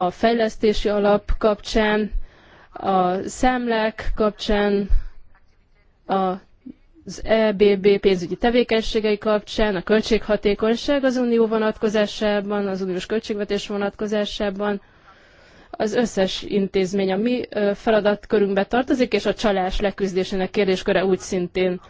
a fejlesztési alap kapcsán, a számlák kapcsán, az EBB pénzügyi tevékenységei kapcsán, a költséghatékonyság az unió vonatkozásában, az uniós költségvetés vonatkozásában, az összes intézmény a mi feladatkörünkbe tartozik, és a csalás leküzdésének kérdésköre úgy szintén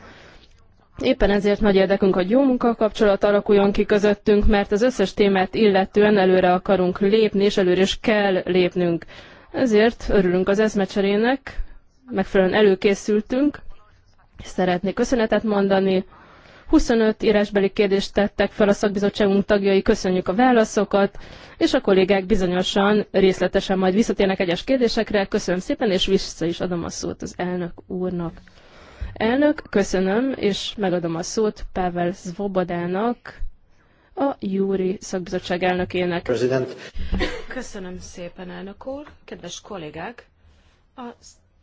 Éppen ezért nagy érdekünk, hogy jó munkakapcsolat alakuljon ki közöttünk, mert az összes témát illetően előre akarunk lépni, és előre is kell lépnünk. Ezért örülünk az eszmecserének, megfelelően előkészültünk, és szeretnék köszönetet mondani. 25 írásbeli kérdést tettek fel a szakbizottságunk tagjai, köszönjük a válaszokat, és a kollégák bizonyosan részletesen majd visszatérnek egyes kérdésekre. Köszönöm szépen, és vissza is adom a szót az elnök úrnak. Elnök, köszönöm, és megadom a szót Pavel Zvobodának, a Júri Szakbizottság elnökének. President. Köszönöm szépen, elnök úr. Kedves kollégák, a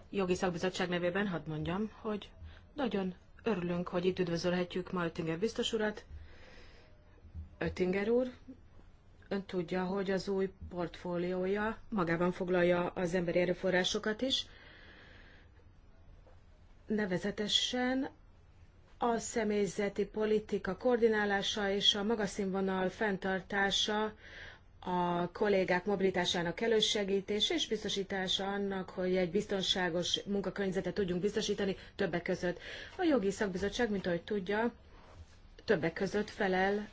Jogi Szakbizottság nevében hadd mondjam, hogy nagyon örülünk, hogy itt üdvözölhetjük ma Öttinger biztos urat. Öttinger úr, ön tudja, hogy az új portfóliója magában foglalja az emberi erőforrásokat is, nevezetesen a személyzeti politika koordinálása és a magas színvonal fenntartása, a kollégák mobilitásának elősegítése és biztosítása annak, hogy egy biztonságos munkakörnyezetet tudjunk biztosítani többek között. A jogi szakbizottság, mint ahogy tudja, többek között felel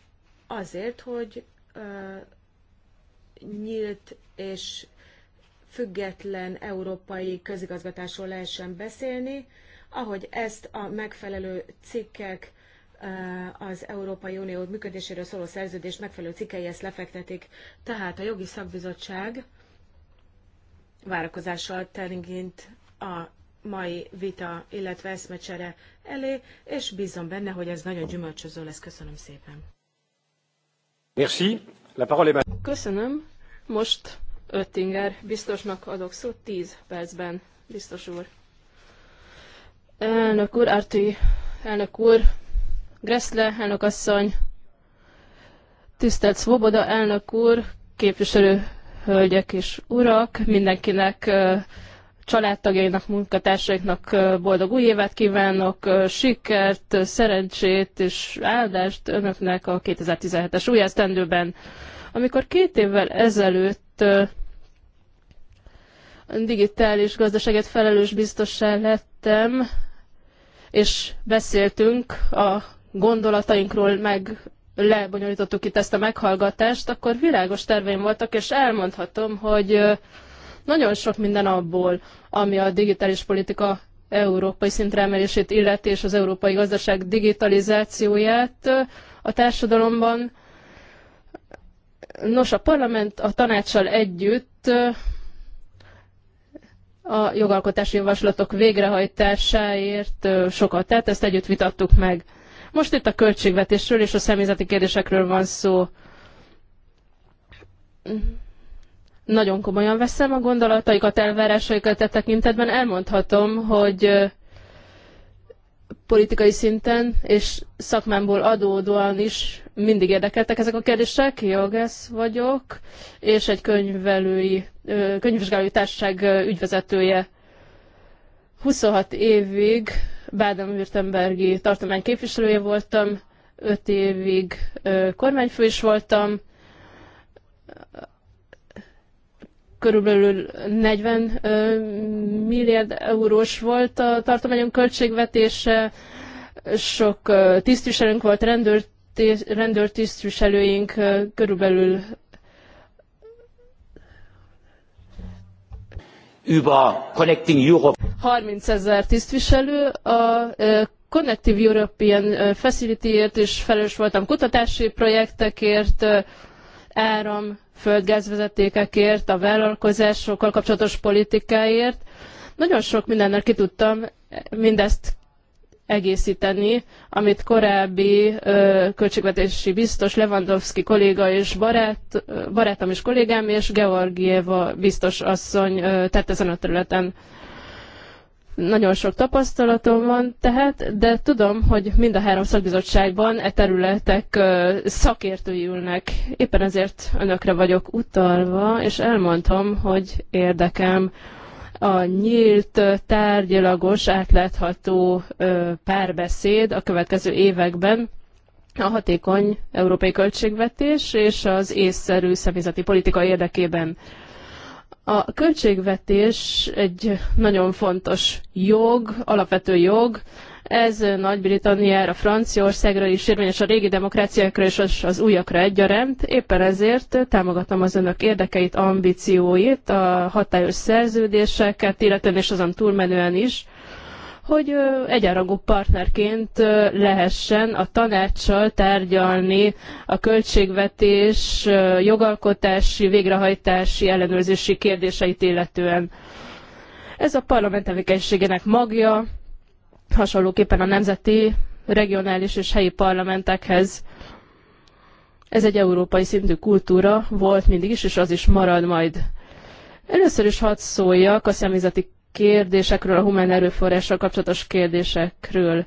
azért, hogy ö, nyílt és független európai közigazgatásról lehessen beszélni, ahogy ezt a megfelelő cikkek eh, az Európai Unió működéséről szóló szerződés megfelelő cikkei ezt lefektetik. Tehát a jogi szakbizottság várakozással teringint a mai vita, illetve eszmecsere elé, és bízom benne, hogy ez nagyon gyümölcsöző lesz. Köszönöm szépen. Merci. La parole est... Köszönöm. Most Öttinger biztosnak adok szót 10 percben, biztos úr. Elnök úr, Arti, elnök úr, Greszle, elnök asszony, tisztelt Svoboda elnök úr, képviselő hölgyek és urak, mindenkinek családtagjainak, munkatársaiknak boldog új évet kívánok, sikert, szerencsét és áldást önöknek a 2017-es új esztendőben. Amikor két évvel ezelőtt digitális gazdaságet felelős biztossá lett, vettem, és beszéltünk a gondolatainkról, meg lebonyolítottuk itt ezt a meghallgatást, akkor világos terveim voltak, és elmondhatom, hogy nagyon sok minden abból, ami a digitális politika európai szintre emelését illeti, és az európai gazdaság digitalizációját a társadalomban. Nos, a parlament a tanácssal együtt a jogalkotási javaslatok végrehajtásáért sokat tett, ezt együtt vitattuk meg. Most itt a költségvetésről és a személyzeti kérdésekről van szó. Nagyon komolyan veszem a gondolataikat, elvárásaikat e tekintetben. Elmondhatom, hogy politikai szinten és szakmámból adódóan is mindig érdekeltek ezek a kérdések. Jogász vagyok, és egy könyvelői, könyvvizsgálói társaság ügyvezetője. 26 évig Baden-Württembergi tartomány képviselője voltam, 5 évig kormányfő is voltam, körülbelül 40 milliárd eurós volt a tartományom költségvetése, sok tisztviselőnk volt, rendőrtisztviselőink körülbelül über Connecting Europe. 30 ezer tisztviselő a Connective European Facility-ért is felelős voltam kutatási projektekért, áram, földgázvezetékekért, a vállalkozásokkal kapcsolatos politikáért. Nagyon sok mindennel ki tudtam mindezt egészíteni, amit korábbi ö, költségvetési biztos Lewandowski kolléga és barát, barátom és kollégám és Georgieva biztos asszony ö, tett ezen a területen. Nagyon sok tapasztalatom van tehát, de tudom, hogy mind a három szakbizottságban e területek szakértői ülnek. Éppen ezért önökre vagyok utalva, és elmondtam, hogy érdekem a nyílt, tárgyalagos, átlátható párbeszéd a következő években a hatékony európai költségvetés és az észszerű személyzeti politika érdekében. A költségvetés egy nagyon fontos jog, alapvető jog, ez Nagy-Britanniára, Franciaországra is érvényes, a régi demokráciákra és az, az újakra egyaránt. Éppen ezért támogatom az önök érdekeit, ambícióit, a hatályos szerződéseket, illetve és azon túlmenően is, hogy egyenrangú partnerként lehessen a tanácssal tárgyalni a költségvetés, jogalkotási, végrehajtási, ellenőrzési kérdéseit illetően. Ez a parlament tevékenységének magja, hasonlóképpen a nemzeti, regionális és helyi parlamentekhez. Ez egy európai szintű kultúra volt mindig is, és az is marad majd. Először is hadd szóljak a személyzeti kérdésekről, a humán erőforrással kapcsolatos kérdésekről.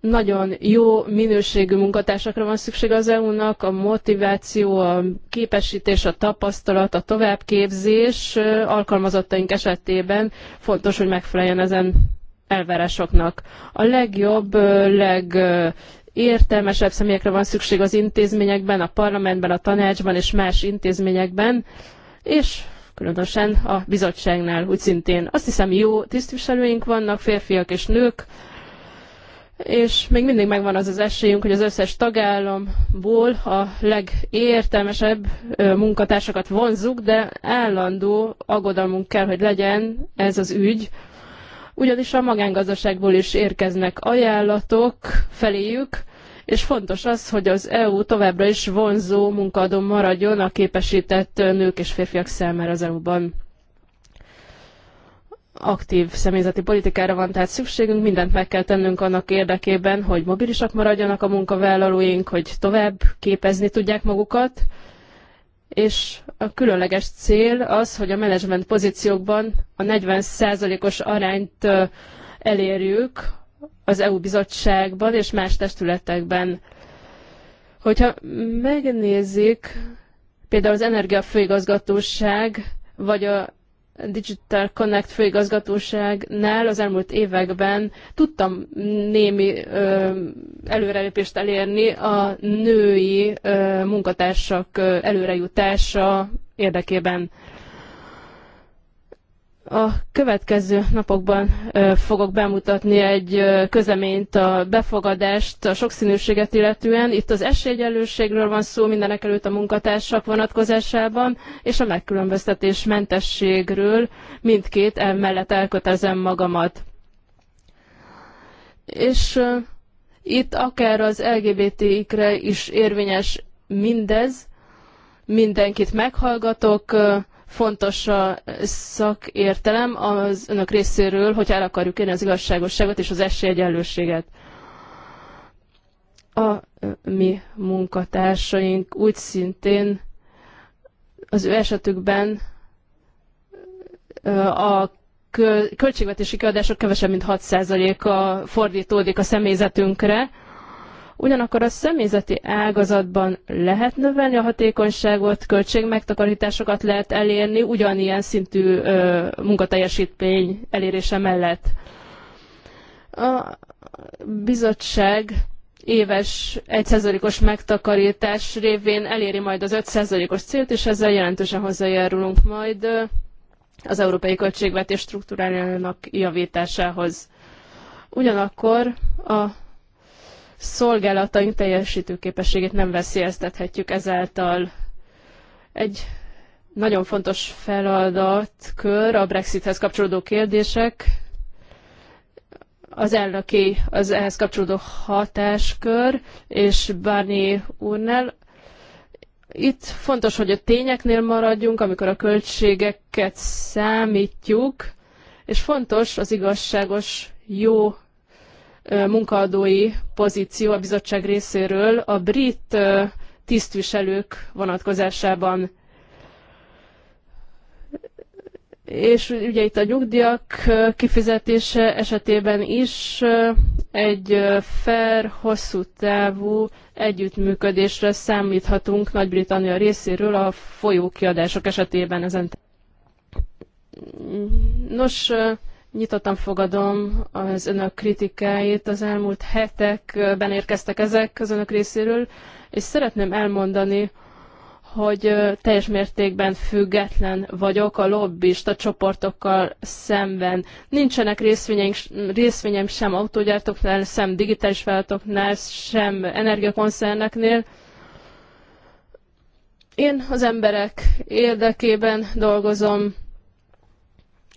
Nagyon jó minőségű munkatársakra van szükség az EU-nak, a motiváció, a képesítés, a tapasztalat, a továbbképzés alkalmazottaink esetében fontos, hogy megfeleljen ezen elvárásoknak. A legjobb, leg értelmesebb személyekre van szükség az intézményekben, a parlamentben, a tanácsban és más intézményekben, és különösen a bizottságnál úgy szintén. Azt hiszem jó tisztviselőink vannak, férfiak és nők, és még mindig megvan az az esélyünk, hogy az összes tagállamból a legértelmesebb munkatársakat vonzuk, de állandó aggodalmunk kell, hogy legyen ez az ügy, ugyanis a magángazdaságból is érkeznek ajánlatok feléjük, és fontos az, hogy az EU továbbra is vonzó munkaadó maradjon a képesített nők és férfiak számára az EU-ban. Aktív személyzeti politikára van tehát szükségünk, mindent meg kell tennünk annak érdekében, hogy mobilisak maradjanak a munkavállalóink, hogy tovább képezni tudják magukat, és a különleges cél az, hogy a menedzsment pozíciókban a 40%-os arányt elérjük az EU bizottságban és más testületekben. Hogyha megnézik például az Energiafőigazgatóság, vagy a Digital Connect főigazgatóságnál az elmúlt években tudtam némi ö, előrelépést elérni a női ö, munkatársak ö, előrejutása érdekében. A következő napokban fogok bemutatni egy közeményt a befogadást, a sokszínűséget illetően. Itt az esélyegyenlőségről van szó mindenekelőtt a munkatársak vonatkozásában, és a megkülönböztetés mentességről mindkét el mellett elkötelezem magamat. És itt akár az lgbt kre is érvényes mindez, mindenkit meghallgatok, Fontos a szakértelem az önök részéről, hogy el akarjuk érni az igazságosságot és az esélyegyenlőséget. A mi munkatársaink úgy szintén az ő esetükben a költségvetési kiadások kevesebb, mint 6%-a fordítódik a személyzetünkre, Ugyanakkor a személyzeti ágazatban lehet növelni a hatékonyságot, költségmegtakarításokat lehet elérni ugyanilyen szintű ö, munkateljesítmény elérése mellett. A bizottság éves 1%-os megtakarítás révén eléri majd az 5%-os célt, és ezzel jelentősen hozzájárulunk majd az európai költségvetés struktúrájának javításához. Ugyanakkor a szolgálataink teljesítő képességét nem veszélyeztethetjük ezáltal. Egy nagyon fontos feladatkör a Brexithez kapcsolódó kérdések, az elnöki, az ehhez kapcsolódó hatáskör, és Barney úrnál. Itt fontos, hogy a tényeknél maradjunk, amikor a költségeket számítjuk, és fontos az igazságos, jó munkaadói pozíció a bizottság részéről a brit tisztviselők vonatkozásában. És ugye itt a nyugdíjak kifizetése esetében is egy fair, hosszú távú együttműködésre számíthatunk Nagy-Britannia részéről a folyókiadások esetében ezen. Nos, Nyitottan fogadom az önök kritikáit, az elmúlt hetekben érkeztek ezek az önök részéről, és szeretném elmondani, hogy teljes mértékben független vagyok a lobbista csoportokkal szemben. Nincsenek részvényeink, részvényem sem autógyártóknál, sem digitális vállalatoknál, sem energiakoncerneknél. Én az emberek érdekében dolgozom,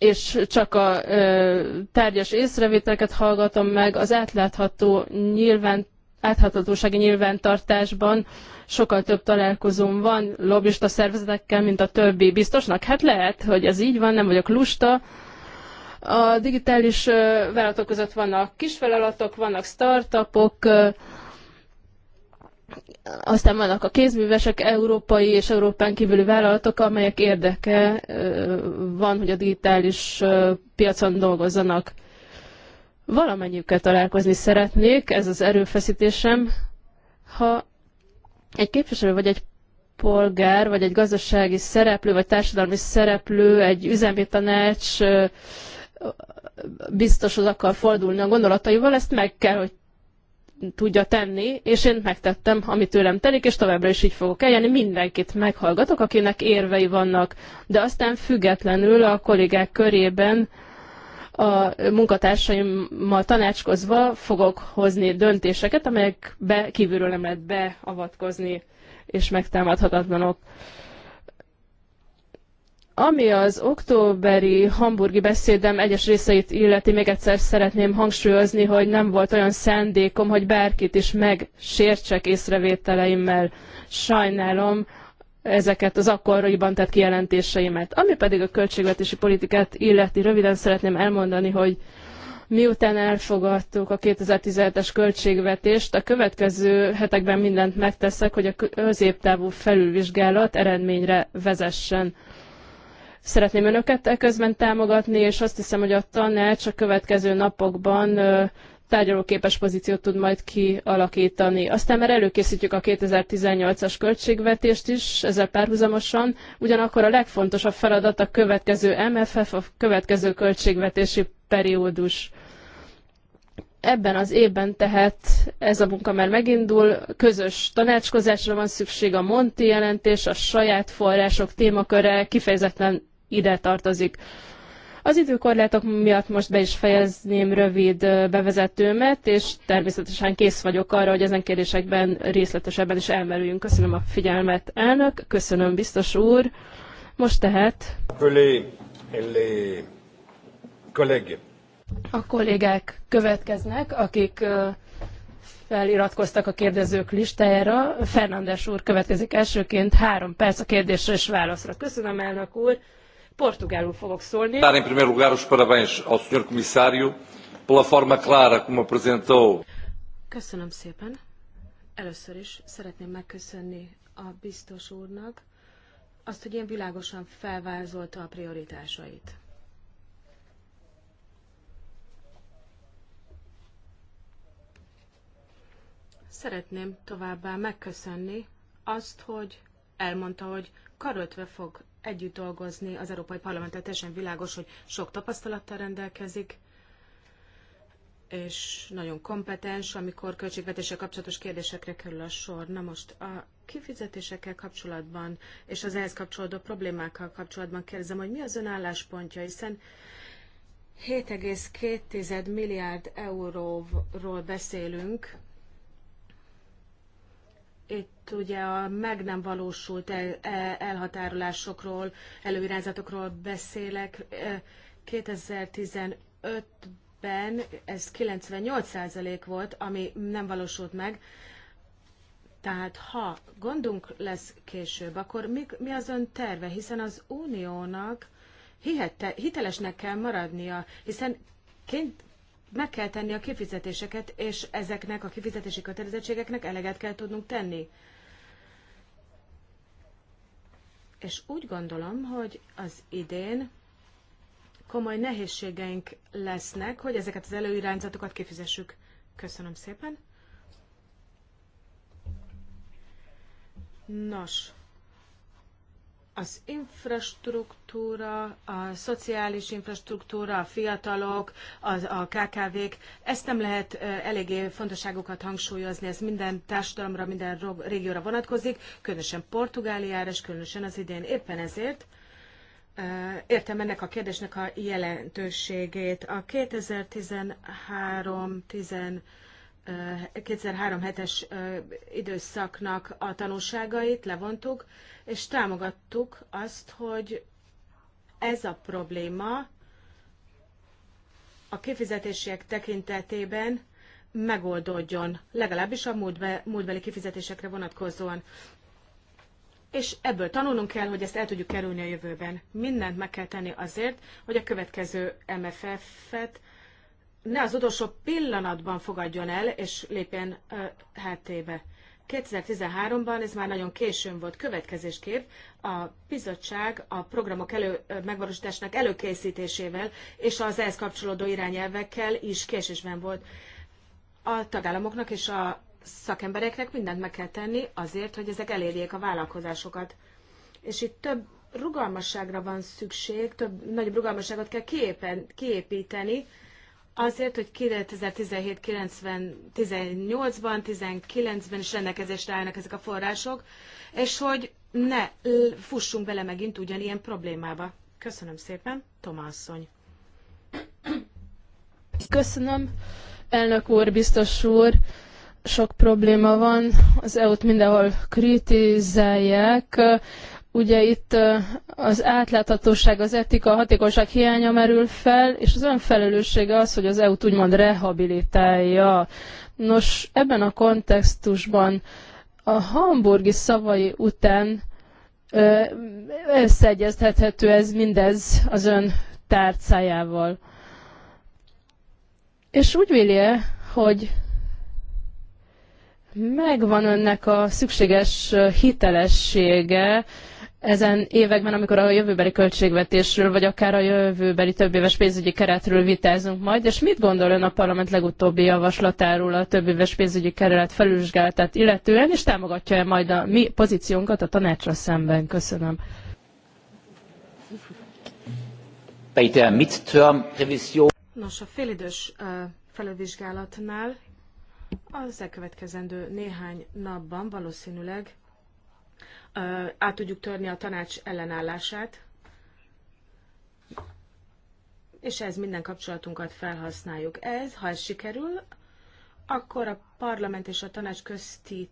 és csak a ö, tárgyas észrevételeket hallgatom meg, az átlátható nyilván, áthatatósági nyilvántartásban sokkal több találkozón van lobbista szervezetekkel, mint a többi biztosnak. Hát lehet, hogy ez így van, nem vagyok lusta. A digitális vállalatok között vannak kisvállalatok, vannak startupok, ö, aztán vannak a kézművesek, európai és Európán kívüli vállalatok, amelyek érdeke van, hogy a digitális piacon dolgozzanak. Valamennyiükkel találkozni szeretnék, ez az erőfeszítésem. Ha egy képviselő vagy egy polgár, vagy egy gazdasági szereplő, vagy társadalmi szereplő, egy üzemi tanács biztos az akar fordulni a gondolataival, ezt meg kell, hogy tudja tenni, és én megtettem, amit tőlem telik, és továbbra is így fogok eljárni. Mindenkit meghallgatok, akinek érvei vannak, de aztán függetlenül a kollégák körében a munkatársaimmal tanácskozva fogok hozni döntéseket, amelyekbe kívülről nem lehet beavatkozni, és megtámadhatatlanok. Ami az októberi hamburgi beszédem egyes részeit illeti, még egyszer szeretném hangsúlyozni, hogy nem volt olyan szándékom, hogy bárkit is megsértsek észrevételeimmel. Sajnálom ezeket az akkoriban tett kijelentéseimet. Ami pedig a költségvetési politikát illeti, röviden szeretném elmondani, hogy miután elfogadtuk a 2017-es költségvetést, a következő hetekben mindent megteszek, hogy a középtávú felülvizsgálat eredményre vezessen. Szeretném önöket közben támogatni, és azt hiszem, hogy a tanács a következő napokban tárgyalóképes pozíciót tud majd kialakítani. Aztán már előkészítjük a 2018-as költségvetést is, ezzel párhuzamosan, ugyanakkor a legfontosabb feladat a következő MFF, a következő költségvetési periódus. Ebben az évben tehát ez a munka már megindul, közös tanácskozásra van szükség, a Monti jelentés, a saját források témaköre kifejezetten ide tartozik. Az időkorlátok miatt most be is fejezném rövid bevezetőmet, és természetesen kész vagyok arra, hogy ezen kérdésekben részletesebben is elmerüljünk. Köszönöm a figyelmet, elnök, köszönöm, biztos úr. Most tehát... A kollégák következnek, akik feliratkoztak a kérdezők listájára. Fernandes úr következik elsőként, három perc a kérdésre és válaszra. Köszönöm, elnök úr. Portugálul fogok szólni. Dar em primeiro lugar os parabéns ao Sr. Comissário pela forma clara como apresentou. Köszönöm szépen. Először is szeretném megköszönni a biztos úrnak azt, hogy ilyen világosan felvázolta a prioritásait. Szeretném továbbá megköszönni azt, hogy elmondta, hogy karöltve fog együtt dolgozni az Európai Parlamenttel. Teljesen világos, hogy sok tapasztalattal rendelkezik, és nagyon kompetens, amikor költségvetéssel kapcsolatos kérdésekre kerül a sor. Na most a kifizetésekkel kapcsolatban és az ehhez kapcsolódó problémákkal kapcsolatban kérdezem, hogy mi az ön álláspontja, hiszen 7,2 milliárd euróról beszélünk, itt ugye a meg nem valósult el, e, elhatárolásokról, előirányzatokról beszélek. 2015-ben e, ez 98% volt, ami nem valósult meg. Tehát ha gondunk lesz később, akkor mi, mi az ön terve? Hiszen az uniónak hihette, hitelesnek kell maradnia, hiszen meg kell tenni a kifizetéseket, és ezeknek a kifizetési kötelezettségeknek eleget kell tudnunk tenni. És úgy gondolom, hogy az idén komoly nehézségeink lesznek, hogy ezeket az előirányzatokat kifizessük. Köszönöm szépen. Nos, az infrastruktúra, a szociális infrastruktúra, a fiatalok, az, a KKV-k, ezt nem lehet eléggé fontosságokat hangsúlyozni, ez minden társadalomra, minden régióra vonatkozik, különösen Portugáliára, és különösen az idén. Éppen ezért értem ennek a kérdésnek a jelentőségét. A 2013 10 2003-7-es időszaknak a tanulságait levontuk, és támogattuk azt, hogy ez a probléma a kifizetések tekintetében megoldódjon, legalábbis a múltbeli kifizetésekre vonatkozóan. És ebből tanulnunk kell, hogy ezt el tudjuk kerülni a jövőben. Mindent meg kell tenni azért, hogy a következő MFF-et ne az utolsó pillanatban fogadjon el, és lépjen ö, hátébe. 2013-ban ez már nagyon későn volt. Következésképp a bizottság a programok elő, megvalósításnak előkészítésével és az ehhez kapcsolódó irányelvekkel is késésben volt. A tagállamoknak és a szakembereknek mindent meg kell tenni azért, hogy ezek elérjék a vállalkozásokat. És itt több rugalmasságra van szükség, több nagyobb rugalmasságot kell kiépen, kiépíteni, azért, hogy 2017-18-ban, 19-ben is rendelkezésre állnak ezek a források, és hogy ne fussunk bele megint ugyanilyen problémába. Köszönöm szépen, Tomászony. Köszönöm, elnök úr, biztos úr. Sok probléma van, az EU-t mindenhol kritizálják Ugye itt az átláthatóság, az etika, a hatékonyság hiánya merül fel, és az önfelelőssége az, hogy az EU-t úgymond rehabilitálja. Nos, ebben a kontextusban a hamburgi szavai után összeegyeztethető ez mindez az ön tárcájával. És úgy véli -e, hogy megvan önnek a szükséges hitelessége, ezen években, amikor a jövőbeli költségvetésről, vagy akár a jövőbeli többéves pénzügyi keretről vitázunk majd, és mit gondol ön a parlament legutóbbi javaslatáról a többéves pénzügyi keret felülvizsgálatát illetően, és támogatja-e majd a mi pozíciónkat a tanácsra szemben? Köszönöm. midterm revision. Nos, a félidős uh, felülvizsgálatnál az elkövetkezendő néhány napban valószínűleg át tudjuk törni a tanács ellenállását, és ez minden kapcsolatunkat felhasználjuk. Ez, ha ez sikerül, akkor a parlament és a tanács közti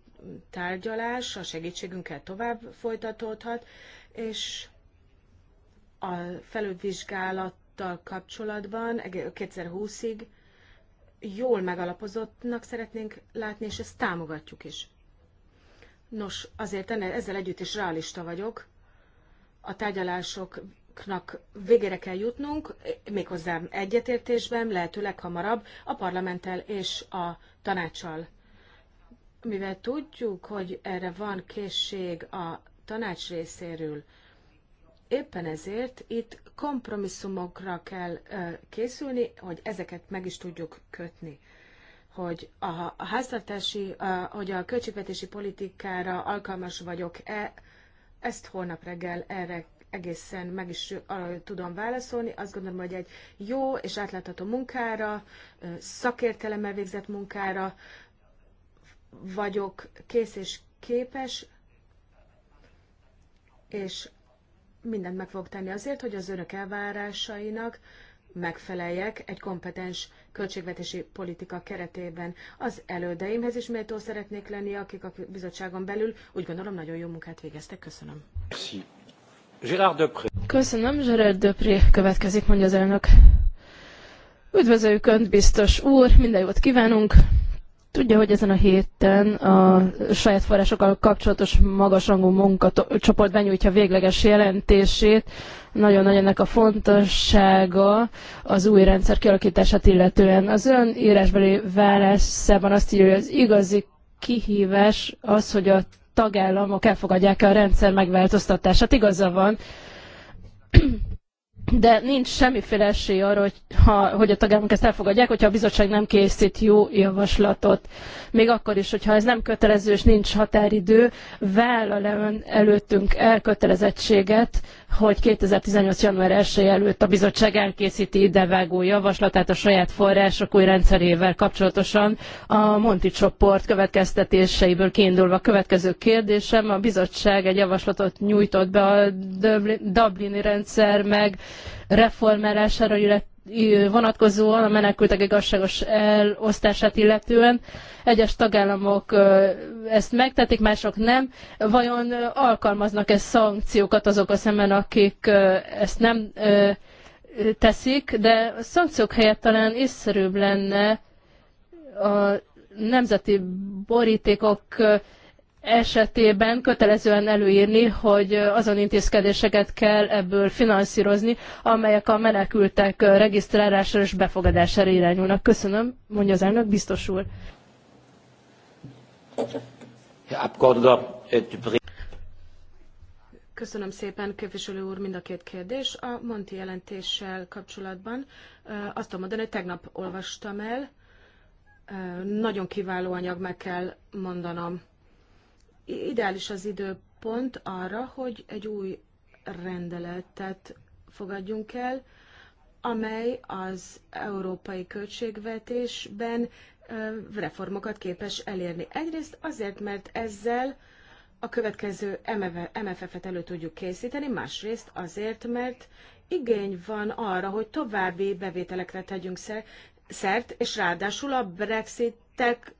tárgyalás a segítségünkkel tovább folytatódhat, és a felülvizsgálattal kapcsolatban 2020-ig jól megalapozottnak szeretnénk látni, és ezt támogatjuk is. Nos, azért enne, ezzel együtt is realista vagyok. A tárgyalásoknak végére kell jutnunk, méghozzá egyetértésben, lehetőleg hamarabb a parlamenttel és a tanácssal. Mivel tudjuk, hogy erre van készség a tanács részéről, éppen ezért itt kompromisszumokra kell készülni, hogy ezeket meg is tudjuk kötni hogy a, háztartási, a, hogy a költségvetési politikára alkalmas vagyok-e, ezt holnap reggel erre egészen meg is tudom válaszolni. Azt gondolom, hogy egy jó és átlátható munkára, szakértelemmel végzett munkára vagyok kész és képes, és mindent meg fogok tenni azért, hogy az önök elvárásainak megfeleljek egy kompetens költségvetési politika keretében. Az elődeimhez is méltó szeretnék lenni, akik a bizottságon belül úgy gondolom nagyon jó munkát végeztek. Köszönöm. Köszönöm, Gerard Döpré következik, mondja az elnök. Üdvözöljük Önt, biztos úr, minden jót kívánunk! Tudja, hogy ezen a héten a saját forrásokkal kapcsolatos magasrangú munkacsoport benyújtja végleges jelentését. Nagyon nagy ennek a fontossága az új rendszer kialakítását illetően. Az ön írásbeli válaszában azt írja, hogy az igazi kihívás az, hogy a tagállamok elfogadják -e a rendszer megváltoztatását. Igaza van de nincs semmiféle esély arra, hogy, ha, hogy a tagállamok ezt elfogadják, hogyha a bizottság nem készít jó javaslatot. Még akkor is, hogyha ez nem kötelező és nincs határidő, vállal -e ön előttünk elkötelezettséget, hogy 2018. január 1 előtt a bizottság elkészíti idevágó javaslatát a saját források új rendszerével kapcsolatosan. A Monti csoport következtetéseiből kiindulva következő kérdésem, a bizottság egy javaslatot nyújtott be a Dublini rendszer meg reformálására, illetve vonatkozóan a menekültek igazságos elosztását illetően. Egyes tagállamok ezt megtették, mások nem. Vajon alkalmaznak-e szankciókat azok a szemben, akik ezt nem teszik, de a szankciók helyett talán észszerűbb lenne a nemzeti borítékok esetében kötelezően előírni, hogy azon intézkedéseket kell ebből finanszírozni, amelyek a menekültek regisztrálására és befogadására irányulnak. Köszönöm, mondja az elnök, biztos úr. Äh, Köszönöm szépen, képviselő úr, mind a két kérdés. A Monti jelentéssel kapcsolatban azt tudom mondani, hogy tegnap olvastam el, nagyon kiváló anyag, meg kell mondanom ideális az időpont arra, hogy egy új rendeletet fogadjunk el, amely az európai költségvetésben reformokat képes elérni. Egyrészt azért, mert ezzel a következő MFF-et elő tudjuk készíteni, másrészt azért, mert igény van arra, hogy további bevételekre tegyünk szert, és ráadásul a Brexitek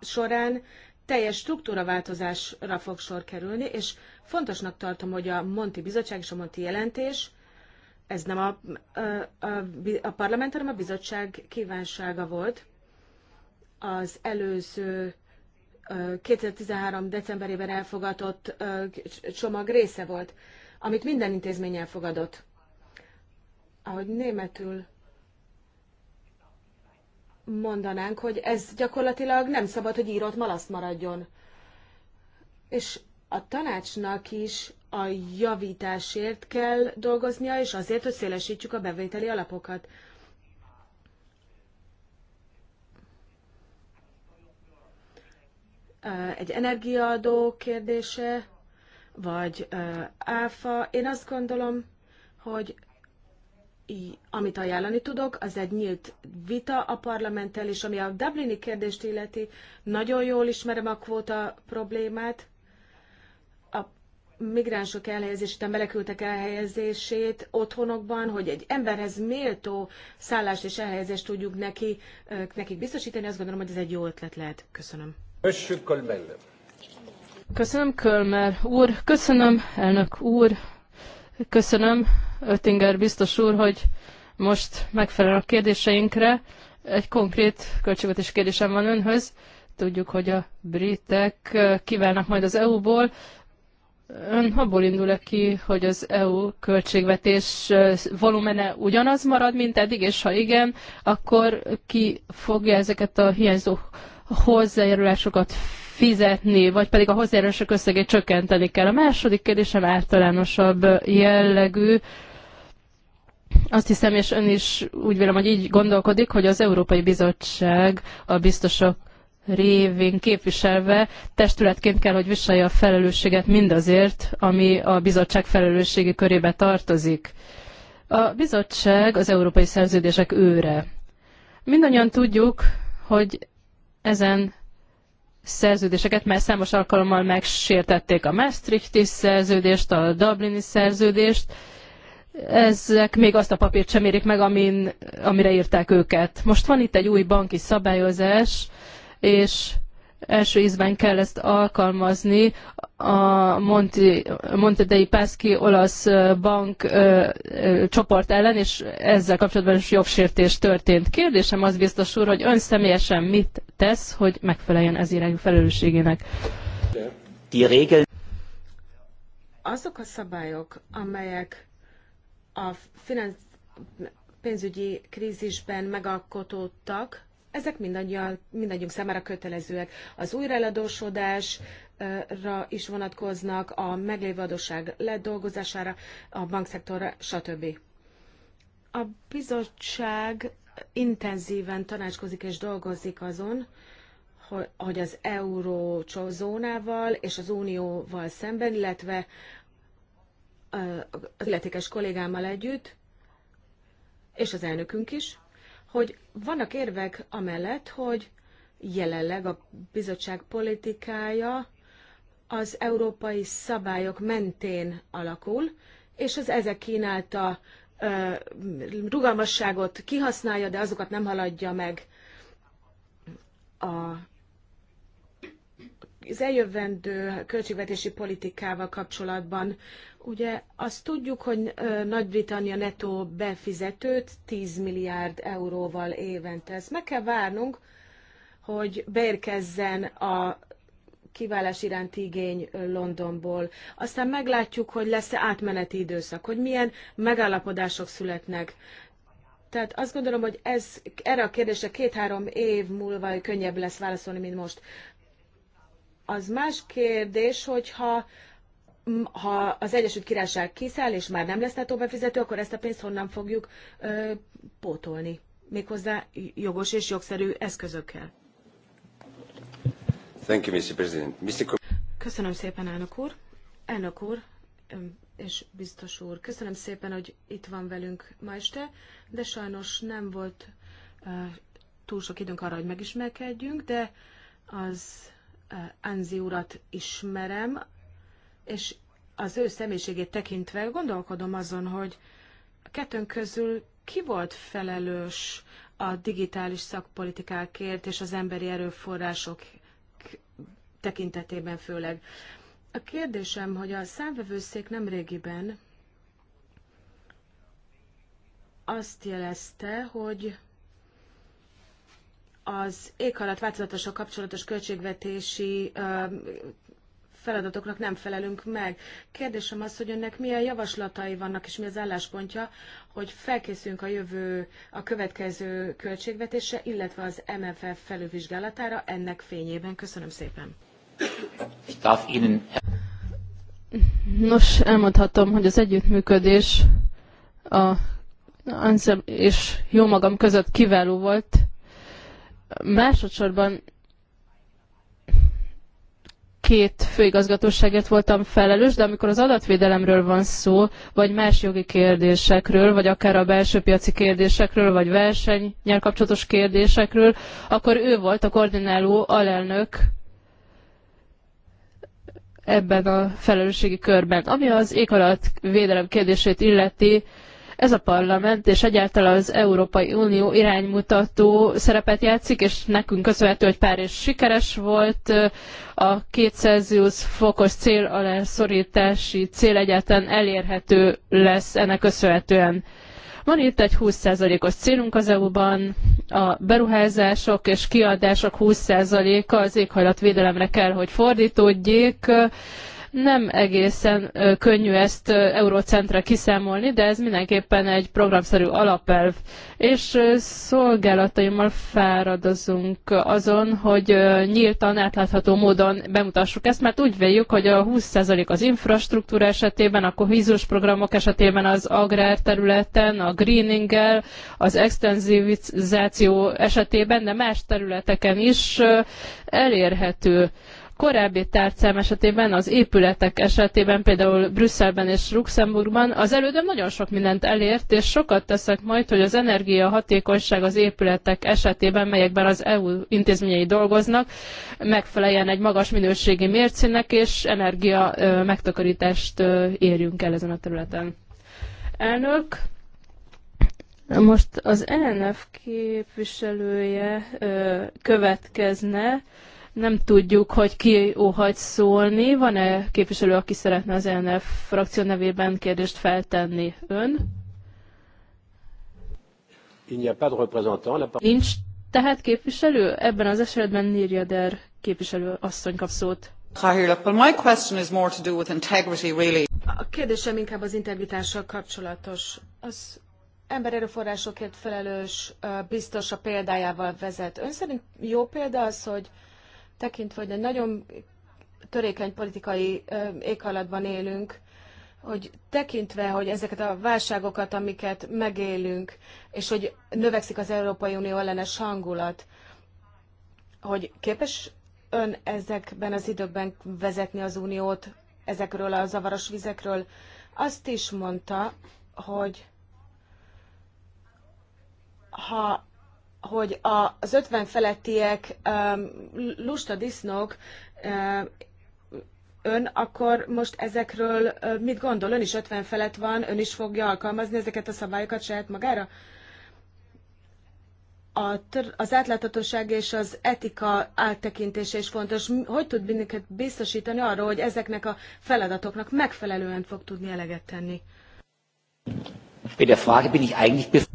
során teljes struktúraváltozásra fog sor kerülni, és fontosnak tartom, hogy a Monti Bizottság és a Monti jelentés, ez nem a, a, a, a parlament, hanem a bizottság kívánsága volt az előző 2013. decemberében elfogadott csomag része volt, amit minden intézmény elfogadott. Ahogy németül mondanánk, hogy ez gyakorlatilag nem szabad, hogy írott malaszt maradjon. És a tanácsnak is a javításért kell dolgoznia, és azért, hogy szélesítsük a bevételi alapokat. Egy energiaadó kérdése, vagy áfa. Én azt gondolom, hogy amit ajánlani tudok, az egy nyílt vita a parlamenttel, és ami a Dublini kérdést illeti, nagyon jól ismerem a kvóta problémát, a migránsok elhelyezését, a melekültek elhelyezését otthonokban, hogy egy emberhez méltó szállást és elhelyezést tudjuk neki, nekik biztosítani, azt gondolom, hogy ez egy jó ötlet lehet. Köszönöm. Köszönöm, Kölmer. úr. Köszönöm, elnök úr. Köszönöm, Öttinger biztos úr, hogy most megfelel a kérdéseinkre. Egy konkrét költségvetés kérdésem van önhöz. Tudjuk, hogy a britek kiválnak majd az EU-ból. Ön abból indul -e ki, hogy az EU költségvetés volumene ugyanaz marad, mint eddig, és ha igen, akkor ki fogja ezeket a hiányzó hozzájárulásokat fizetni, vagy pedig a hozzájárulások összegét csökkenteni kell. A második kérdésem általánosabb jellegű. Azt hiszem, és ön is úgy vélem, hogy így gondolkodik, hogy az Európai Bizottság a biztosok révén képviselve testületként kell, hogy viselje a felelősséget mindazért, ami a bizottság felelősségi körébe tartozik. A bizottság az európai szerződések őre. Mindannyian tudjuk, hogy ezen szerződéseket, mert számos alkalommal megsértették a Maastrichti szerződést, a Dublini szerződést, ezek még azt a papírt sem érik meg, amin, amire írták őket. Most van itt egy új banki szabályozás, és első ízben kell ezt alkalmazni a Monti, Monte dei Paschi olasz bank ö, ö, csoport ellen, és ezzel kapcsolatban is jogsértés történt. Kérdésem az biztos úr, hogy ön személyesen mit tesz, hogy megfeleljen ez irányú felelősségének? Azok a szabályok, amelyek a finansz, pénzügyi krízisben megalkotódtak, ezek mindannyiunk számára kötelezőek. Az újraeladósodás, ra is vonatkoznak, a meglévő adóság ledolgozására, a bankszektorra, stb. A bizottság intenzíven tanácskozik és dolgozik azon, hogy az eurózónával és az unióval szemben, illetve az illetékes kollégámmal együtt, és az elnökünk is, hogy vannak érvek amellett, hogy jelenleg a bizottság politikája az európai szabályok mentén alakul, és az ezek kínálta ö, rugalmasságot kihasználja, de azokat nem haladja meg. A, az eljövendő költségvetési politikával kapcsolatban Ugye azt tudjuk, hogy Nagy-Britannia netó befizetőt 10 milliárd euróval évente. Ezt meg kell várnunk, hogy beérkezzen a kiválás iránti igény Londonból. Aztán meglátjuk, hogy lesz-e átmeneti időszak, hogy milyen megállapodások születnek. Tehát azt gondolom, hogy ez, erre a kérdésre két-három év múlva könnyebb lesz válaszolni, mint most. Az más kérdés, hogyha ha az Egyesült Királyság kiszáll, és már nem lesz NATO befizető, akkor ezt a pénzt honnan fogjuk ö, pótolni? Méghozzá jogos és jogszerű eszközökkel. Thank you, Mr. President. Mr. Köszönöm szépen, elnök úr. Elnök úr és biztos úr, köszönöm szépen, hogy itt van velünk ma este, de sajnos nem volt uh, túl sok időnk arra, hogy megismerkedjünk, de az Anzi urat ismerem, és az ő személyiségét tekintve gondolkodom azon, hogy a kettőnk közül ki volt felelős a digitális szakpolitikákért és az emberi erőforrások tekintetében főleg. A kérdésem, hogy a számvevőszék régiben azt jelezte, hogy az éghajlat változatosan kapcsolatos költségvetési feladatoknak nem felelünk meg. Kérdésem az, hogy önnek milyen javaslatai vannak, és mi az álláspontja, hogy felkészüljünk a jövő, a következő költségvetése, illetve az MFF felülvizsgálatára ennek fényében. Köszönöm szépen. Nos, elmondhatom, hogy az együttműködés a és jó magam között kiváló volt. Másodszorban két főigazgatóságért voltam felelős, de amikor az adatvédelemről van szó, vagy más jogi kérdésekről, vagy akár a belső piaci kérdésekről, vagy versenynyel kapcsolatos kérdésekről, akkor ő volt a koordináló alelnök ebben a felelősségi körben. Ami az ég alatt védelem kérdését illeti, ez a parlament és egyáltalán az Európai Unió iránymutató szerepet játszik, és nekünk köszönhető, hogy Párizs sikeres volt, a Celsius fokos cél alá szorítási cél egyáltalán elérhető lesz ennek köszönhetően. Van itt egy 20%-os célunk az EU-ban, a beruházások és kiadások 20%-a az éghajlatvédelemre kell, hogy fordítódjék. Nem egészen könnyű ezt eurocentre kiszámolni, de ez mindenképpen egy programszerű alapelv. És szolgálataimmal fáradozunk azon, hogy nyíltan, átlátható módon bemutassuk ezt, mert úgy véljük, hogy a 20% az infrastruktúra esetében, a kohéziós programok esetében az agrárterületen, a greeninggel, az extenzivizáció esetében, de más területeken is elérhető. Korábbi tárcám esetében, az épületek esetében, például Brüsszelben és Luxemburgban, az elődöm nagyon sok mindent elért, és sokat teszek majd, hogy az energiahatékonyság az épületek esetében, melyekben az EU intézményei dolgoznak, megfeleljen egy magas minőségi mércének, és energia megtakarítást érjünk el ezen a területen. Elnök, most az ENF képviselője következne, nem tudjuk, hogy ki óhajt szólni. Van-e képviselő, aki szeretne az ENF frakció nevében kérdést feltenni ön? Nincs tehát képviselő? Ebben az esetben Nirjader képviselő asszony kap szót. A kérdésem inkább az integritással kapcsolatos. Az embererőforrásokért felelős biztos a példájával vezet. Ön szerint jó példa az, hogy tekintve, hogy egy nagyon törékeny politikai éghajlatban élünk, hogy tekintve, hogy ezeket a válságokat, amiket megélünk, és hogy növekszik az Európai Unió ellenes hangulat, hogy képes ön ezekben az időkben vezetni az uniót ezekről a zavaros vizekről. Azt is mondta, hogy ha hogy az 50 felettiek um, lusta disznók um, ön akkor most ezekről uh, mit gondol? Ön is 50 felett van, ön is fogja alkalmazni ezeket a szabályokat saját magára? A az átláthatóság és az etika áttekintése is fontos. Hogy tud minket biztosítani arról, hogy ezeknek a feladatoknak megfelelően fog tudni eleget tenni? Bei der Frage bin ich eigentlich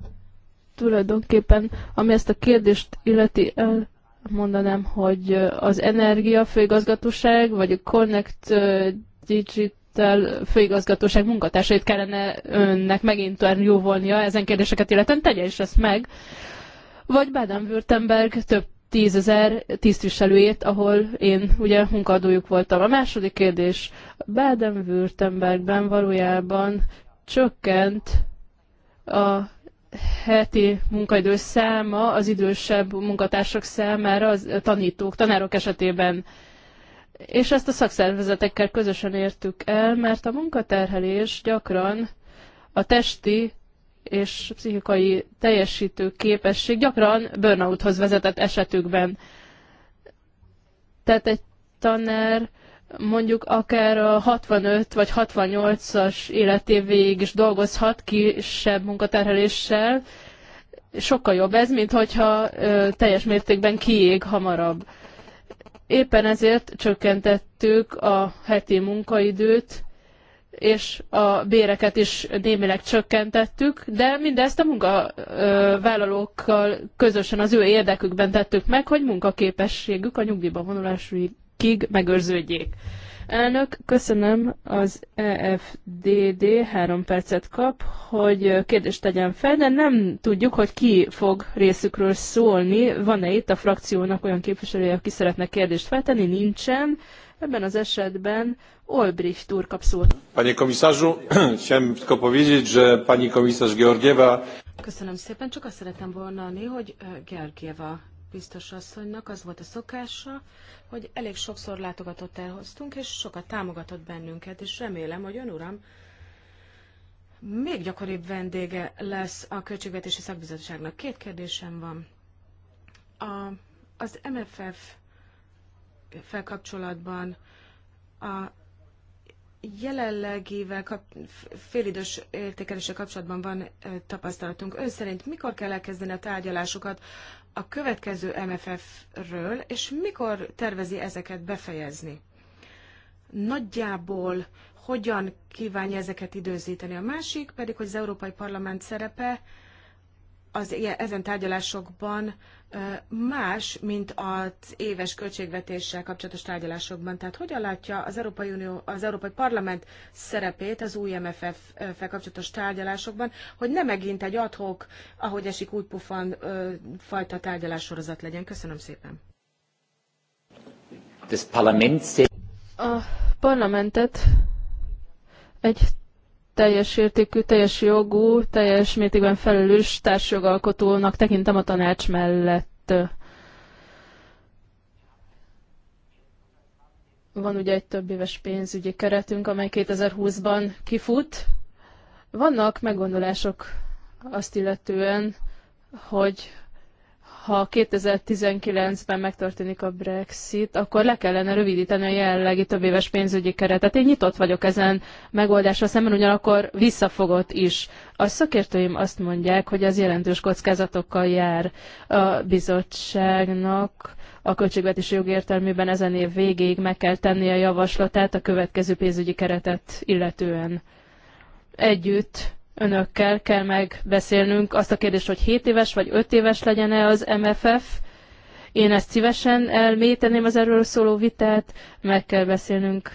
tulajdonképpen, ami ezt a kérdést illeti mondanám, hogy az Energia Főigazgatóság, vagy a Connect Digital Főigazgatóság munkatársait kellene önnek meginterjúvolnia ezen kérdéseket illetően, tegye is ezt meg, vagy Baden-Württemberg több tízezer tisztviselőjét, ahol én ugye munkadójuk voltam. A második kérdés, Baden-Württembergben valójában csökkent a heti munkaidő száma az idősebb munkatársak számára, az tanítók, tanárok esetében. És ezt a szakszervezetekkel közösen értük el, mert a munkaterhelés gyakran a testi és pszichikai teljesítő képesség gyakran burnouthoz vezetett esetükben. Tehát egy tanár mondjuk akár a 65 vagy 68-as életévéig is dolgozhat kisebb munkaterheléssel, sokkal jobb ez, mint hogyha ö, teljes mértékben kiég hamarabb. Éppen ezért csökkentettük a heti munkaidőt, és a béreket is némileg csökkentettük, de mindezt a munkavállalókkal közösen az ő érdekükben tettük meg, hogy munkaképességük a nyugdíjba vonulás évekig megőrződjék. Elnök, köszönöm az EFDD három percet kap, hogy kérdést tegyen fel, de nem tudjuk, hogy ki fog részükről szólni. Van-e itt a frakciónak olyan képviselője, aki szeretne kérdést feltenni? Nincsen. Ebben az esetben Olbricht úr kap szót. Panie komisarzu, chciałem tylko powiedzieć, że pani komisarz Georgieva... Köszönöm szépen, csak azt szeretem volna hogy eh, Georgieva biztos asszonynak az volt a szokása, hogy elég sokszor látogatott el hoztunk, és sokat támogatott bennünket, és remélem, hogy ön uram még gyakoribb vendége lesz a Költségvetési Szakbizottságnak. Két kérdésem van. A, az MFF felkapcsolatban a jelenlegével kap, félidős értékelése kapcsolatban van ö, tapasztalatunk. Ön szerint mikor kell elkezdeni a tárgyalásokat a következő MFF-ről, és mikor tervezi ezeket befejezni? Nagyjából hogyan kívánja ezeket időzíteni? A másik pedig, hogy az Európai Parlament szerepe az ilyen, ezen tárgyalásokban más, mint az éves költségvetéssel kapcsolatos tárgyalásokban. Tehát hogyan látja az Európai, Unió, az Európai Parlament szerepét az új MFF-fel kapcsolatos tárgyalásokban, hogy ne megint egy adhok, ahogy esik úgy pufan fajta tárgyalássorozat legyen? Köszönöm szépen. A parlamentet egy teljes értékű, teljes jogú, teljes mértékben felelős társjogalkotónak tekintem a tanács mellett. Van ugye egy több éves pénzügyi keretünk, amely 2020-ban kifut. Vannak meggondolások azt illetően, hogy ha 2019-ben megtörténik a Brexit, akkor le kellene rövidíteni a jelenlegi több éves pénzügyi keretet. Én nyitott vagyok ezen megoldásra szemben, ugyanakkor visszafogott is. A szakértőim azt mondják, hogy ez jelentős kockázatokkal jár a bizottságnak. A költségvetési jog értelmében ezen év végéig meg kell tennie a javaslatát a következő pénzügyi keretet illetően. Együtt önökkel kell megbeszélnünk azt a kérdést, hogy 7 éves vagy 5 éves legyen-e az MFF. Én ezt szívesen elméteném az erről szóló vitát, meg kell beszélnünk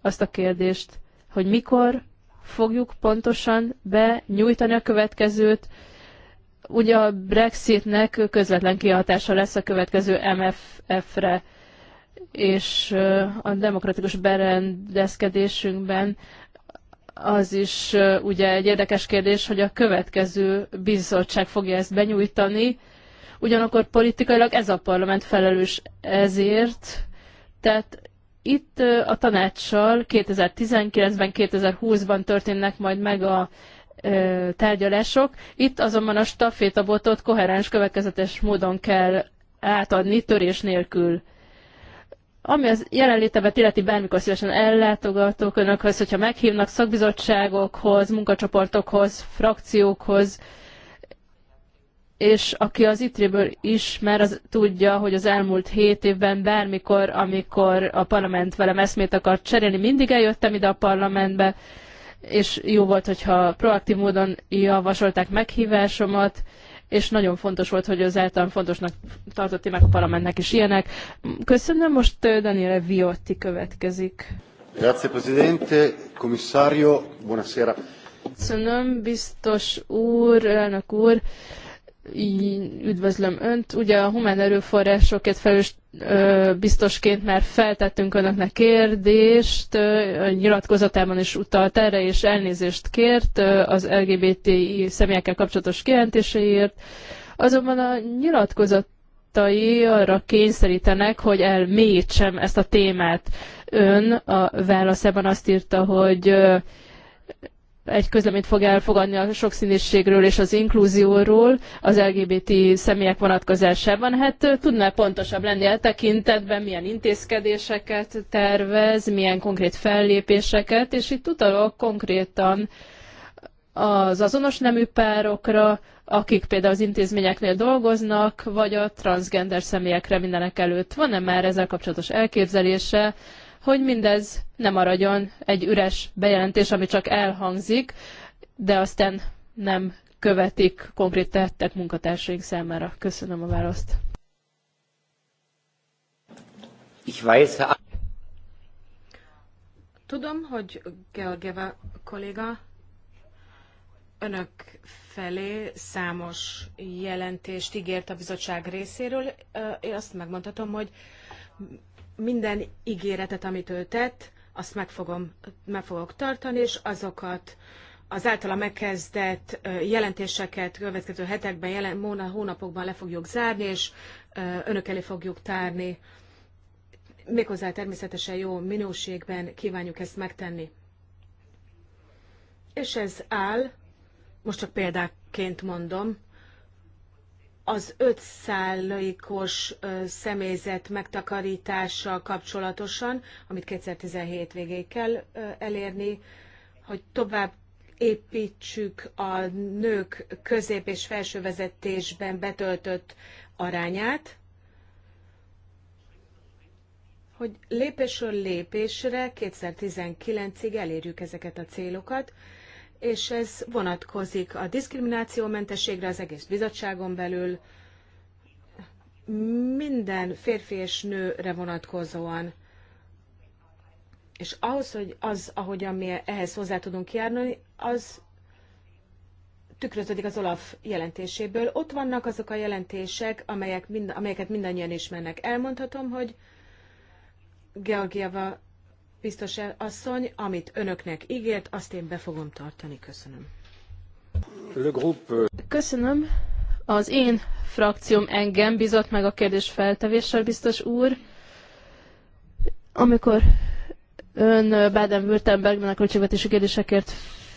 azt a kérdést, hogy mikor fogjuk pontosan benyújtani a következőt. Ugye a Brexitnek közvetlen kihatása lesz a következő MFF-re, és a demokratikus berendezkedésünkben az is ugye egy érdekes kérdés, hogy a következő bizottság fogja ezt benyújtani, ugyanakkor politikailag ez a parlament felelős ezért, tehát itt a tanácssal 2019-ben, 2020-ban történnek majd meg a tárgyalások. Itt azonban a stafétabotot koherens, következetes módon kell átadni, törés nélkül. Ami az jelenlétemet illeti, bármikor szívesen ellátogatok önökhöz, hogyha meghívnak szakbizottságokhoz, munkacsoportokhoz, frakciókhoz, és aki az ITRI-ből ismer, az tudja, hogy az elmúlt hét évben bármikor, amikor a parlament velem eszmét akart cserélni, mindig eljöttem ide a parlamentbe, és jó volt, hogyha proaktív módon javasolták meghívásomat, és nagyon fontos volt, hogy az általán fontosnak tartott meg a parlamentnek is ilyenek. Köszönöm, most Daniele Viotti következik. Grazie Presidente, Commissario, buonasera. Köszönöm, biztos úr, elnök úr üdvözlöm Önt. Ugye a humán erőforrásokért felelős biztosként már feltettünk Önöknek kérdést, a nyilatkozatában is utalt erre, és elnézést kért az LGBTI személyekkel kapcsolatos kijelentéséért. Azonban a nyilatkozatai arra kényszerítenek, hogy elmélyítsem ezt a témát. Ön a válaszában azt írta, hogy egy közleményt fog elfogadni a sokszínűségről és az inkluzióról az LGBT személyek vonatkozásában. Hát tudná pontosabb lenni a tekintetben, milyen intézkedéseket tervez, milyen konkrét fellépéseket, és itt utalok konkrétan az azonos nemű párokra, akik például az intézményeknél dolgoznak, vagy a transgender személyekre mindenek előtt. Van-e már ezzel kapcsolatos elképzelése? hogy mindez ne maradjon egy üres bejelentés, ami csak elhangzik, de aztán nem követik konkrét tettek munkatársaink számára. Köszönöm a választ. Tudom, hogy Georgieva kolléga önök felé számos jelentést ígért a bizottság részéről. Én azt megmondhatom, hogy minden ígéretet, amit ő tett, azt meg, fogom, meg fogok tartani, és azokat az általa megkezdett jelentéseket következő hetekben, jelen, hónapokban le fogjuk zárni, és önök elé fogjuk tárni. Méghozzá természetesen jó minőségben kívánjuk ezt megtenni. És ez áll, most csak példáként mondom, az öt szállaikos személyzet megtakarítással kapcsolatosan, amit 2017 végéig kell elérni, hogy tovább építsük a nők közép- és felsővezetésben betöltött arányát, hogy lépésről lépésre 2019-ig elérjük ezeket a célokat, és ez vonatkozik a diszkriminációmentességre az egész bizottságon belül, minden férfi és nőre vonatkozóan. És ahhoz, hogy az, ahogyan mi ehhez hozzá tudunk járni, az tükröződik az Olaf jelentéséből. Ott vannak azok a jelentések, amelyek mind, amelyeket mindannyian ismernek. Elmondhatom, hogy Georgiava Biztos asszony, amit önöknek ígért, azt én be fogom tartani. Köszönöm. Euh, Köszönöm. Az én frakcióm engem bizott meg a kérdés feltevéssel, biztos úr. Amikor ön Baden-Württembergben a költségvetési kérdésekért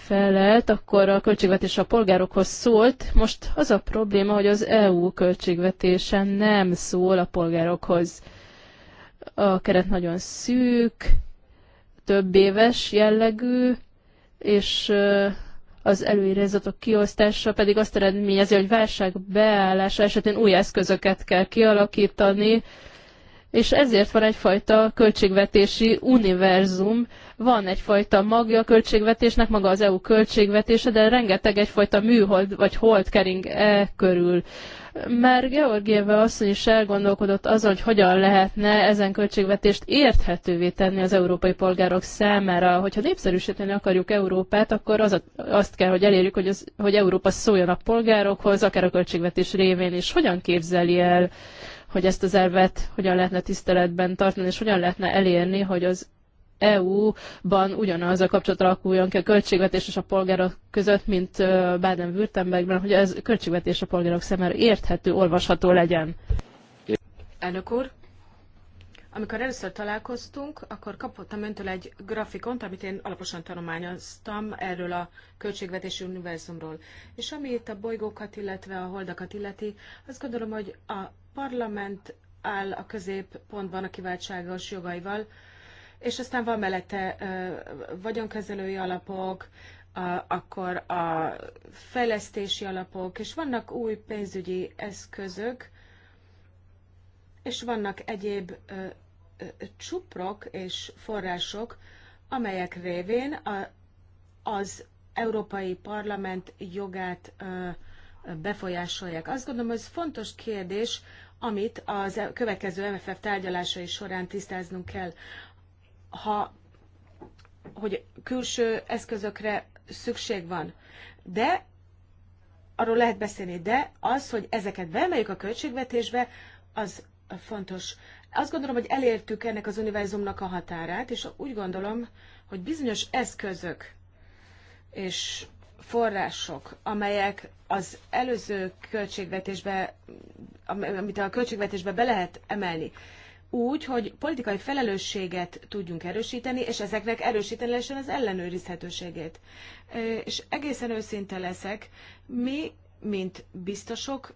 felelt, akkor a költségvetés a polgárokhoz szólt. Most az a probléma, hogy az EU költségvetése nem szól a polgárokhoz. A keret nagyon szűk, több éves jellegű, és az előirányzatok kiosztása pedig azt eredményezi, hogy válság beállása esetén új eszközöket kell kialakítani, és ezért van egyfajta költségvetési univerzum, van egyfajta magja a költségvetésnek, maga az EU költségvetése, de rengeteg egyfajta műhold vagy hold kering e körül. Már Georgieva asszony is elgondolkodott azon, hogy hogyan lehetne ezen költségvetést érthetővé tenni az európai polgárok számára. Hogyha népszerűsíteni akarjuk Európát, akkor az a, azt kell, hogy elérjük, hogy, az, hogy Európa szóljon a polgárokhoz, akár a költségvetés révén is. Hogyan képzeli el, hogy ezt az elvet hogyan lehetne tiszteletben tartani, és hogyan lehetne elérni, hogy az EU-ban ugyanaz a kapcsolat alakuljon ki a költségvetés és a polgárok között, mint Baden-Württembergben, hogy ez költségvetés a polgárok szemére érthető, olvasható legyen. Elnök úr, amikor először találkoztunk, akkor kapottam öntől egy grafikont, amit én alaposan tanulmányoztam erről a költségvetési univerzumról. És ami itt a bolygókat, illetve a holdakat illeti, azt gondolom, hogy a parlament áll a középpontban a kiváltságos jogaival, és aztán van mellette vagyonkezelői alapok, a, akkor a fejlesztési alapok, és vannak új pénzügyi eszközök, és vannak egyéb ö, ö, csuprok és források, amelyek révén a, az Európai Parlament jogát ö, befolyásolják. Azt gondolom, hogy ez fontos kérdés, amit az e- következő MFF tárgyalásai során tisztáznunk kell ha, hogy külső eszközökre szükség van. De arról lehet beszélni, de az, hogy ezeket beemeljük a költségvetésbe, az fontos. Azt gondolom, hogy elértük ennek az univerzumnak a határát, és úgy gondolom, hogy bizonyos eszközök és források, amelyek az előző költségvetésbe, amit a költségvetésbe be lehet emelni, úgy, hogy politikai felelősséget tudjunk erősíteni, és ezeknek erősíteni lehessen az ellenőrizhetőségét. És egészen őszinte leszek, mi, mint biztosok,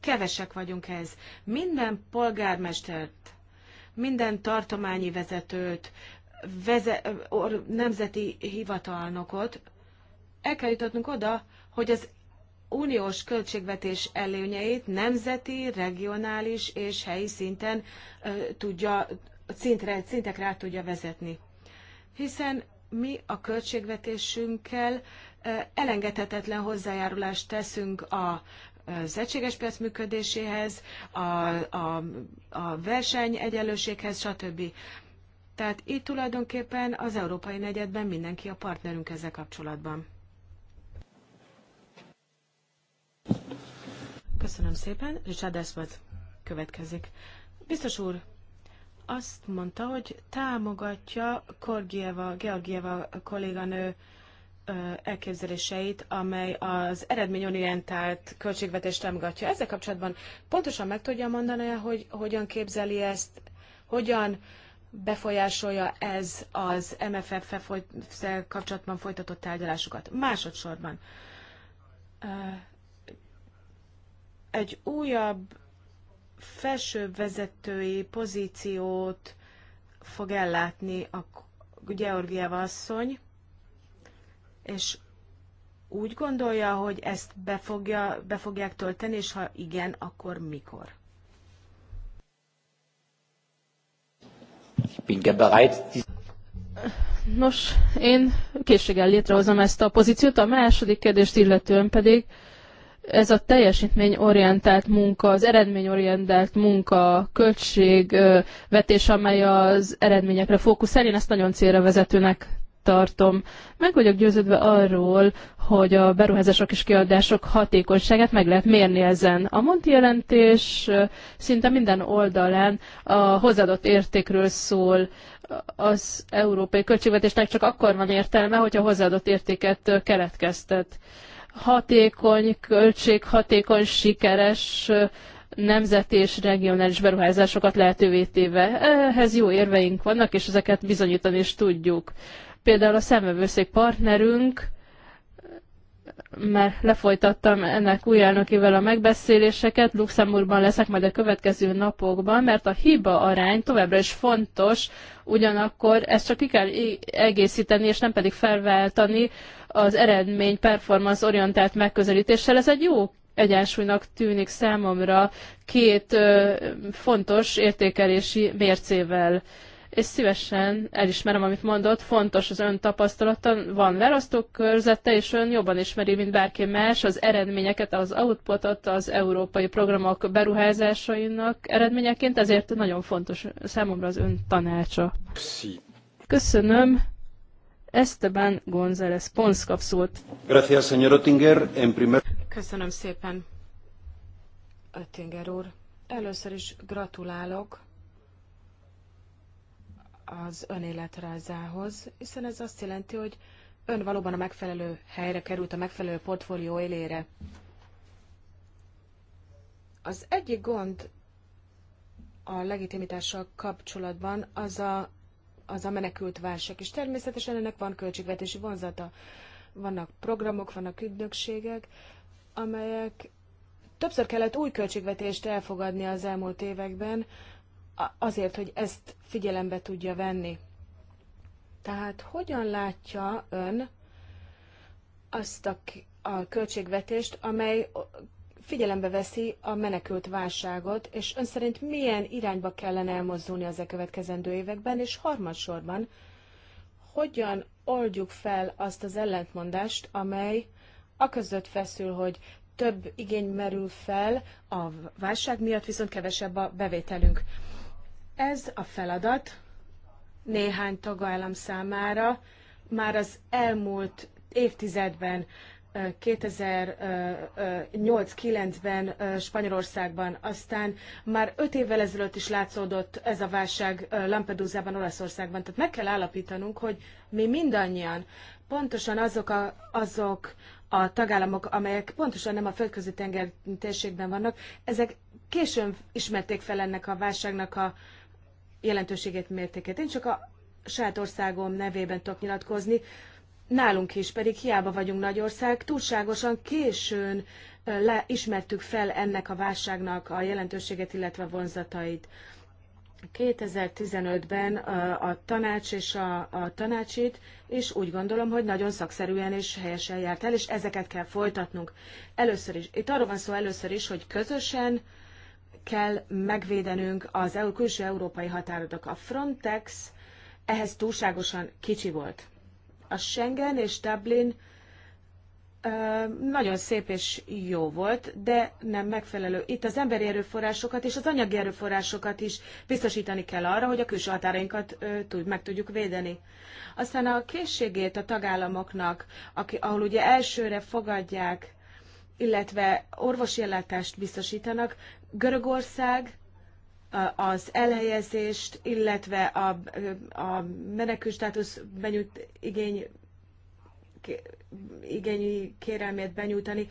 kevesek vagyunk ez. Minden polgármestert, minden tartományi vezetőt, veze, or, nemzeti hivatalnokot el kell jutatnunk oda, hogy az uniós költségvetés előnyeit nemzeti, regionális és helyi szinten tudja, szintre, szintekre át tudja vezetni. Hiszen mi a költségvetésünkkel elengedhetetlen hozzájárulást teszünk a az egységes piac működéséhez, a, a, a verseny egyenlőséghez, stb. Tehát itt tulajdonképpen az európai negyedben mindenki a partnerünk ezzel kapcsolatban. Köszönöm szépen. Richard Ashworth következik. Biztos úr, azt mondta, hogy támogatja Korgieva, Georgieva kolléganő elképzeléseit, amely az eredményorientált költségvetést támogatja. Ezzel kapcsolatban pontosan meg tudja mondani, hogy hogyan képzeli ezt, hogyan befolyásolja ez az MFF-fel kapcsolatban folytatott tárgyalásokat. Másodszorban egy újabb felsőbb vezetői pozíciót fog ellátni a Georgieva asszony, és úgy gondolja, hogy ezt be, fogja, be fogják tölteni, és ha igen, akkor mikor? Nos, én készséggel létrehozom ezt a pozíciót. A második kérdést illetően pedig ez a teljesítményorientált munka, az eredményorientált munka, költségvetés, amely az eredményekre fókuszál, én ezt nagyon célra vezetőnek tartom. Meg vagyok győződve arról, hogy a beruházások és kiadások hatékonyságát meg lehet mérni ezen. A Monti jelentés szinte minden oldalán a hozzáadott értékről szól. Az európai költségvetésnek csak akkor van értelme, hogyha hozzáadott értéket keletkeztet hatékony, költséghatékony, sikeres nemzeti és regionális beruházásokat lehetővé téve. Ehhez jó érveink vannak, és ezeket bizonyítani is tudjuk. Például a szemvevőszék partnerünk, mert lefolytattam ennek új elnökével a megbeszéléseket, Luxemburgban leszek majd a következő napokban, mert a hiba arány továbbra is fontos, ugyanakkor ezt csak ki kell egészíteni, és nem pedig felváltani az eredmény performance orientált megközelítéssel. Ez egy jó egyensúlynak tűnik számomra két ö, fontos értékelési mércével. És szívesen elismerem, amit mondott, fontos az ön tapasztalata, van választók körzete, és ön jobban ismeri, mint bárki más az eredményeket, az outputot az európai programok beruházásainak eredményeként, ezért nagyon fontos számomra az ön tanácsa. Köszönöm. Esteban González Pons kap szót. Gracias, señor Oettinger. En primer... Köszönöm szépen, Oettinger úr. Először is gratulálok az önéletrajzához, hiszen ez azt jelenti, hogy ön valóban a megfelelő helyre került, a megfelelő portfólió élére. Az egyik gond a legitimitással kapcsolatban az a az a menekült válság. És természetesen ennek van költségvetési vonzata. Vannak programok, vannak ügynökségek, amelyek többször kellett új költségvetést elfogadni az elmúlt években, azért, hogy ezt figyelembe tudja venni. Tehát hogyan látja ön azt a, a költségvetést, amely figyelembe veszi a menekült válságot, és ön szerint milyen irányba kellene elmozdulni az elkövetkezendő években, és harmadsorban, hogyan oldjuk fel azt az ellentmondást, amely a között feszül, hogy több igény merül fel a válság miatt, viszont kevesebb a bevételünk. Ez a feladat néhány tagállam számára már az elmúlt évtizedben 2008-9-ben Spanyolországban, aztán már öt évvel ezelőtt is látszódott ez a válság Lampedusában, Olaszországban. Tehát meg kell állapítanunk, hogy mi mindannyian, pontosan azok a, azok a tagállamok, amelyek pontosan nem a földközi tenger térségben vannak, ezek későn ismerték fel ennek a válságnak a jelentőségét, mértékét. Én csak a saját országom nevében tudok nyilatkozni, nálunk is, pedig hiába vagyunk Nagyország, túlságosan későn le, ismertük fel ennek a válságnak a jelentőséget, illetve vonzatait. 2015-ben a tanács és a, a tanácsit, és úgy gondolom, hogy nagyon szakszerűen és helyesen járt el, és ezeket kell folytatnunk. Először is, itt arról van szó először is, hogy közösen kell megvédenünk az e-, külső európai határodok. A Frontex ehhez túlságosan kicsi volt a Schengen és Dublin nagyon szép és jó volt, de nem megfelelő. Itt az emberi erőforrásokat és az anyagi erőforrásokat is biztosítani kell arra, hogy a külső határainkat tud, meg tudjuk védeni. Aztán a készségét a tagállamoknak, aki, ahol ugye elsőre fogadják, illetve orvosi ellátást biztosítanak, Görögország az elhelyezést, illetve a, a státusz benyújt igény, igényi kérelmét benyújtani,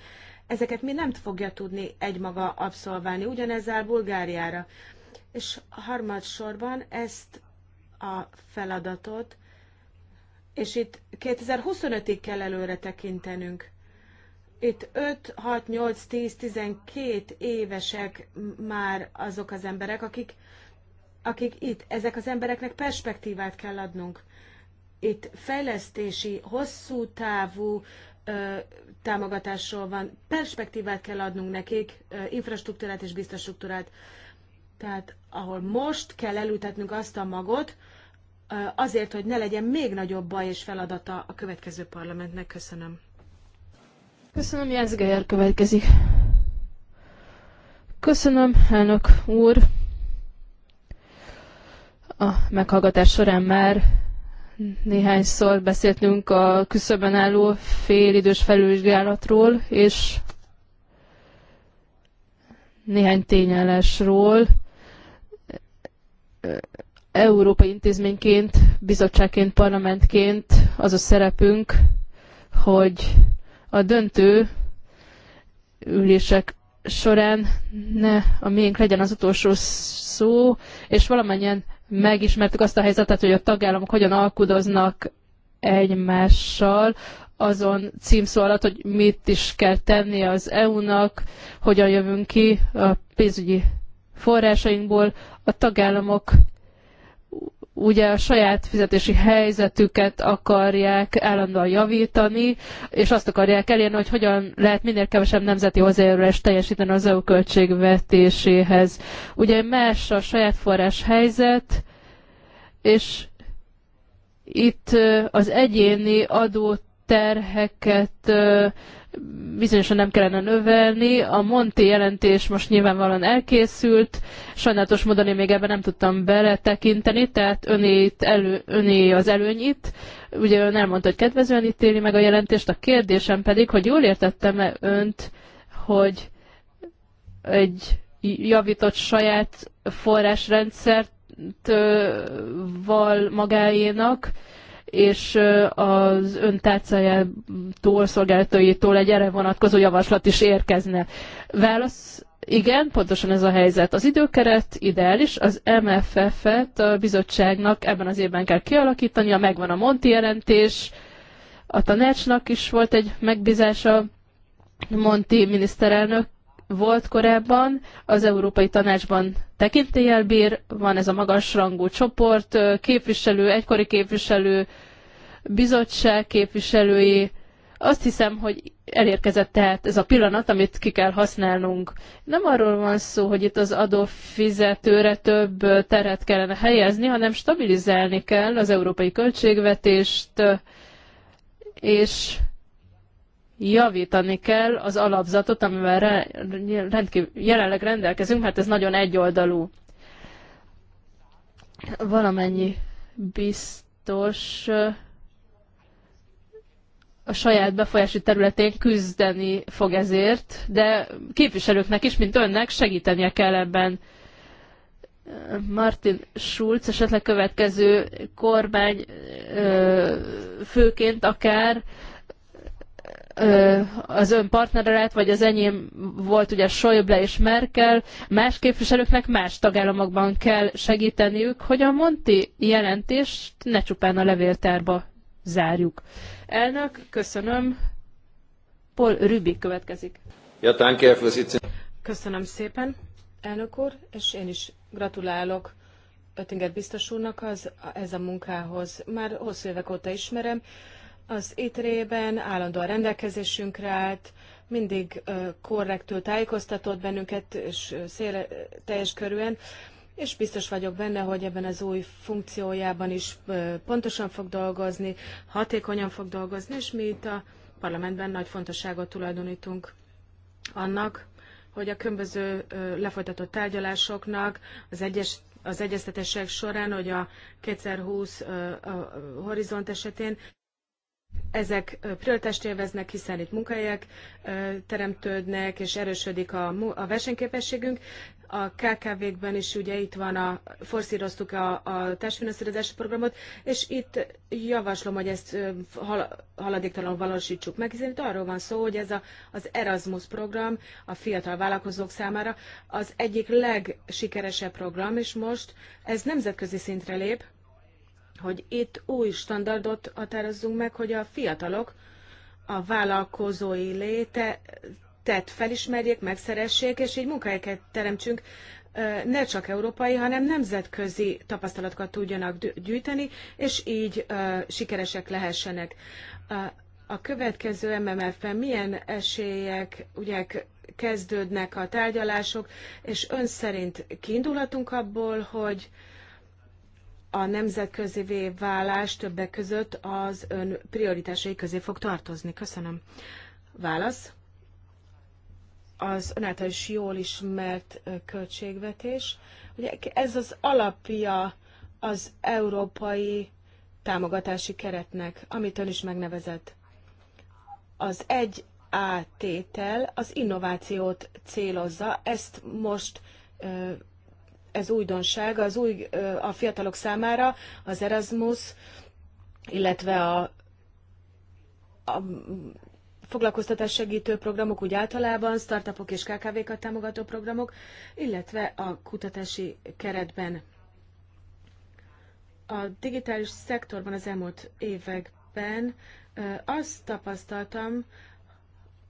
ezeket mi nem fogja tudni egymaga abszolválni. Ugyanezzel Bulgáriára. És harmadsorban ezt a feladatot, és itt 2025-ig kell előre tekintenünk itt 5, 6, 8, 10, 12 évesek már azok az emberek, akik, akik itt. Ezek az embereknek perspektívát kell adnunk. Itt fejlesztési, hosszú távú ö, támogatásról van. Perspektívát kell adnunk nekik, ö, infrastruktúrát és biztostruktúrát. Tehát ahol most kell elültetnünk azt a magot, ö, azért, hogy ne legyen még nagyobb baj és feladata a következő parlamentnek. Köszönöm. Köszönöm, Jens Geyer következik. Köszönöm, elnök úr. A meghallgatás során már néhányszor beszéltünk a küszöben álló félidős felülvizsgálatról, és néhány tényállásról. Európai intézményként, bizottságként, parlamentként az a szerepünk, hogy a döntő ülések során ne a miénk legyen az utolsó szó, és valamennyien megismertük azt a helyzetet, hogy a tagállamok hogyan alkudoznak egymással azon címszó alatt, hogy mit is kell tenni az EU-nak, hogyan jövünk ki a pénzügyi forrásainkból. A tagállamok ugye a saját fizetési helyzetüket akarják állandóan javítani, és azt akarják elérni, hogy hogyan lehet minél kevesebb nemzeti hozzájárulást teljesíteni az EU költségvetéséhez. Ugye más a saját forrás helyzet, és itt az egyéni adóterheket bizonyosan nem kellene növelni. A Monti jelentés most nyilvánvalóan elkészült, sajnálatos módon én még ebben nem tudtam beletekinteni, tehát öné, elő, öné az előnyit. Ugye ön elmondta, hogy kedvezően ítéli meg a jelentést, a kérdésem pedig, hogy jól értettem-e önt, hogy egy javított saját forrásrendszert val magáénak, és az ön tárcájától, szolgálatóitól egy erre vonatkozó javaslat is érkezne. Válasz, igen, pontosan ez a helyzet. Az időkeret ideális, az MFF-et a bizottságnak ebben az évben kell kialakítania, megvan a Monti jelentés, a tanácsnak is volt egy megbízása Monti miniszterelnök volt korábban, az Európai Tanácsban tekintélyel bír, van ez a magasrangú csoport, képviselő, egykori képviselő, bizottság képviselői. Azt hiszem, hogy elérkezett tehát ez a pillanat, amit ki kell használnunk. Nem arról van szó, hogy itt az adófizetőre több teret kellene helyezni, hanem stabilizálni kell az európai költségvetést, és javítani kell az alapzatot, amivel re, rendkív, jelenleg rendelkezünk, mert ez nagyon egyoldalú. Valamennyi biztos a saját befolyási területén küzdeni fog ezért, de képviselőknek is, mint önnek segítenie kell ebben. Martin Schulz esetleg következő kormány főként akár az ön partnere lett, vagy az enyém volt ugye Schäuble és Merkel, más képviselőknek más tagállamokban kell segíteniük, hogy a Monti jelentést ne csupán a levéltárba zárjuk. Elnök, köszönöm. Paul Rübig következik. Ja, danke, Köszönöm szépen, elnök úr, és én is gratulálok Öttinger biztos úrnak az, ez a munkához. Már hosszú évek óta ismerem, az ITRE-ben állandóan rendelkezésünkre állt, mindig korrektül tájékoztatott bennünket, és széle, teljes körűen, és biztos vagyok benne, hogy ebben az új funkciójában is pontosan fog dolgozni, hatékonyan fog dolgozni, és mi itt a parlamentben nagy fontosságot tulajdonítunk annak, hogy a különböző lefolytatott tárgyalásoknak az egyes az egyeztetések során, hogy a 2020 a horizont esetén ezek prioritást élveznek, hiszen itt munkahelyek teremtődnek, és erősödik a, versenyképességünk. A KKV-kben is ugye itt van, a, forszíroztuk a, a programot, és itt javaslom, hogy ezt haladéktalanul valósítsuk meg, hiszen itt arról van szó, hogy ez a, az Erasmus program a fiatal vállalkozók számára az egyik legsikeresebb program, és most ez nemzetközi szintre lép, hogy itt új standardot határozzunk meg, hogy a fiatalok a vállalkozói léte tett felismerjék, megszeressék, és így munkahelyeket teremtsünk, ne csak európai, hanem nemzetközi tapasztalatokat tudjanak gyűjteni, és így sikeresek lehessenek. A következő MMF-ben milyen esélyek, ugye kezdődnek a tárgyalások, és ön szerint kiindulhatunk abból, hogy a nemzetközi válás többek között az ön prioritásai közé fog tartozni? Köszönöm. Válasz. Az ön által is jól ismert költségvetés. Ugye ez az alapja az európai támogatási keretnek, amit ön is megnevezett. Az egy átétel, az innovációt célozza, ezt most ez újdonság az új, a fiatalok számára az Erasmus, illetve a, a foglalkoztatás segítő programok úgy általában, startupok és KKV-kat támogató programok, illetve a kutatási keretben. A digitális szektorban az elmúlt években azt tapasztaltam,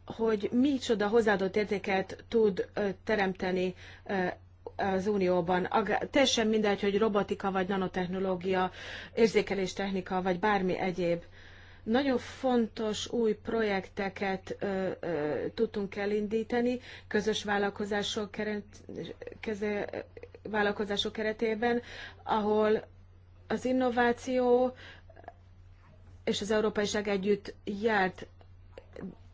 hogy micsoda hozzáadott értéket tud teremteni az Unióban. Teljesen mindegy, hogy robotika vagy nanotechnológia, érzékeléstechnika vagy bármi egyéb. Nagyon fontos új projekteket ö, ö, tudtunk elindítani közös vállalkozások, keret, keze, vállalkozások keretében, ahol az innováció és az Európai Ság együtt járt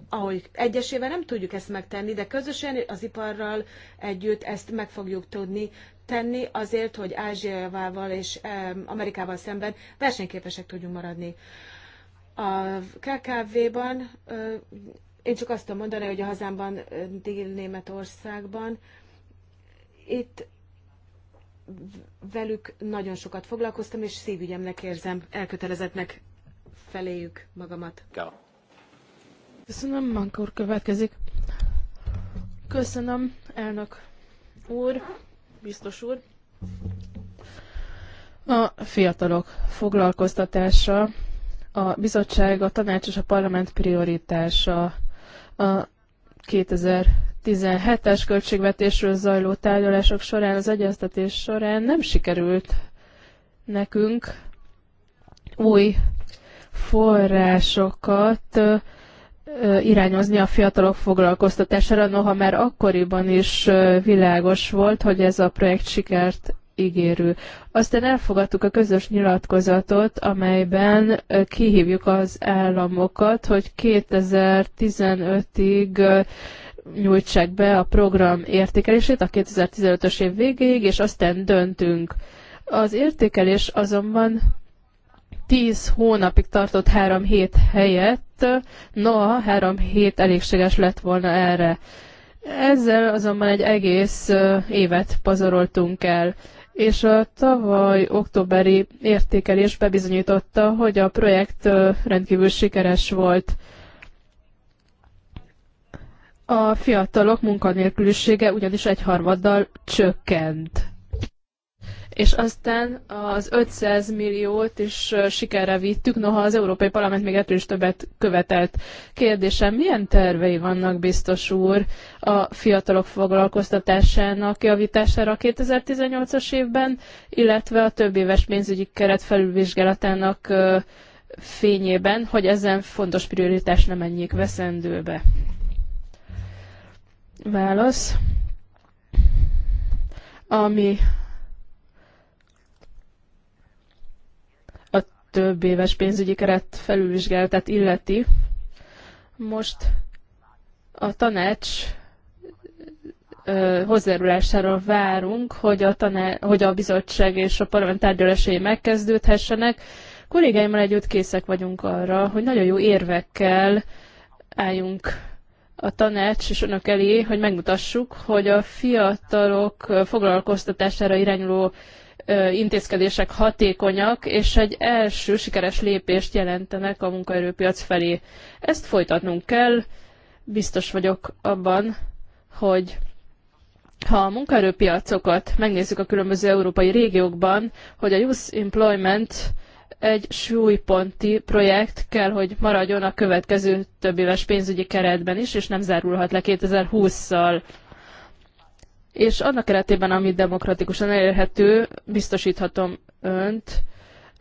ahogy egyesével nem tudjuk ezt megtenni, de közösen az iparral együtt ezt meg fogjuk tudni tenni azért, hogy Ázsiával és Amerikával szemben versenyképesek tudjunk maradni. A KKV-ban én csak azt tudom mondani, hogy a hazámban, Dél-Németországban itt velük nagyon sokat foglalkoztam, és szívügyemnek érzem elkötelezettnek feléjük magamat. Go. Köszönöm, Manka következik. Köszönöm, elnök úr, biztos úr. A fiatalok foglalkoztatása, a bizottság, a tanács és a parlament prioritása a 2017-es költségvetésről zajló tárgyalások során, az egyeztetés során nem sikerült nekünk új forrásokat irányozni a fiatalok foglalkoztatására, noha már akkoriban is világos volt, hogy ez a projekt sikert ígérő. Aztán elfogadtuk a közös nyilatkozatot, amelyben kihívjuk az államokat, hogy 2015-ig nyújtsák be a program értékelését a 2015-ös év végéig, és aztán döntünk. Az értékelés azonban 10 hónapig tartott 3 hét helyett, noha három hét elégséges lett volna erre. Ezzel azonban egy egész évet pazaroltunk el, és a tavaly októberi értékelés bebizonyította, hogy a projekt rendkívül sikeres volt. A fiatalok munkanélkülisége ugyanis egyharmaddal csökkent és aztán az 500 milliót is sikerre vittük, noha az Európai Parlament még ettől is többet követelt. Kérdésem, milyen tervei vannak, biztos úr, a fiatalok foglalkoztatásának javítására a 2018-as évben, illetve a több éves pénzügyi keret felülvizsgálatának fényében, hogy ezen fontos prioritás nem menjék veszendőbe? Válasz. Ami több éves pénzügyi keret felülvizsgáltat illeti. Most a tanács hozzájárulására várunk, hogy a, taná- hogy a bizottság és a parlament tárgyalásai megkezdődhessenek. Kollégáimmal együtt készek vagyunk arra, hogy nagyon jó érvekkel álljunk a tanács és önök elé, hogy megmutassuk, hogy a fiatalok foglalkoztatására irányuló intézkedések hatékonyak, és egy első sikeres lépést jelentenek a munkaerőpiac felé. Ezt folytatnunk kell, biztos vagyok abban, hogy ha a munkaerőpiacokat megnézzük a különböző európai régiókban, hogy a Youth Employment egy súlyponti projekt kell, hogy maradjon a következő több éves pénzügyi keretben is, és nem zárulhat le 2020-szal és annak keretében, ami demokratikusan elérhető, biztosíthatom önt,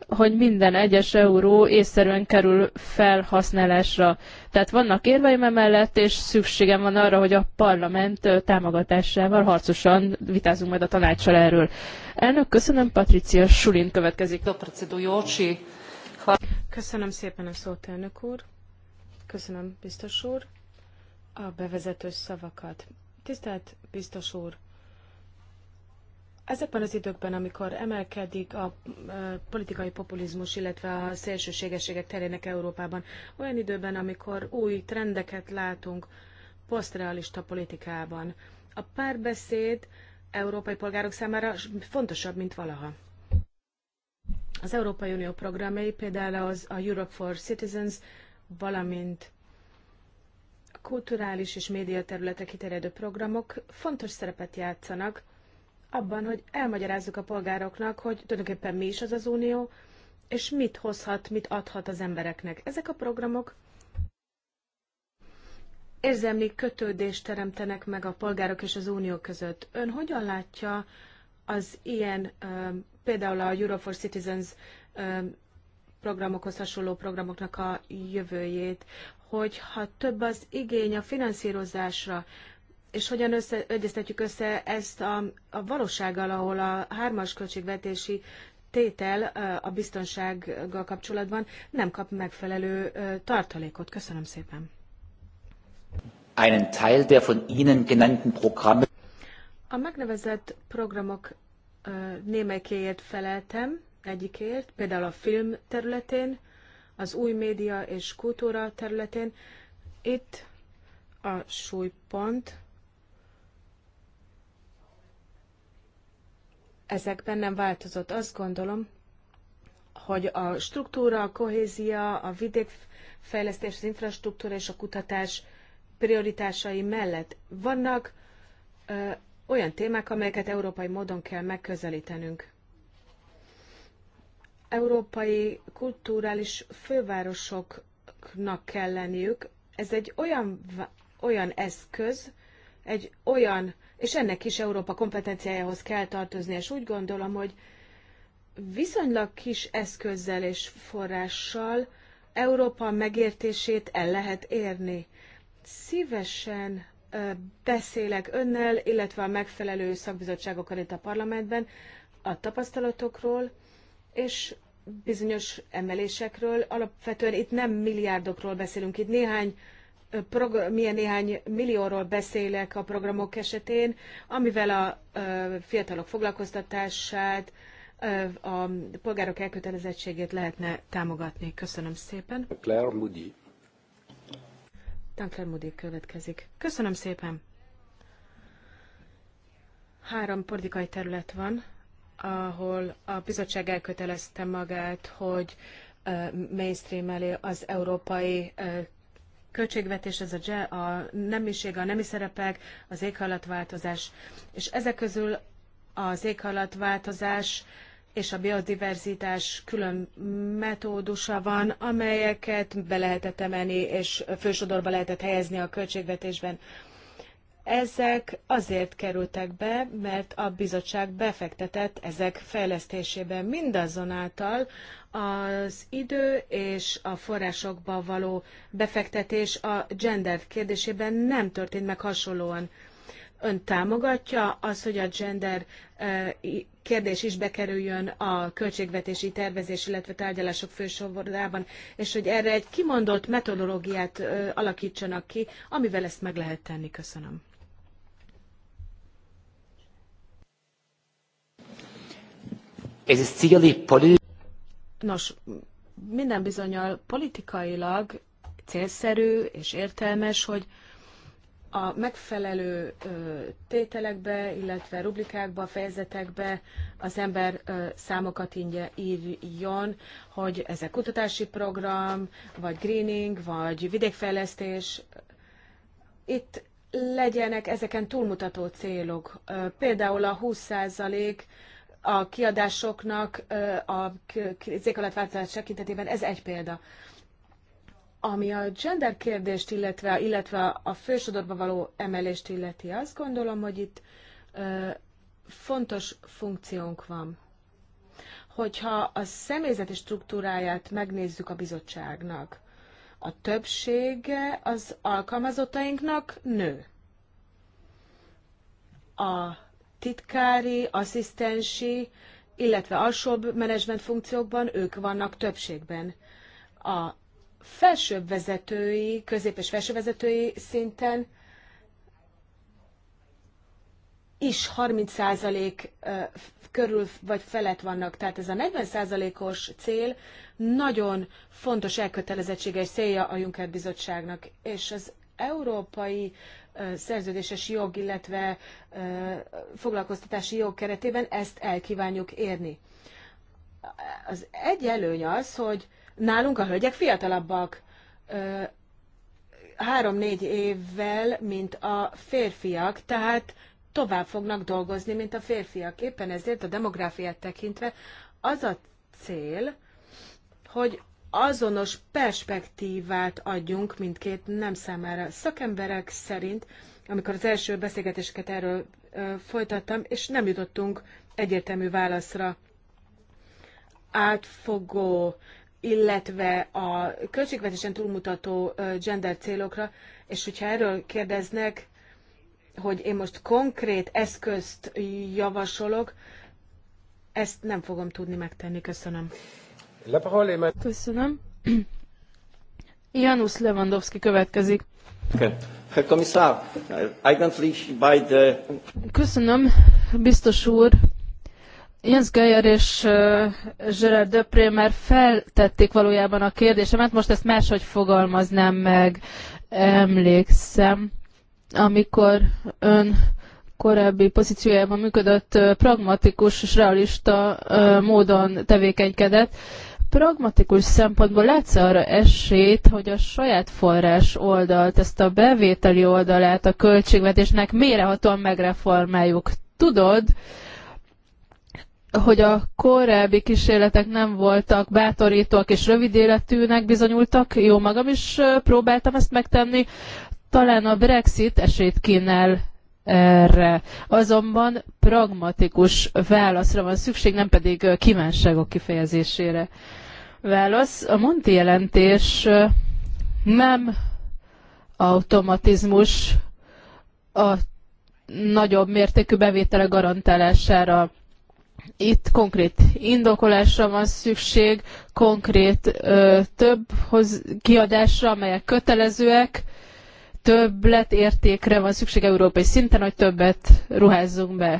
hogy minden egyes euró észszerűen kerül felhasználásra. Tehát vannak érveim emellett, és szükségem van arra, hogy a parlament támogatásával harcosan vitázunk majd a tanácssal erről. Elnök, köszönöm, Patricia Sulin következik. Köszönöm szépen a szót, elnök úr. Köszönöm, biztos úr, a bevezető szavakat. Tisztelt biztos úr, Ezekben az időkben, amikor emelkedik a politikai populizmus, illetve a szélsőségességek terének Európában, olyan időben, amikor új trendeket látunk posztrealista politikában, a párbeszéd európai polgárok számára fontosabb, mint valaha. Az Európai Unió programjai, például az a Europe for Citizens, valamint a kulturális és média területre kiterjedő programok fontos szerepet játszanak, abban, hogy elmagyarázzuk a polgároknak, hogy tulajdonképpen mi is az az unió, és mit hozhat, mit adhat az embereknek. Ezek a programok érzelmi kötődést teremtenek meg a polgárok és az unió között. Ön hogyan látja az ilyen, például a Euro for Citizens programokhoz hasonló programoknak a jövőjét, hogyha több az igény a finanszírozásra, és hogyan össze, egyeztetjük össze ezt a, a valósággal, ahol a hármas költségvetési tétel a biztonsággal kapcsolatban nem kap megfelelő tartalékot. Köszönöm szépen. Einen Teil der von Ihnen genannten Programme. A megnevezett programok némelyikéért feleltem, egyikért, például a film területén, az új média és kultúra területén. Itt a súlypont ezekben nem változott. Azt gondolom, hogy a struktúra, a kohézia, a vidékfejlesztés, az infrastruktúra és a kutatás prioritásai mellett vannak ö, olyan témák, amelyeket európai módon kell megközelítenünk. Európai kulturális fővárosoknak kell lenniük. Ez egy olyan, olyan eszköz, egy olyan és ennek is Európa kompetenciájához kell tartozni, és úgy gondolom, hogy viszonylag kis eszközzel és forrással Európa megértését el lehet érni. Szívesen beszélek önnel, illetve a megfelelő szakbizottságokkal itt a parlamentben a tapasztalatokról, és bizonyos emelésekről. Alapvetően itt nem milliárdokról beszélünk, itt néhány milyen néhány millióról beszélek a programok esetén, amivel a fiatalok foglalkoztatását, a polgárok elkötelezettségét lehetne támogatni. Köszönöm szépen. Claire Moody. Tankler Moody következik. Köszönöm szépen. Három politikai terület van, ahol a bizottság elkötelezte magát, hogy mainstream elé az európai költségvetés, ez a, a nemiség, a nemi szerepek, az éghajlatváltozás. És ezek közül az éghajlatváltozás és a biodiverzitás külön metódusa van, amelyeket be lehetett emelni, és fősodorba lehetett helyezni a költségvetésben. Ezek azért kerültek be, mert a bizottság befektetett ezek fejlesztésében mindazonáltal az idő és a forrásokba való befektetés a gender kérdésében nem történt meg hasonlóan. Ön támogatja az, hogy a gender eh, kérdés is bekerüljön a költségvetési tervezés, illetve tárgyalások fősorban, és hogy erre egy kimondott metodológiát eh, alakítsanak ki, amivel ezt meg lehet tenni. Köszönöm. Ez sicherlich Nos, minden bizonyal politikailag célszerű és értelmes, hogy a megfelelő tételekbe, illetve rublikákba, fejezetekbe az ember számokat ingye írjon, hogy ezek kutatási program, vagy greening, vagy vidékfejlesztés. Itt legyenek ezeken túlmutató célok. Például a 20 a kiadásoknak a zékalatváltás tekintetében ez egy példa. Ami a gender kérdést, illetve, illetve a fősodorba való emelést illeti, azt gondolom, hogy itt fontos funkciónk van. Hogyha a személyzeti struktúráját megnézzük a bizottságnak, a többsége az alkalmazottainknak nő. A titkári, asszisztensi, illetve alsóbb menedzsment funkciókban ők vannak többségben. A felsőbb vezetői, közép- és felsővezetői szinten is 30% körül vagy felett vannak. Tehát ez a 40%-os cél nagyon fontos elkötelezettsége és célja a Juncker Bizottságnak. És az európai szerződéses jog, illetve foglalkoztatási jog keretében ezt elkívánjuk érni. Az egy előny az, hogy nálunk a hölgyek fiatalabbak, három-négy évvel, mint a férfiak, tehát tovább fognak dolgozni, mint a férfiak. Éppen ezért a demográfiát tekintve az a cél, hogy azonos perspektívát adjunk mindkét nem számára. Szakemberek szerint, amikor az első beszélgetéseket erről ö, folytattam, és nem jutottunk egyértelmű válaszra. Átfogó, illetve a költségvetésen túlmutató gender célokra, és hogyha erről kérdeznek, hogy én most konkrét eszközt javasolok, ezt nem fogom tudni megtenni. Köszönöm. La parole est Köszönöm. Janusz Lewandowski következik. Herr Kommissar, eigentlich bei der... Köszönöm, biztos úr. Jens Geyer és Gerard Döpré már feltették valójában a kérdésemet, most ezt máshogy fogalmaznám meg, emlékszem, amikor ön korábbi pozíciójában működött, pragmatikus és realista módon tevékenykedett pragmatikus szempontból látsz arra esélyt, hogy a saját forrás oldalt, ezt a bevételi oldalát a költségvetésnek mérehatóan megreformáljuk? Tudod, hogy a korábbi kísérletek nem voltak bátorítóak és rövid életűnek bizonyultak. Jó magam is próbáltam ezt megtenni. Talán a Brexit esélyt kínál erre. Azonban pragmatikus válaszra van szükség, nem pedig kívánságok kifejezésére. Válasz, a Monti jelentés nem automatizmus a nagyobb mértékű bevétele garantálására. Itt konkrét indokolásra van szükség, konkrét ö, több hoz, kiadásra, amelyek kötelezőek, többlet értékre van szükség európai szinten, hogy többet ruházzunk be.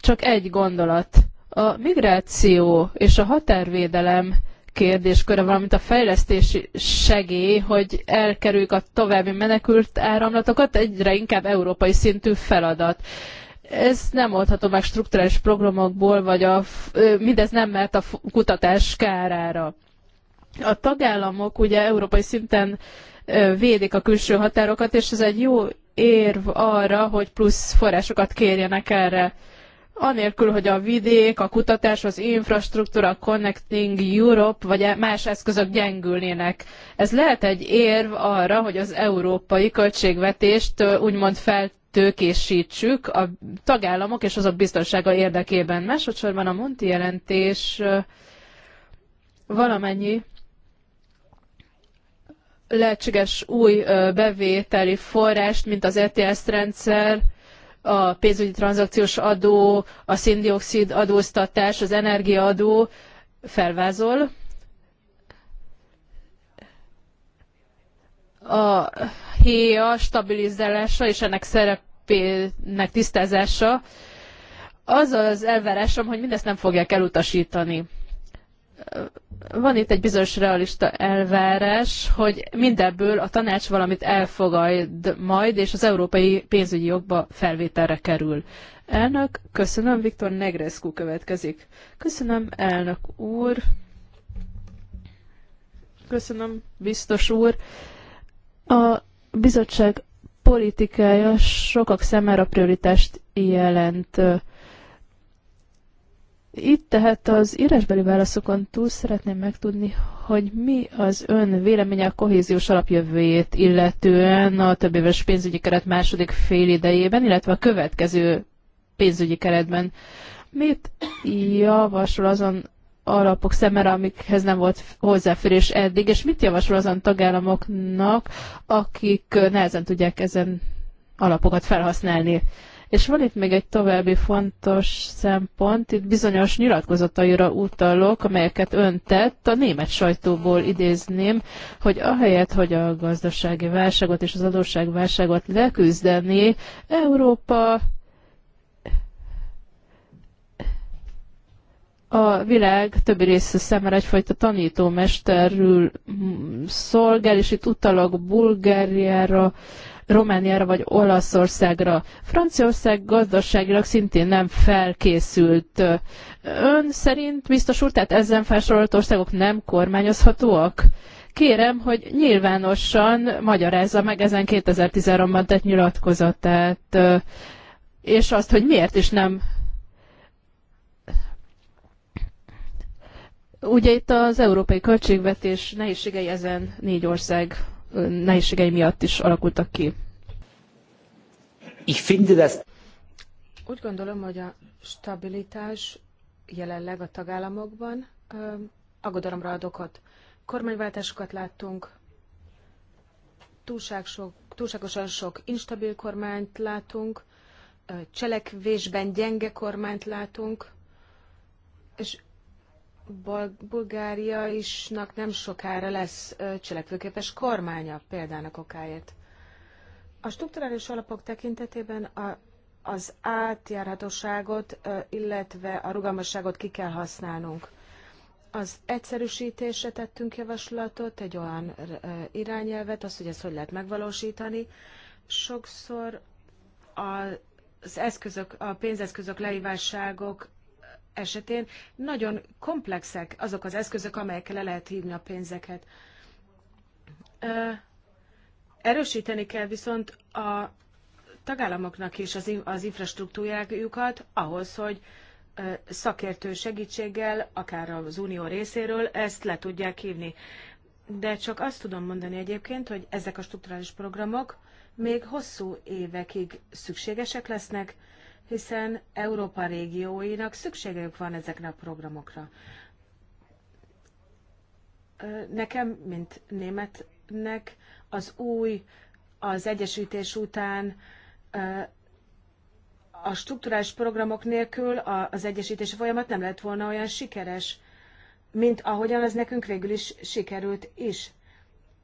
Csak egy gondolat. A migráció és a határvédelem kérdésköre, valamint a fejlesztési segély, hogy elkerüljük a további menekült áramlatokat, egyre inkább európai szintű feladat. Ez nem oldható meg strukturális programokból, vagy a, mindez nem mert a kutatás kárára. A tagállamok ugye európai szinten védik a külső határokat, és ez egy jó érv arra, hogy plusz forrásokat kérjenek erre. Anélkül, hogy a vidék, a kutatás, az infrastruktúra, a Connecting Europe vagy e- más eszközök gyengülnének. Ez lehet egy érv arra, hogy az európai költségvetést úgymond fel a tagállamok és azok biztonsága érdekében. Másodszorban a Monti jelentés valamennyi lehetséges új bevételi forrást, mint az ETS rendszer, a pénzügyi tranzakciós adó, a széndiokszid adóztatás, az energiaadó felvázol. A héja stabilizálása és ennek szerepének tisztázása, az az elvárásom, hogy mindezt nem fogják elutasítani van itt egy bizonyos realista elvárás, hogy mindebből a tanács valamit elfogad majd, és az európai pénzügyi jogba felvételre kerül. Elnök, köszönöm, Viktor Negrescu következik. Köszönöm, elnök úr. Köszönöm, biztos úr. A bizottság politikája sokak a prioritást jelent itt tehát az írásbeli válaszokon túl szeretném megtudni, hogy mi az ön véleménye a kohéziós alapjövőjét, illetően a több éves pénzügyi keret második fél idejében, illetve a következő pénzügyi keretben. Mit javasol azon alapok szemére, amikhez nem volt hozzáférés eddig, és mit javasol azon tagállamoknak, akik nehezen tudják ezen alapokat felhasználni? És van itt még egy további fontos szempont, itt bizonyos nyilatkozataira utalok, amelyeket ön tett, a német sajtóból idézném, hogy ahelyett, hogy a gazdasági válságot és az adósságválságot leküzdeni, Európa a világ többi része számára egyfajta tanítómesterül szolgál, és itt utalok Bulgáriára, Romániára vagy Olaszországra. Franciaország gazdaságilag szintén nem felkészült. Ön szerint, biztos úr, tehát ezen felsorolt országok nem kormányozhatóak? Kérem, hogy nyilvánosan magyarázza meg ezen 2013-ban tett nyilatkozatát, és azt, hogy miért is nem Ugye itt az európai költségvetés nehézségei ezen négy ország nehézségei miatt is alakultak ki. Ich finde das... Úgy gondolom, hogy a stabilitás jelenleg a tagállamokban aggodalomra ad okot. Kormányváltásokat láttunk, túlság sok, túlságosan sok instabil kormányt látunk, cselekvésben gyenge kormányt látunk, és Bulgária isnak nem sokára lesz cselekvőképes kormánya példának okáért. A strukturális alapok tekintetében a, az átjárhatóságot, illetve a rugalmasságot ki kell használnunk. Az egyszerűsítésre tettünk javaslatot, egy olyan irányelvet, az, hogy ezt hogy lehet megvalósítani. Sokszor a, az eszközök, a pénzeszközök leívásságok esetén nagyon komplexek azok az eszközök, amelyekkel le lehet hívni a pénzeket. Erősíteni kell viszont a tagállamoknak is az, infrastruktúrájukat ahhoz, hogy szakértő segítséggel, akár az unió részéről ezt le tudják hívni. De csak azt tudom mondani egyébként, hogy ezek a strukturális programok még hosszú évekig szükségesek lesznek, hiszen Európa régióinak szükségük van ezekre a programokra. Nekem, mint németnek, az új, az egyesítés után a strukturális programok nélkül az egyesítési folyamat nem lett volna olyan sikeres, mint ahogyan ez nekünk végül is sikerült is.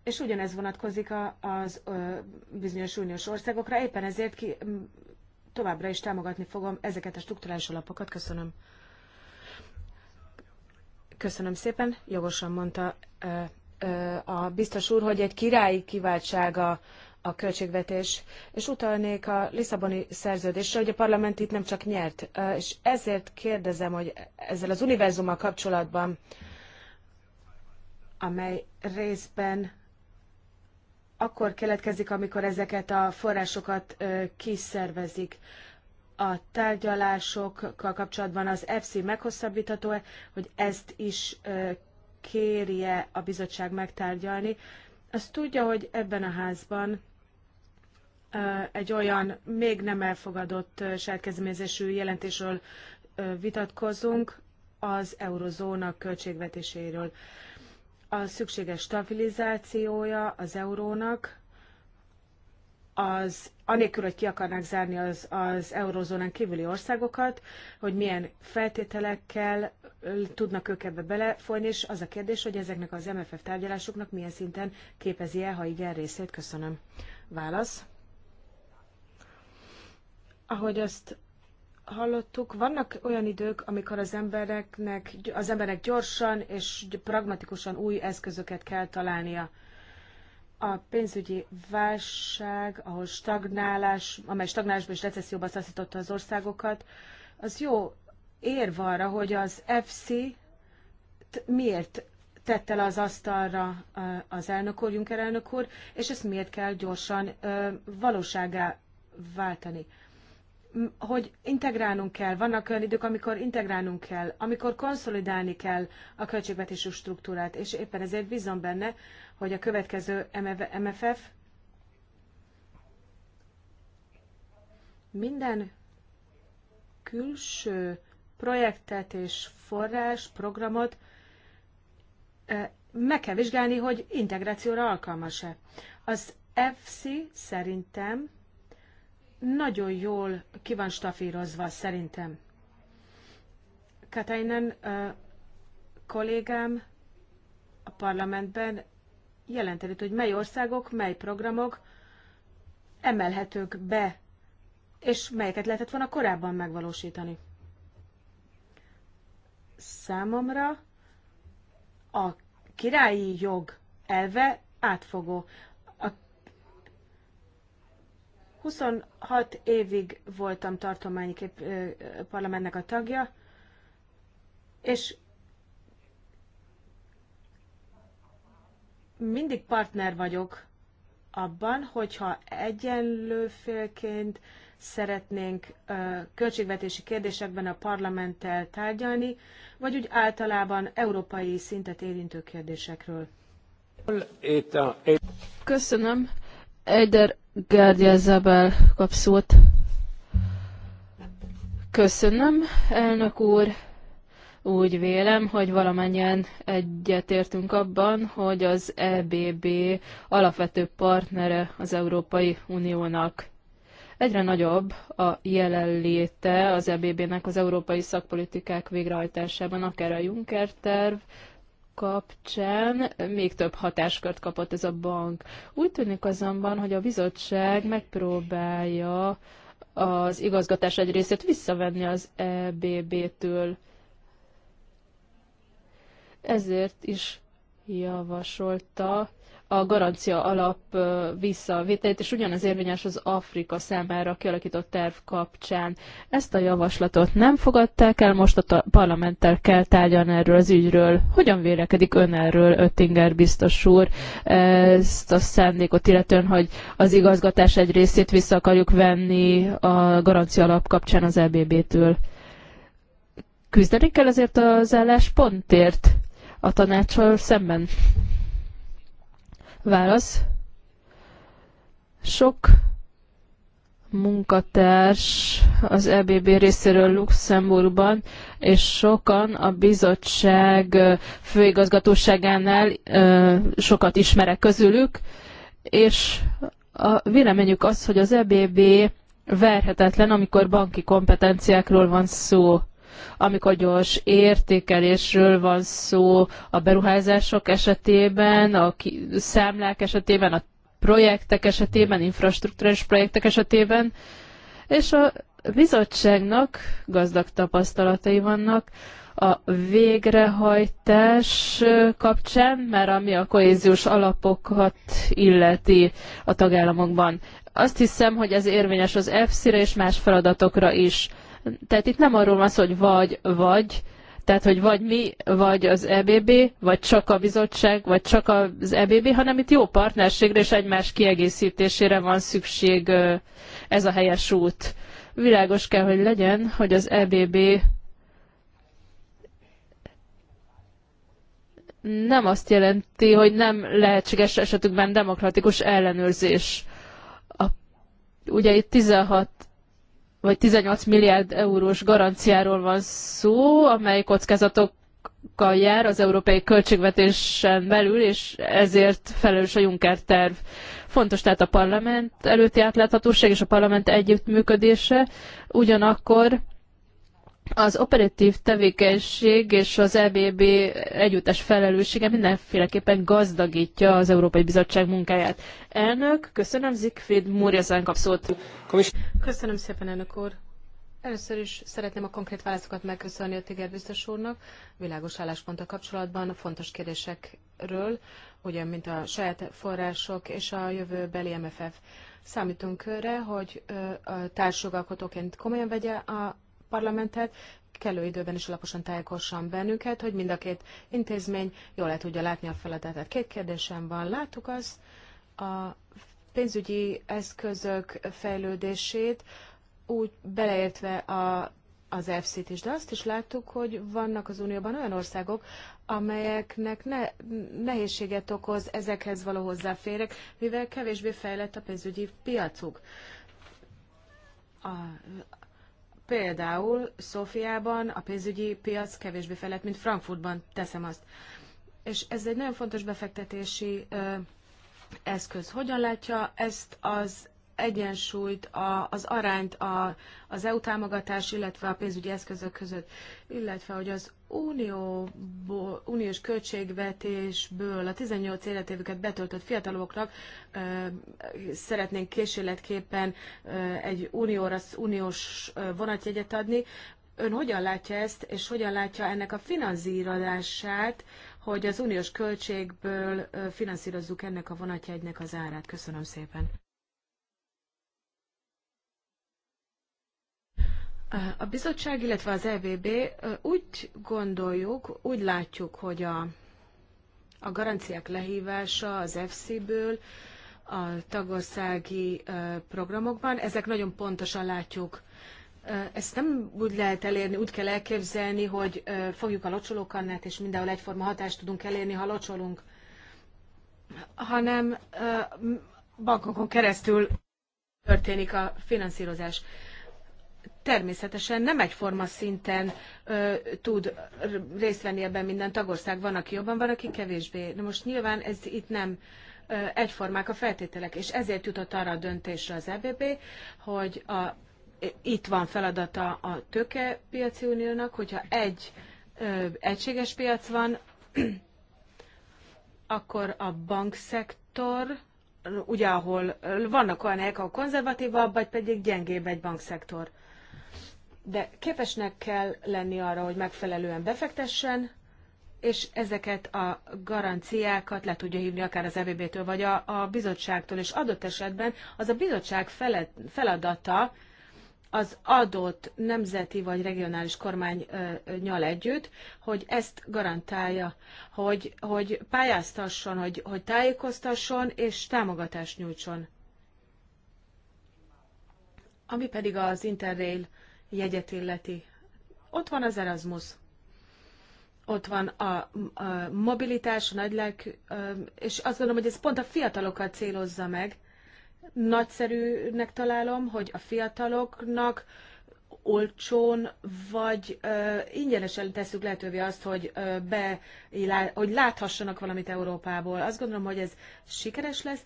És ugyanez vonatkozik a, az bizonyos uniós országokra, éppen ezért ki, továbbra is támogatni fogom ezeket a struktúrális alapokat. Köszönöm. Köszönöm szépen. Jogosan mondta a biztos úr, hogy egy királyi kiváltsága a költségvetés, és utalnék a Lisszaboni szerződésre, hogy a parlament itt nem csak nyert. És ezért kérdezem, hogy ezzel az univerzummal kapcsolatban, amely részben akkor keletkezik, amikor ezeket a forrásokat kiszervezik. A tárgyalásokkal kapcsolatban az FC meghosszabbítható -e, hogy ezt is kérje a bizottság megtárgyalni. Azt tudja, hogy ebben a házban egy olyan még nem elfogadott sárkezményezésű jelentésről vitatkozunk az eurozóna költségvetéséről a szükséges stabilizációja az eurónak, az, anélkül, hogy ki akarnák zárni az, az eurozónán kívüli országokat, hogy milyen feltételekkel tudnak ők ebbe belefolyni, és az a kérdés, hogy ezeknek az MFF tárgyalásoknak milyen szinten képezi el, ha igen, részét. Köszönöm. Válasz. Ahogy azt hallottuk, vannak olyan idők, amikor az embereknek, az emberek gyorsan és pragmatikusan új eszközöket kell találnia. A pénzügyi válság, ahol stagnálás, amely stagnálásban és recesszióban szaszította az országokat, az jó érv arra, hogy az FC miért tette le az asztalra az elnök úr, Juncker elnök úr, és ezt miért kell gyorsan valóságá váltani hogy integrálnunk kell, vannak olyan idők, amikor integrálnunk kell, amikor konszolidálni kell a költségvetési struktúrát, és éppen ezért bízom benne, hogy a következő MFF minden külső projektet és forrás, programot eh, meg kell vizsgálni, hogy integrációra alkalmas-e. Az FC szerintem nagyon jól ki van stafírozva szerintem. Katainen kollégám a parlamentben jelenteni, hogy mely országok, mely programok emelhetők be, és melyeket lehetett volna korábban megvalósítani. Számomra a királyi jog elve átfogó. 26 évig voltam tartományi kép, parlamentnek a tagja, és mindig partner vagyok abban, hogyha egyenlő félként szeretnénk költségvetési kérdésekben a parlamenttel tárgyalni, vagy úgy általában európai szintet érintő kérdésekről. Köszönöm. Eider Gárdia Zabel kap szót. Köszönöm, elnök úr. Úgy vélem, hogy valamennyien egyetértünk abban, hogy az EBB alapvető partnere az Európai Uniónak. Egyre nagyobb a jelenléte az EBB-nek az európai szakpolitikák végrehajtásában, akár a Juncker terv, kapcsán még több hatáskört kapott ez a bank. Úgy tűnik azonban, hogy a bizottság megpróbálja az igazgatás egy részét visszavenni az EBB-től. Ezért is javasolta, a garancia alap visszavételét, és ugyanez érvényes az Afrika számára kialakított terv kapcsán. Ezt a javaslatot nem fogadták el, most a parlamenttel kell tárgyalni erről az ügyről. Hogyan vélekedik ön erről, Öttinger biztos úr, ezt a szándékot, illetően, hogy az igazgatás egy részét vissza akarjuk venni a garancia alap kapcsán az EBB-től? Küzdeni kell ezért az álláspontért a tanácssal szemben? Válasz. Sok munkatárs az EBB részéről Luxemburgban, és sokan a bizottság főigazgatóságánál sokat ismerek közülük, és a véleményük az, hogy az EBB verhetetlen, amikor banki kompetenciákról van szó amikor gyors értékelésről van szó a beruházások esetében, a számlák esetében, a projektek esetében, infrastruktúrás projektek esetében, és a bizottságnak gazdag tapasztalatai vannak a végrehajtás kapcsán, mert ami a kohéziós alapokat illeti a tagállamokban. Azt hiszem, hogy ez érvényes az EFSZ-re és más feladatokra is. Tehát itt nem arról van szó, hogy vagy, vagy, tehát, hogy vagy mi, vagy az EBB, vagy csak a bizottság, vagy csak az EBB, hanem itt jó partnerségre és egymás kiegészítésére van szükség ez a helyes út. Világos kell, hogy legyen, hogy az EBB nem azt jelenti, hogy nem lehetséges esetükben demokratikus ellenőrzés. A, ugye itt 16 vagy 18 milliárd eurós garanciáról van szó, amely kockázatokkal jár az európai költségvetésen belül, és ezért felelős a Juncker terv. Fontos tehát a parlament előtti átláthatóság és a parlament együttműködése, ugyanakkor az operatív tevékenység és az EBB együttes felelőssége mindenféleképpen gazdagítja az Európai Bizottság munkáját. Elnök, köszönöm, Zigfried Múrjazán kapszót. Köszönöm szépen, elnök úr. Először is szeretném a konkrét válaszokat megköszönni a Tiger biztos úrnak. Világos állásponttal kapcsolatban fontos kérdésekről, ugye, mint a saját források és a jövőbeli MFF. Számítunk őre, hogy a társjogalkotóként komolyan vegye a parlamentet, kellő időben is alaposan tájékozson bennünket, hogy mind a két intézmény jól le tudja látni a feladatát. Két kérdésem van. Láttuk az a pénzügyi eszközök fejlődését, úgy beleértve a, az EFSZ-t is, de azt is láttuk, hogy vannak az Unióban olyan országok, amelyeknek ne, nehézséget okoz ezekhez való hozzáférek, mivel kevésbé fejlett a pénzügyi piacuk. A, Például Szofiában a pénzügyi piac kevésbé felett, mint Frankfurtban, teszem azt. És ez egy nagyon fontos befektetési ö, eszköz. Hogyan látja ezt az egyensúlyt, a, az arányt a, az EU támogatás, illetve a pénzügyi eszközök között, illetve hogy az unióból, uniós költségvetésből a 18 életévüket betöltött fiataloknak ö, szeretnénk készületképpen ö, egy unióra, uniós vonatjegyet adni. Ön hogyan látja ezt, és hogyan látja ennek a finanszírozását, hogy az uniós költségből finanszírozzuk ennek a vonatjegynek az árát? Köszönöm szépen. A bizottság, illetve az EVB úgy gondoljuk, úgy látjuk, hogy a, a garanciák lehívása az FC-ből, a tagországi programokban, ezek nagyon pontosan látjuk. Ezt nem úgy lehet elérni, úgy kell elképzelni, hogy fogjuk a locsolókannát, és mindenhol egyforma hatást tudunk elérni, ha locsolunk, hanem bankokon keresztül történik a finanszírozás természetesen nem egyforma szinten ö, tud részt venni ebben minden tagország. Van, aki jobban, van, aki kevésbé. De most nyilván ez itt nem ö, egyformák a feltételek, és ezért jutott arra a döntésre az EBB, hogy a, itt van feladata a tőkepiaci uniónak, hogyha egy ö, egységes piac van, akkor a bankszektor, ugye ahol vannak olyan helyek, ahol konzervatívabb, vagy pedig gyengébb egy bankszektor de képesnek kell lenni arra, hogy megfelelően befektessen, és ezeket a garanciákat le tudja hívni akár az evb től vagy a, a bizottságtól, és adott esetben az a bizottság fele, feladata az adott nemzeti vagy regionális kormány nyal együtt, hogy ezt garantálja, hogy, hogy pályáztasson, hogy, hogy tájékoztasson és támogatást nyújtson. Ami pedig az Interrail jegyet illeti. Ott van az Erasmus, ott van a, a mobilitás, a nagylelk, és azt gondolom, hogy ez pont a fiatalokat célozza meg. Nagyszerűnek találom, hogy a fiataloknak olcsón, vagy ö, ingyenesen tesszük lehetővé azt, hogy, ö, be, hogy láthassanak valamit Európából. Azt gondolom, hogy ez sikeres lesz,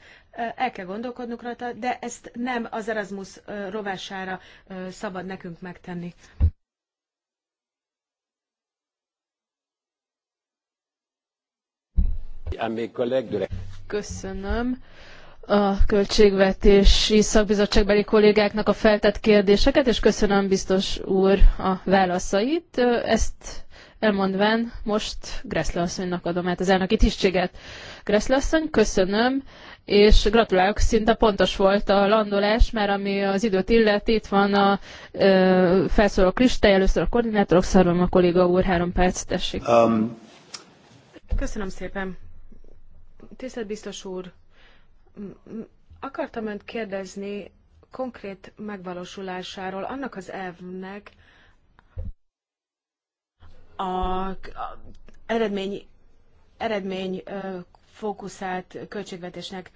el kell gondolkodnunk rajta, de ezt nem az Erasmus rovására ö, szabad nekünk megtenni. Köszönöm a költségvetési szakbizottságbeli kollégáknak a feltett kérdéseket, és köszönöm biztos úr a válaszait. Ezt elmondván most Greszle asszonynak adom át az elnöki tisztséget. Greszle asszony, köszönöm, és gratulálok, szinte pontos volt a landolás, mert ami az időt illeti, itt van a ö, felszólók listája, először a koordinátorok, szarvam a kolléga úr, három perc, tessék. Um. Köszönöm szépen. Tisztelt biztos úr, Akartam önt kérdezni konkrét megvalósulásáról annak az elvnek, a, a eredmény, eredmény fókuszált költségvetésnek.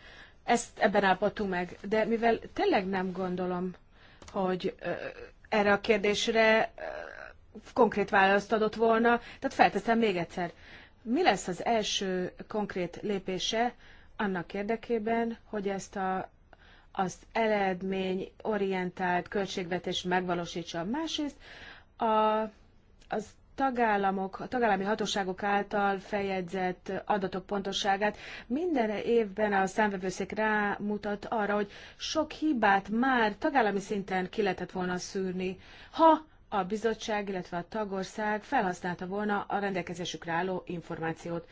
Ezt ebben állapodtunk meg. De mivel tényleg nem gondolom, hogy ö, erre a kérdésre ö, konkrét választ adott volna, tehát felteszem még egyszer. Mi lesz az első konkrét lépése annak érdekében, hogy ezt a, az eredmény orientált költségvetés megvalósítsa. Másrészt a, az tagállamok, a tagállami hatóságok által feljegyzett adatok pontosságát. Minden évben a számvevőszék rámutat arra, hogy sok hibát már tagállami szinten ki lehetett volna szűrni, ha a bizottság, illetve a tagország felhasználta volna a rendelkezésükre álló információt.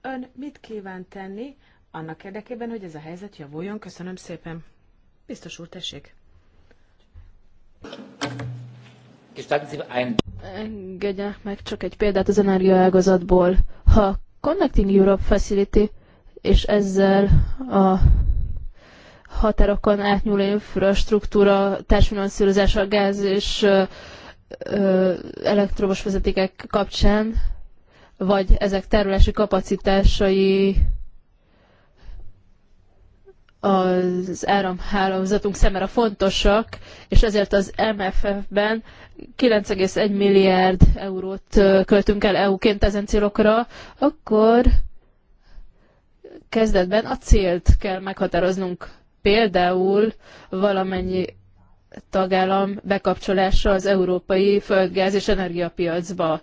Ön mit kíván tenni annak érdekében, hogy ez a helyzet javuljon. Köszönöm szépen. Biztos úr, tessék. Engedje meg csak egy példát az energiaágazatból. Ha Connecting Europe Facility és ezzel a határokon átnyúló infrastruktúra társfinanszírozása a gáz és elektromos vezetékek kapcsán, vagy ezek tárolási kapacitásai az áramhálózatunk szemére fontosak, és ezért az MFF-ben 9,1 milliárd eurót költünk el EU-ként ezen célokra, akkor kezdetben a célt kell meghatároznunk. Például valamennyi tagállam bekapcsolása az európai földgáz és energiapiacba.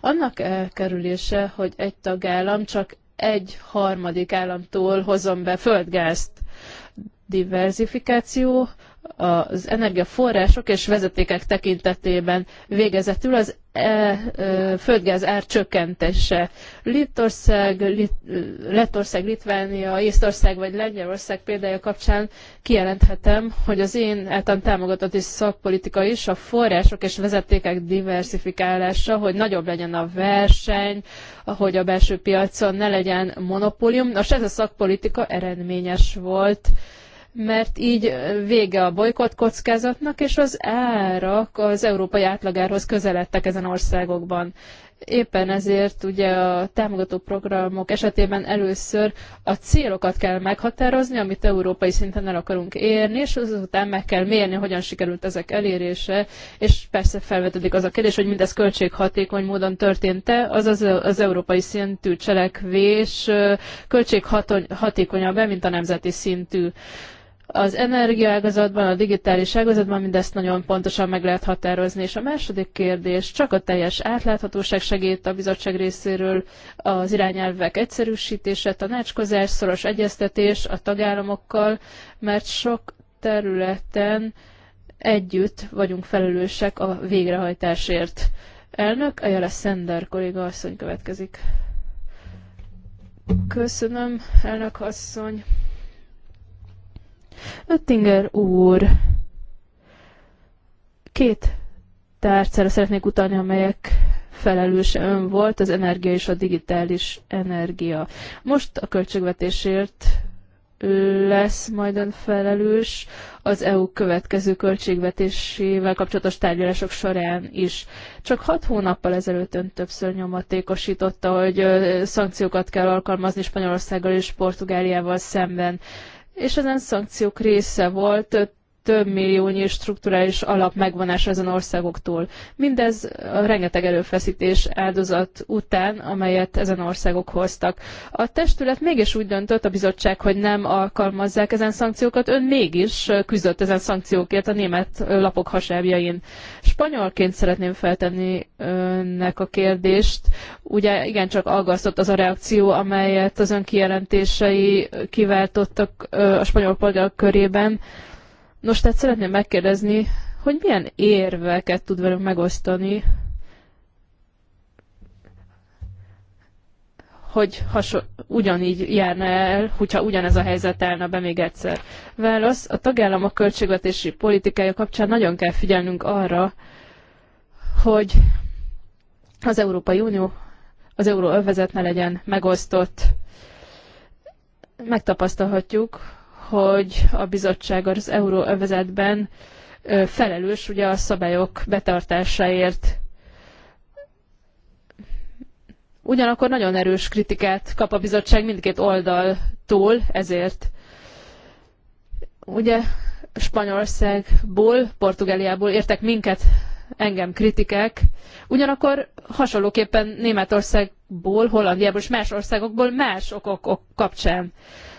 Annak elkerülése, hogy egy tagállam csak egy harmadik államtól hozom be földgázt diversifikáció az energiaforrások és vezetékek tekintetében végezetül az e, e, földgáz ár csökkentése. Litország, Lit, Lettország, Litvánia, Észtország vagy Lengyelország példája kapcsán kijelenthetem, hogy az én által támogatott is szakpolitika is a források és vezetékek diversifikálása, hogy nagyobb legyen a verseny, hogy a belső piacon ne legyen monopólium. Nos, ez a szakpolitika eredményes volt mert így vége a bolykott kockázatnak, és az árak az európai átlagárhoz közeledtek ezen országokban. Éppen ezért ugye a támogató programok esetében először a célokat kell meghatározni, amit európai szinten el akarunk érni, és azután meg kell mérni, hogyan sikerült ezek elérése, és persze felvetődik az a kérdés, hogy mindez költséghatékony módon történt-e, azaz az európai szintű cselekvés költséghatékonyabb-e, mint a nemzeti szintű az energiaágazatban, a digitális ágazatban mindezt nagyon pontosan meg lehet határozni. És a második kérdés, csak a teljes átláthatóság segít a bizottság részéről az irányelvek egyszerűsítése, tanácskozás, szoros egyeztetés a tagállamokkal, mert sok területen együtt vagyunk felelősek a végrehajtásért. Elnök, Ajala Szender kolléga asszony következik. Köszönöm, elnök asszony. Öttinger úr, két tárcára szeretnék utalni, amelyek felelős ön volt, az energia és a digitális energia. Most a költségvetésért lesz majd ön felelős az EU következő költségvetésével kapcsolatos tárgyalások során is. Csak hat hónappal ezelőtt ön többször nyomatékosította, hogy szankciókat kell alkalmazni Spanyolországgal és Portugáliával szemben és ezen szankciók része volt több milliónyi strukturális alap megvonás ezen országoktól. Mindez a rengeteg erőfeszítés áldozat után, amelyet ezen országok hoztak. A testület mégis úgy döntött a bizottság, hogy nem alkalmazzák ezen szankciókat, ön mégis küzdött ezen szankciókért a német lapok hasábjain. Spanyolként szeretném feltenni önnek a kérdést. Ugye igencsak aggasztott az a reakció, amelyet az ön kijelentései kiváltottak a spanyol polgárok körében. Nos, tehát szeretném megkérdezni, hogy milyen érveket tud velünk megosztani, hogy haso- ugyanígy járna el, hogyha ugyanez a helyzet állna be még egyszer. Válasz, a tagállamok költségvetési politikája kapcsán nagyon kell figyelnünk arra, hogy az Európai Unió, az Euróövezet ne legyen megosztott. Megtapasztalhatjuk, hogy a bizottság az euróövezetben felelős ugye a szabályok betartásáért. Ugyanakkor nagyon erős kritikát kap a bizottság mindkét oldaltól ezért. Ugye Spanyolországból, Portugáliából értek minket, engem kritikák, ugyanakkor hasonlóképpen Németországból, Hollandiából és más országokból más okok kapcsán.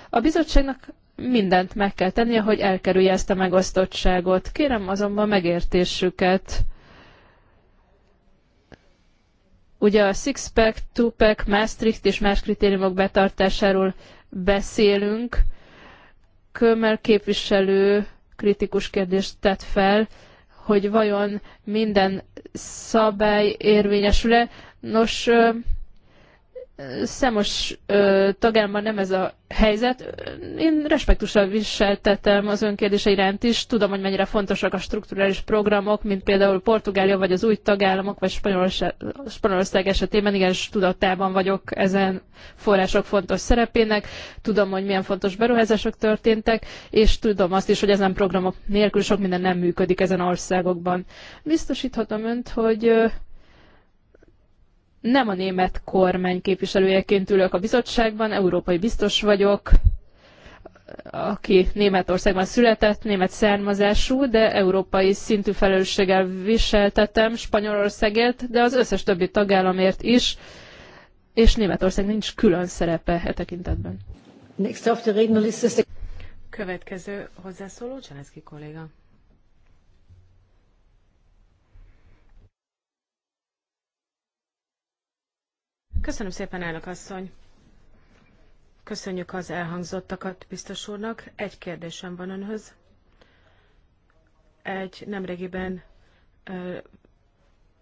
A bizottságnak mindent meg kell tennie, hogy elkerülje ezt a megosztottságot. Kérem azonban megértésüket. Ugye a Sixpack, Tupac, Maastricht és más kritériumok betartásáról beszélünk. Kömmel képviselő kritikus kérdést tett fel, hogy vajon minden szabály érvényesül-e. Nos, számos ö, tagállamban nem ez a helyzet. Én respektussal viseltetem az önkérdése iránt is. Tudom, hogy mennyire fontosak a strukturális programok, mint például Portugália, vagy az új tagállamok, vagy Spanyolország, Spanyolország esetében. Igen, tudatában vagyok ezen források fontos szerepének. Tudom, hogy milyen fontos beruházások történtek, és tudom azt is, hogy ezen programok nélkül sok minden nem működik ezen országokban. Biztosíthatom önt, hogy nem a német kormány képviselőjeként ülök a bizottságban, európai biztos vagyok, aki Németországban született, német származású, de európai szintű felelősséggel viseltetem Spanyolországért, de az összes többi tagállamért is, és Németország nincs külön szerepe e tekintetben. Következő hozzászóló Csaneszki kolléga. Köszönöm szépen, elnök asszony. Köszönjük az elhangzottakat biztos úrnak. Egy kérdésem van önhöz. Egy nemrégiben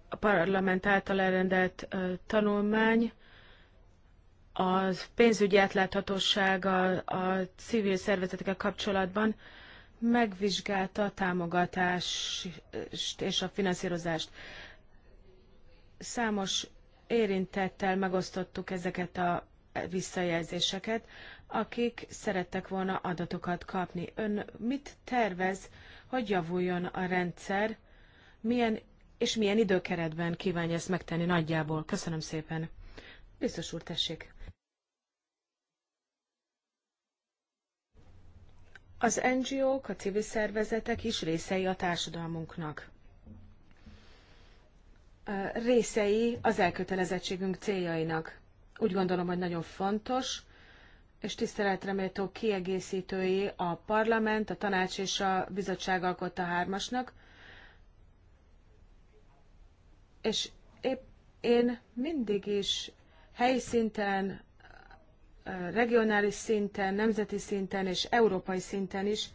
a parlament által elrendelt tanulmány a pénzügyi a, a civil szervezetekkel kapcsolatban megvizsgálta a támogatást és a finanszírozást. Számos érintettel megosztottuk ezeket a visszajelzéseket, akik szerettek volna adatokat kapni. Ön mit tervez, hogy javuljon a rendszer, milyen és milyen időkeretben kívánja ezt megtenni nagyjából? Köszönöm szépen. Biztos úr, tessék. Az NGO-k, a civil szervezetek is részei a társadalmunknak részei az elkötelezettségünk céljainak. Úgy gondolom, hogy nagyon fontos, és tiszteletre méltó kiegészítői a parlament, a tanács és a bizottság alkotta hármasnak. És épp én mindig is helyi szinten, regionális szinten, nemzeti szinten és európai szinten is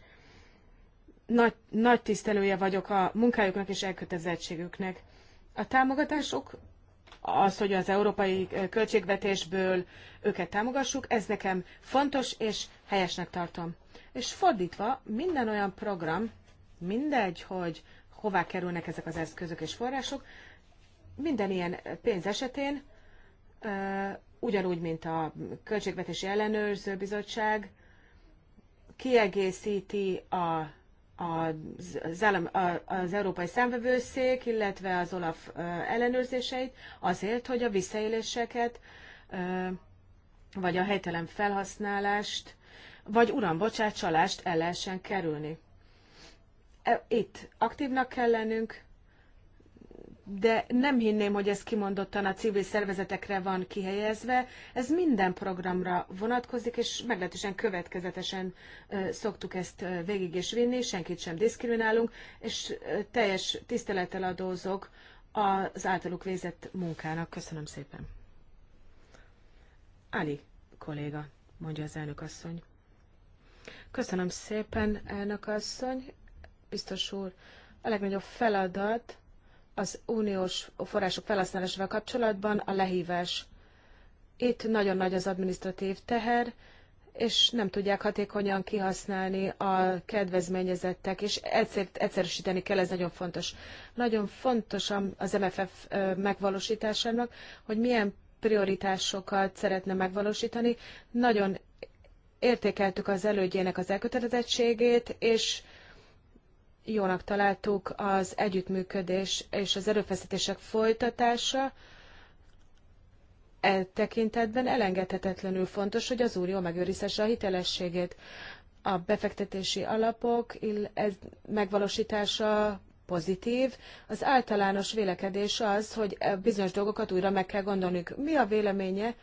nagy, nagy tisztelője vagyok a munkájuknak és elkötelezettségüknek. A támogatások, az, hogy az európai költségvetésből őket támogassuk, ez nekem fontos és helyesnek tartom. És fordítva, minden olyan program, mindegy, hogy hová kerülnek ezek az eszközök és források, minden ilyen pénz esetén ugyanúgy, mint a Költségvetési Ellenőrző Bizottság kiegészíti a az, állam, az Európai Számvevőszék, illetve az OLAF ellenőrzéseit azért, hogy a visszaéléseket vagy a helytelen felhasználást, vagy uram, bocsát, csalást el lehessen kerülni. E, itt aktívnak kell lennünk, de nem hinném, hogy ez kimondottan a civil szervezetekre van kihelyezve. Ez minden programra vonatkozik, és meglehetősen következetesen szoktuk ezt végig és vinni, senkit sem diszkriminálunk, és teljes tisztelettel adózok az általuk végzett munkának. Köszönöm szépen. Ali kolléga, mondja az elnök asszony. Köszönöm szépen, elnök asszony. Biztos úr, a legnagyobb feladat, az uniós források felhasználásával kapcsolatban a lehívás. Itt nagyon nagy az administratív teher, és nem tudják hatékonyan kihasználni a kedvezményezettek, és egyszer, egyszerűsíteni kell, ez nagyon fontos. Nagyon fontos az MFF megvalósításának, hogy milyen prioritásokat szeretne megvalósítani. Nagyon értékeltük az elődjének az elkötelezettségét, és jónak találtuk az együttműködés és az erőfeszítések folytatása. E tekintetben elengedhetetlenül fontos, hogy az Unió megőrizhesse a hitelességét. A befektetési alapok ez megvalósítása pozitív. Az általános vélekedés az, hogy e bizonyos dolgokat újra meg kell gondolnunk. Mi a véleménye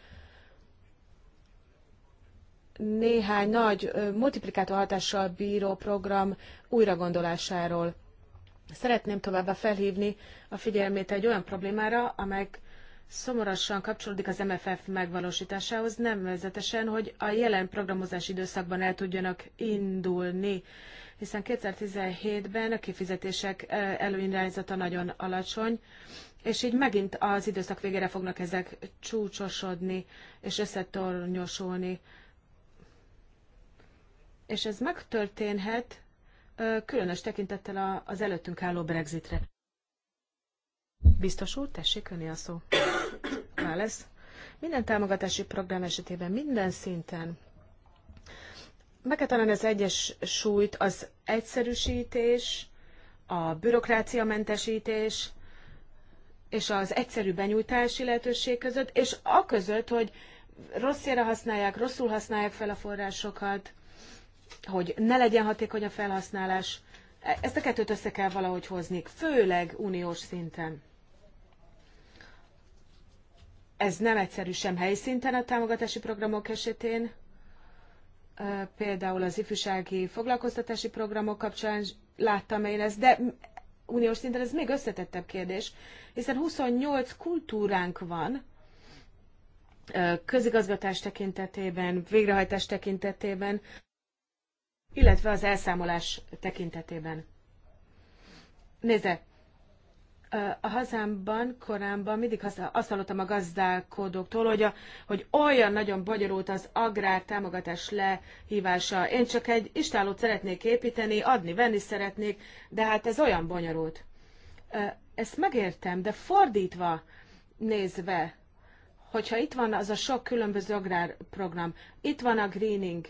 néhány nagy multiplikátor hatással bíró program újragondolásáról. Szeretném továbbá felhívni a figyelmét egy olyan problémára, amely szomorosan kapcsolódik az MFF megvalósításához, nevezetesen, hogy a jelen programozási időszakban el tudjanak indulni hiszen 2017-ben a kifizetések előirányzata nagyon alacsony, és így megint az időszak végére fognak ezek csúcsosodni és összetornyosulni és ez megtörténhet különös tekintettel az előttünk álló Brexitre. Biztos úr, tessék öné a szó. Válasz. Minden támogatási program esetében minden szinten meg kell találni az egyes súlyt, az egyszerűsítés, a bürokrácia mentesítés és az egyszerű benyújtási lehetőség között, és a között, hogy rossz használják, rosszul használják fel a forrásokat, hogy ne legyen hatékony a felhasználás. E, ezt a kettőt össze kell valahogy hozni, főleg uniós szinten. Ez nem egyszerű sem helyszinten a támogatási programok esetén, e, például az ifjúsági foglalkoztatási programok kapcsán láttam én ezt, de uniós szinten ez még összetettebb kérdés, hiszen 28 kultúránk van, e, közigazgatás tekintetében, végrehajtás tekintetében, illetve az elszámolás tekintetében. Nézze, a hazámban korábban mindig azt hallottam a gazdálkodóktól, hogy, a, hogy olyan nagyon bonyolult az agrár támogatás lehívása. Én csak egy istálót szeretnék építeni, adni, venni szeretnék, de hát ez olyan bonyolult. Ezt megértem, de fordítva nézve, hogyha itt van az a sok különböző agrárprogram, itt van a greening,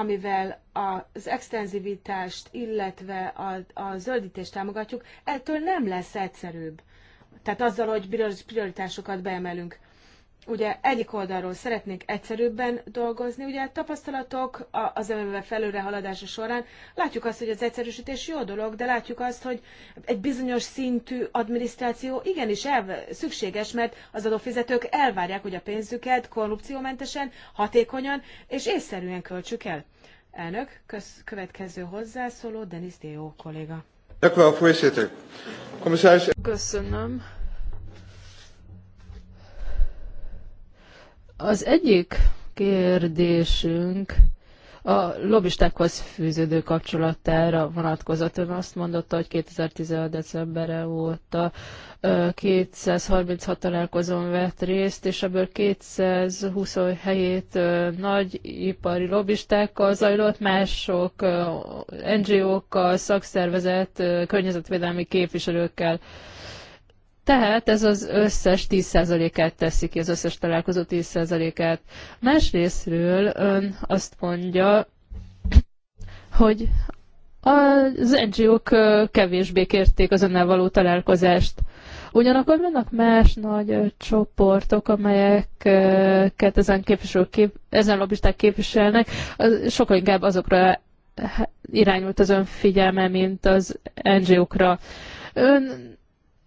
amivel az extenzivitást, illetve a, a zöldítést támogatjuk, ettől nem lesz egyszerűbb. Tehát azzal, hogy prioritásokat beemelünk ugye egyik oldalról szeretnék egyszerűbben dolgozni, ugye a tapasztalatok az előre felőre haladása során látjuk azt, hogy az egyszerűsítés jó dolog, de látjuk azt, hogy egy bizonyos szintű adminisztráció igenis el, szükséges, mert az adófizetők elvárják, hogy a pénzüket korrupciómentesen, hatékonyan és észszerűen költsük el. Elnök, köz, következő hozzászóló Denis Dió kolléga. Köszönöm. Az egyik kérdésünk a lobbistákhoz fűződő kapcsolatára vonatkozott. Ön azt mondotta, hogy 2016. decemberre óta 236 találkozón vett részt, és ebből helyét nagy ipari lobbistákkal zajlott, mások NGO-kkal, szakszervezet, környezetvédelmi képviselőkkel. Tehát ez az összes 10%-át teszi ki, az összes találkozó 10%-át. Másrésztről ön azt mondja, hogy az NGO-k kevésbé kérték az önnel való találkozást. Ugyanakkor vannak más nagy csoportok, amelyeket ezen, képviselők kép, ezen lobbisták képviselnek, az sokkal inkább azokra irányult az ön figyelme, mint az NGO-kra. Ön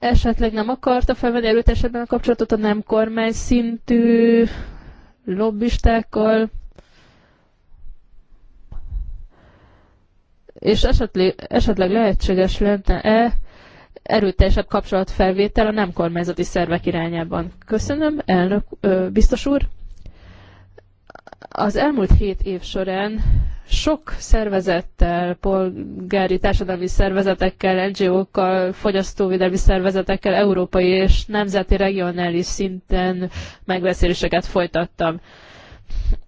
esetleg nem akarta felvenni előtt esetben a kapcsolatot a nem kormány szintű lobbistákkal, és esetleg, esetleg lehetséges lenne-e erőteljesebb kapcsolatfelvétel a nem kormányzati szervek irányában. Köszönöm, elnök, ö, biztos úr! Az elmúlt hét év során sok szervezettel, polgári társadalmi szervezetekkel, NGO-kkal, fogyasztóvédelmi szervezetekkel, európai és nemzeti regionális szinten megbeszéléseket folytattam.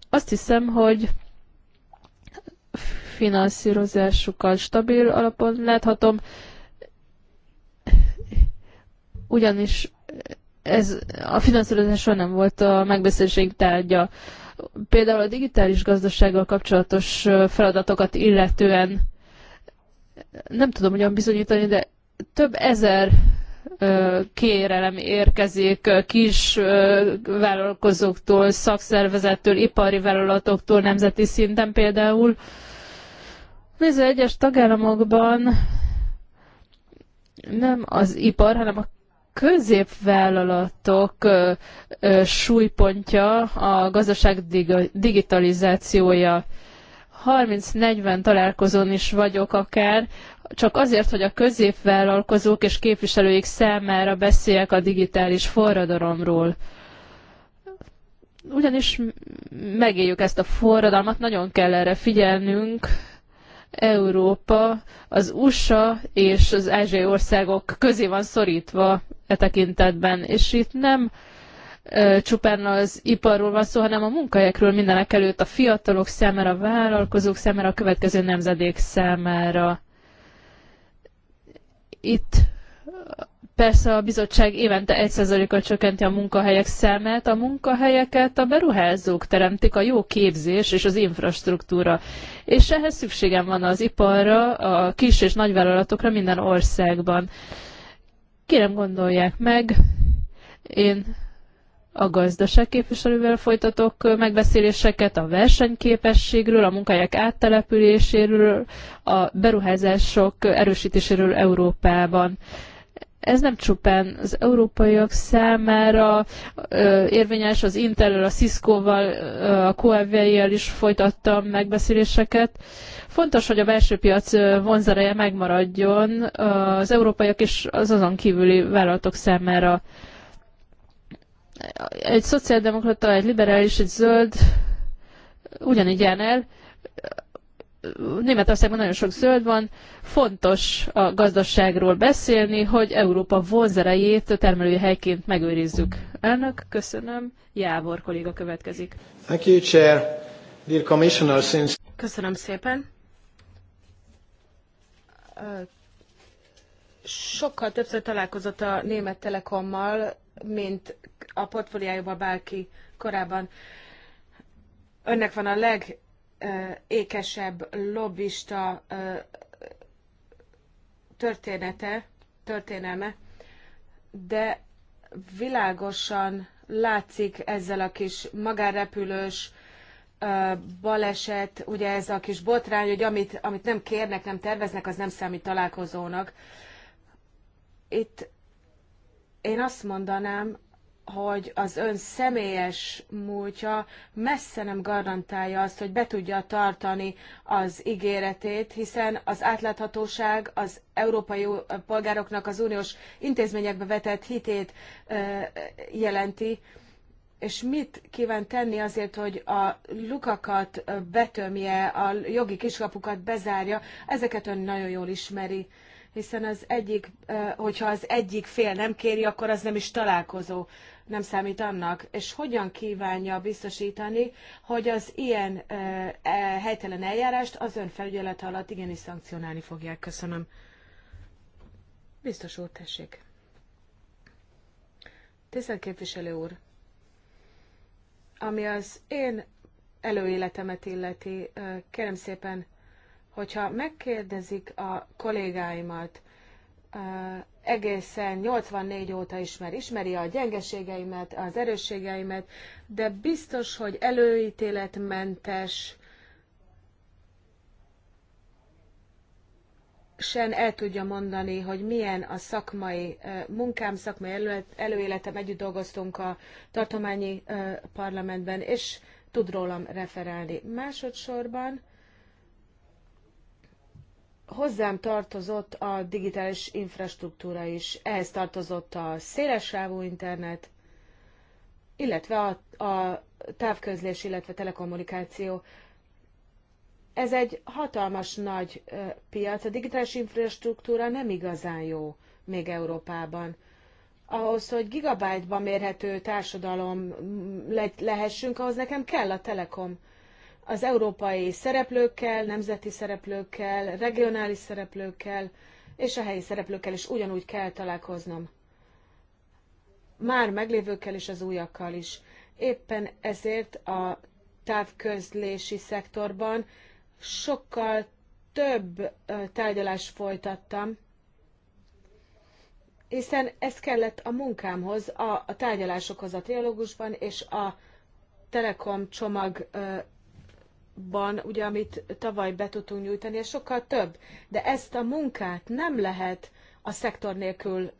Azt hiszem, hogy finanszírozásukkal stabil alapon láthatom, ugyanis ez a finanszírozáson nem volt a megbeszélésünk tárgya. Például a digitális gazdasággal kapcsolatos feladatokat illetően nem tudom ugyan bizonyítani, de több ezer kérelem érkezik kis vállalkozóktól, szakszervezettől, ipari vállalatoktól, nemzeti szinten például. nézd egyes tagállamokban nem az ipar, hanem a középvállalatok súlypontja a gazdaság digitalizációja. 30-40 találkozón is vagyok akár, csak azért, hogy a középvállalkozók és képviselőik számára beszéljek a digitális forradalomról. Ugyanis megéljük ezt a forradalmat, nagyon kell erre figyelnünk, Európa az USA és az ázsiai országok közé van szorítva e tekintetben, és itt nem csupán az iparról van szó, hanem a munkahelyekről mindenek előtt a fiatalok számára, a vállalkozók számára, a következő nemzedék számára. Itt Persze a bizottság évente 1%-kal csökkenti a munkahelyek számát, a munkahelyeket a beruházók teremtik, a jó képzés és az infrastruktúra. És ehhez szükségem van az iparra, a kis és nagyvállalatokra minden országban. Kérem gondolják meg, én a gazdaság képviselővel folytatok megbeszéléseket a versenyképességről, a munkahelyek áttelepüléséről, a beruházások erősítéséről Európában. Ez nem csupán az európaiak számára ö, érvényes, az Intel-el, a Cisco-val, a QLV-jel is folytattam megbeszéléseket. Fontos, hogy a belső piac vonzereje megmaradjon az európaiak és az azon kívüli vállalatok számára. Egy szociáldemokrata, egy liberális, egy zöld ugyanígy jár el, Németországban nagyon sok zöld van, fontos a gazdaságról beszélni, hogy Európa vonzerejét termelői helyként megőrizzük. Elnök, köszönöm. Jávor kolléga következik. Thank you, Chair. Dear Commissioner, since... Köszönöm szépen. Sokkal többször találkozott a német telekommal, mint a portfóliójában bárki korábban. Önnek van a leg ékesebb lobbista története, történelme, de világosan látszik ezzel a kis magárepülős baleset, ugye ez a kis botrány, hogy amit, amit nem kérnek, nem terveznek, az nem számít találkozónak. Itt én azt mondanám, hogy az ön személyes múltja messze nem garantálja azt, hogy be tudja tartani az ígéretét, hiszen az átláthatóság az európai polgároknak az uniós intézményekbe vetett hitét jelenti. És mit kíván tenni azért, hogy a lukakat betömje, a jogi kiskapukat bezárja? Ezeket ön nagyon jól ismeri hiszen az egyik, hogyha az egyik fél nem kéri, akkor az nem is találkozó nem számít annak, és hogyan kívánja biztosítani, hogy az ilyen e, e, helytelen eljárást az felügyelete alatt igenis szankcionálni fogják. Köszönöm. Biztos úr, tessék. Tisztelt képviselő úr, ami az én előéletemet illeti, kérem szépen, hogyha megkérdezik a kollégáimat, egészen 84 óta ismer, ismeri a gyengeségeimet, az erősségeimet, de biztos, hogy előítéletmentes sen el tudja mondani, hogy milyen a szakmai munkám, szakmai előéletem, együtt dolgoztunk a tartományi parlamentben, és tud rólam referálni. Másodszorban hozzám tartozott a digitális infrastruktúra is, ehhez tartozott a szélessávú internet, illetve a, a távközlés, illetve telekommunikáció. Ez egy hatalmas nagy piac, a digitális infrastruktúra nem igazán jó még Európában. Ahhoz, hogy gigabájtban mérhető társadalom le- lehessünk, ahhoz nekem kell a telekom az európai szereplőkkel, nemzeti szereplőkkel, regionális szereplőkkel és a helyi szereplőkkel is ugyanúgy kell találkoznom. Már meglévőkkel és az újakkal is. Éppen ezért a távközlési szektorban sokkal több tárgyalást folytattam, hiszen ez kellett a munkámhoz, a, a tárgyalásokhoz a trialógusban és a Telekom csomag ban, ugye, amit tavaly be tudtunk nyújtani, és sokkal több. De ezt a munkát nem lehet a szektor nélkül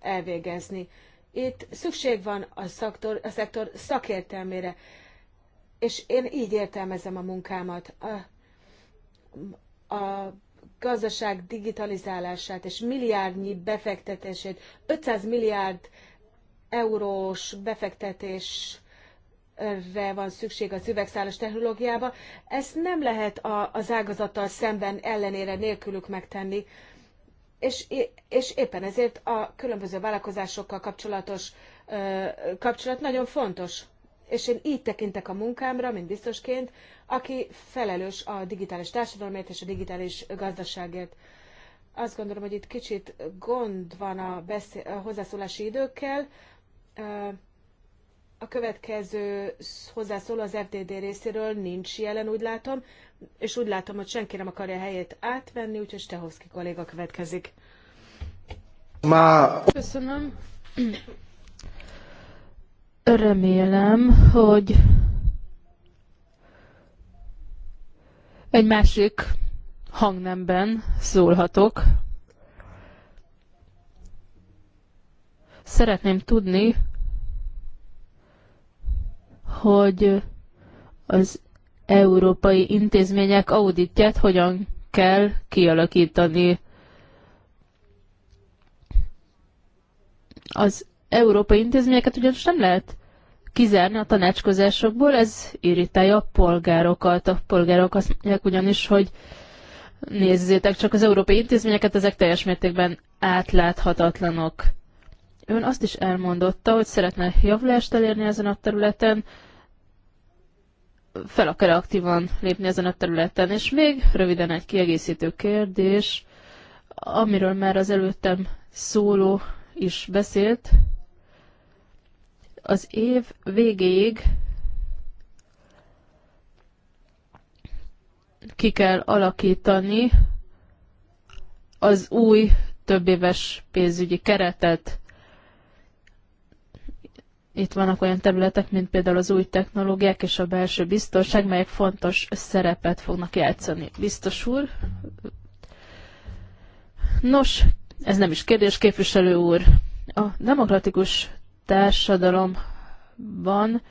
elvégezni. Itt szükség van a, szektor, a szektor szakértelmére, és én így értelmezem a munkámat. A, a gazdaság digitalizálását és milliárdnyi befektetését, 500 milliárd eurós befektetés van szükség az üvegszálas technológiába. Ezt nem lehet a, az ágazattal szemben ellenére nélkülük megtenni. És, és éppen ezért a különböző vállalkozásokkal kapcsolatos ö, kapcsolat nagyon fontos. És én így tekintek a munkámra, mint biztosként, aki felelős a digitális társadalomért és a digitális gazdaságért. Azt gondolom, hogy itt kicsit gond van a, beszél, a hozzászólási időkkel. Ö, a következő hozzászóló az FDD részéről nincs jelen, úgy látom, és úgy látom, hogy senki nem akarja helyét átvenni, úgyhogy Stehovszki kolléga következik. Má... Köszönöm. Remélem, hogy egy másik hangnemben szólhatok. Szeretném tudni, hogy az európai intézmények auditját hogyan kell kialakítani. Az európai intézményeket ugyanis nem lehet kizárni a tanácskozásokból, ez irritálja a polgárokat. A polgárok azt mondják ugyanis, hogy nézzétek csak az európai intézményeket, ezek teljes mértékben átláthatatlanok. Ön azt is elmondotta, hogy szeretne javulást elérni ezen a területen, fel akar aktívan lépni ezen a területen. És még röviden egy kiegészítő kérdés, amiről már az előttem szóló is beszélt. Az év végéig ki kell alakítani az új többéves pénzügyi keretet. Itt vannak olyan területek, mint például az új technológiák és a belső biztonság, melyek fontos szerepet fognak játszani. Biztos úr? Nos, ez nem is kérdés, képviselő úr. A demokratikus társadalomban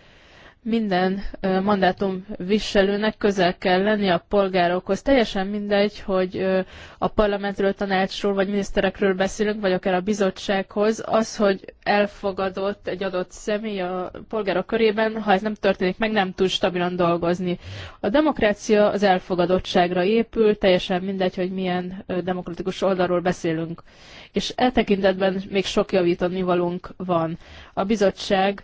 minden mandátum viselőnek közel kell lenni a polgárokhoz. Teljesen mindegy, hogy a parlamentről, tanácsról, vagy miniszterekről beszélünk, vagy akár a bizottsághoz, az, hogy elfogadott egy adott személy a polgárok körében, ha ez nem történik meg, nem tud stabilan dolgozni. A demokrácia az elfogadottságra épül, teljesen mindegy, hogy milyen demokratikus oldalról beszélünk. És e tekintetben még sok javítani valunk van. A bizottság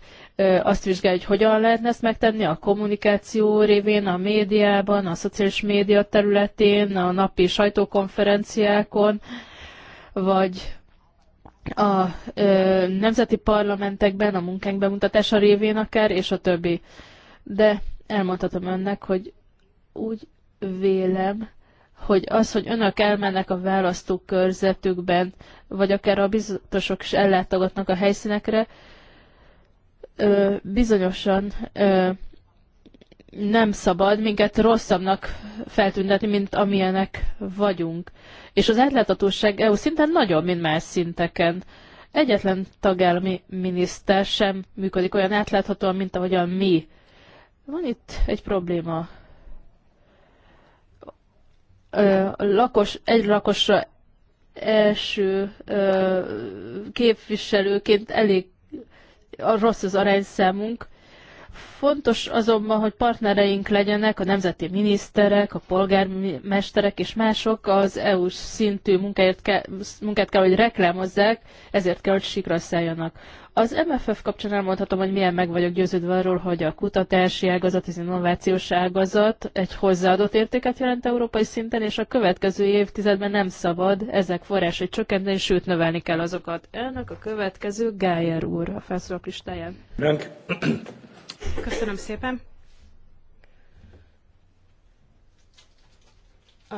azt vizsgálja, hogy hogyan lehetne ezt megtenni a kommunikáció révén, a médiában, a szociális média területén, a napi sajtókonferenciákon, vagy a ö, nemzeti parlamentekben, a munkánk bemutatása révén akár, és a többi. De elmondhatom önnek, hogy úgy vélem, hogy az, hogy önök elmennek a választókörzetükben, vagy akár a biztosok is ellátogatnak a helyszínekre, ö, bizonyosan ö, nem szabad minket rosszabbnak feltüntetni, mint amilyenek vagyunk. És az átláthatóság EU szinten nagyobb, mint más szinteken. Egyetlen tagállami miniszter sem működik olyan átláthatóan, mint ahogyan mi. Van itt egy probléma. Ö, lakos, egy lakosra első ö, képviselőként elég a rossz az arányszámunk. Fontos azonban, hogy partnereink legyenek a nemzeti miniszterek, a polgármesterek és mások az EU-s szintű munkát kell, hogy reklámozzák, ezért kell, hogy sikra szálljanak. Az MFF kapcsán elmondhatom, hogy milyen meg vagyok győződve arról, hogy a kutatási ágazat, az innovációs ágazat egy hozzáadott értéket jelent európai szinten, és a következő évtizedben nem szabad ezek forrásait csökkenteni, sőt növelni kell azokat. Elnök a következő Gájer úr a felszólók listáján. Köszönöm szépen. A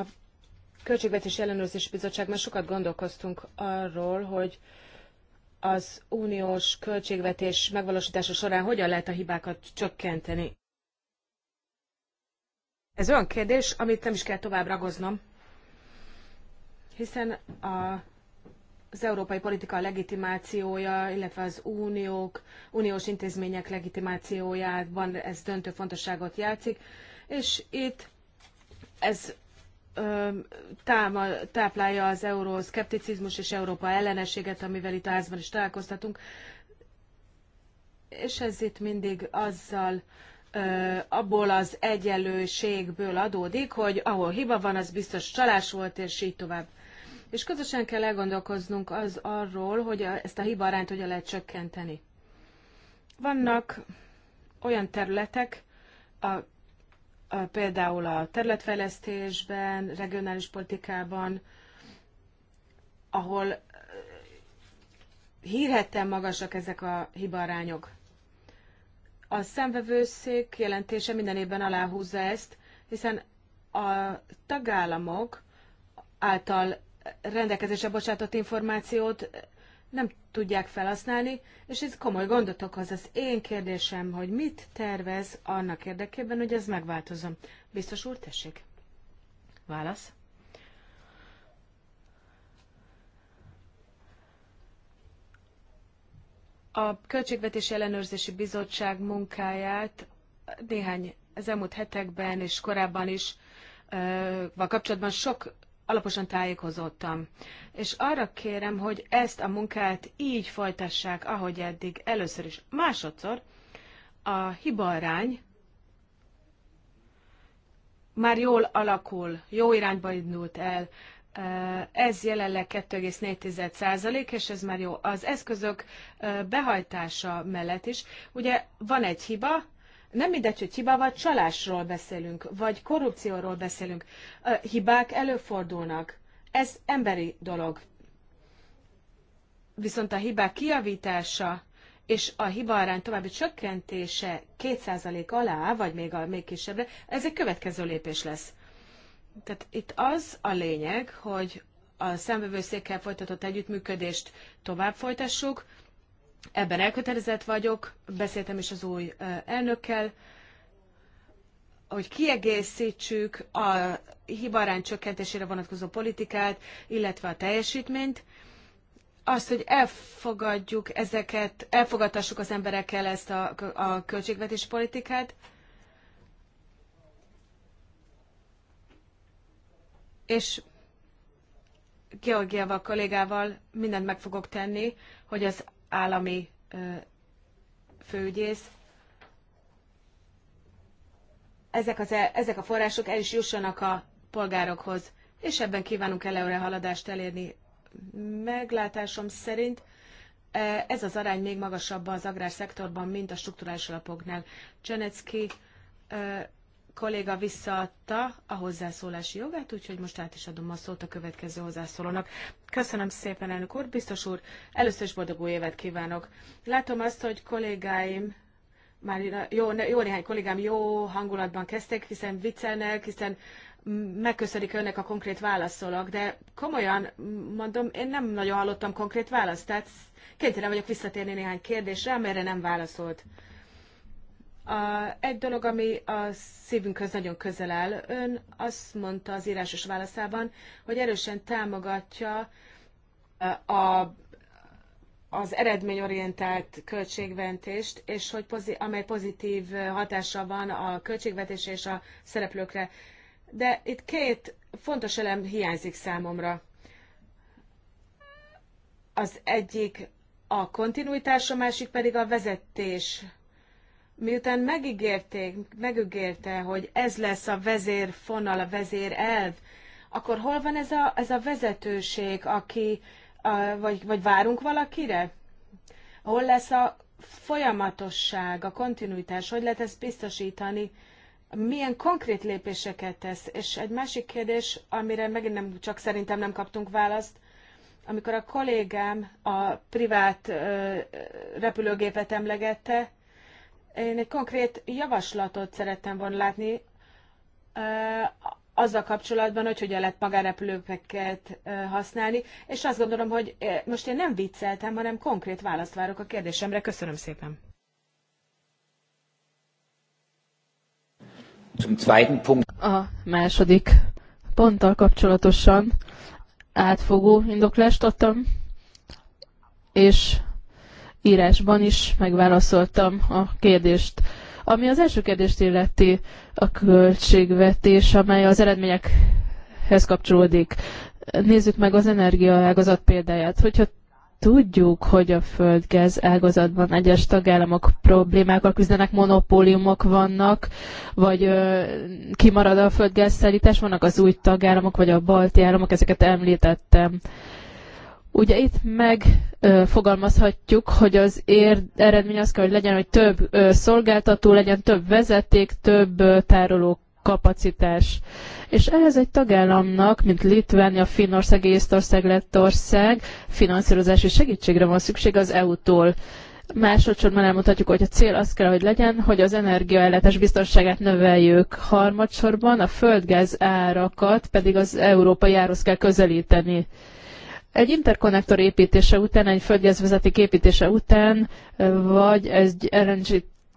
Költségvetési Ellenőrzési Bizottságban sokat gondolkoztunk arról, hogy az uniós költségvetés megvalósítása során hogyan lehet a hibákat csökkenteni? Ez olyan kérdés, amit nem is kell tovább ragoznom, hiszen a, az európai politika legitimációja, illetve az uniók, uniós intézmények legitimációjában ez döntő fontosságot játszik, és itt ez táma, táplálja az euroszkepticizmus és Európa ellenességet, amivel itt házban is találkoztatunk. És ez itt mindig azzal, abból az egyenlőségből adódik, hogy ahol hiba van, az biztos csalás volt, és így tovább. És közösen kell elgondolkoznunk az arról, hogy ezt a hiba arányt hogyan lehet csökkenteni. Vannak olyan területek a például a területfejlesztésben, regionális politikában, ahol eh, hírhetten magasak ezek a hibarányok. A szemvevőszék jelentése minden évben aláhúzza ezt, hiszen a tagállamok által rendelkezésre bocsátott információt nem tudják felhasználni, és ez komoly gondot okoz. Az én kérdésem, hogy mit tervez annak érdekében, hogy ez megváltozom. Biztos úr, tessék. Válasz. A Költségvetési Ellenőrzési Bizottság munkáját néhány az elmúlt hetekben és korábban is ö, kapcsolatban sok alaposan tájékozottam. És arra kérem, hogy ezt a munkát így folytassák, ahogy eddig először is. Másodszor a hibarány már jól alakul, jó irányba indult el. Ez jelenleg 2,4 és ez már jó. Az eszközök behajtása mellett is, ugye van egy hiba, nem mindegy, hogy vagy csalásról beszélünk, vagy korrupcióról beszélünk. Hibák előfordulnak. Ez emberi dolog. Viszont a hibák kiavítása és a hiba arány további csökkentése 2% alá, vagy még, a, még kisebbre, ez egy következő lépés lesz. Tehát itt az a lényeg, hogy a számvevőszékkel folytatott együttműködést tovább folytassuk, Ebben elkötelezett vagyok, beszéltem is az új elnökkel, hogy kiegészítsük a hibarány csökkentésére vonatkozó politikát, illetve a teljesítményt, azt, hogy elfogadjuk ezeket, elfogadtassuk az emberekkel ezt a, a politikát, és Georgiával kollégával mindent meg fogok tenni, hogy az állami főügyész, ezek, az, e, ezek a források el is jussanak a polgárokhoz, és ebben kívánunk előre haladást elérni. Meglátásom szerint e, ez az arány még magasabb az agrárszektorban, mint a strukturális alapoknál. Csenecki kolléga visszaadta a hozzászólási jogát, úgyhogy most át is adom a szót a következő hozzászólónak. Köszönöm szépen, elnök úr, biztos úr, először is boldog új évet kívánok. Látom azt, hogy kollégáim, már jó, jó néhány kollégám jó hangulatban kezdték, hiszen viccelnek, hiszen megköszönik önnek a konkrét válaszolok, de komolyan mondom, én nem nagyon hallottam konkrét választ, tehát kénytelen vagyok visszatérni néhány kérdésre, amelyre nem válaszolt. A, egy dolog, ami a szívünkhöz nagyon közel áll. Ön azt mondta az írásos válaszában, hogy erősen támogatja e, a, az eredményorientált költségventést, és hogy pozit, amely pozitív hatása van a költségvetés és a szereplőkre. De itt két fontos elem hiányzik számomra. Az egyik a kontinuitás, a másik pedig a vezetés miután megígérték, megígérte, hogy ez lesz a vezérfonal, a vezérelv, akkor hol van ez a, ez a vezetőség, aki, a, vagy, vagy várunk valakire? Hol lesz a folyamatosság, a kontinuitás, hogy lehet ezt biztosítani, milyen konkrét lépéseket tesz? És egy másik kérdés, amire megint nem, csak szerintem nem kaptunk választ, amikor a kollégám a privát ö, repülőgépet emlegette, én egy konkrét javaslatot szerettem volna látni azzal kapcsolatban, hogy hogyan lehet magárepülőket használni, és azt gondolom, hogy most én nem vicceltem, hanem konkrét választ várok a kérdésemre. Köszönöm szépen. A második ponttal kapcsolatosan átfogó indoklást adtam, és írásban is megválaszoltam a kérdést. Ami az első kérdést illeti a költségvetés, amely az eredményekhez kapcsolódik. Nézzük meg az energiaágazat példáját. Hogyha tudjuk, hogy a földgáz ágazatban egyes tagállamok problémákkal küzdenek, monopóliumok vannak, vagy ö, kimarad a szállítás vannak az új tagállamok, vagy a balti államok, ezeket említettem. Ö, Ugye itt megfogalmazhatjuk, hogy az ér, eredmény az kell, hogy legyen, hogy több ö, szolgáltató legyen, több vezeték, több ö, tároló kapacitás. És ehhez egy tagállamnak, mint Litvánia, Finnország, Észtország, Lettország finanszírozási segítségre van szükség az EU-tól. Másodszorban elmondhatjuk, hogy a cél az kell, hogy legyen, hogy az energiaellátás biztonságát növeljük. Harmadsorban a földgáz árakat pedig az európai árhoz kell közelíteni. Egy interkonnektor építése után, egy földgázvezeték építése után, vagy egy LNG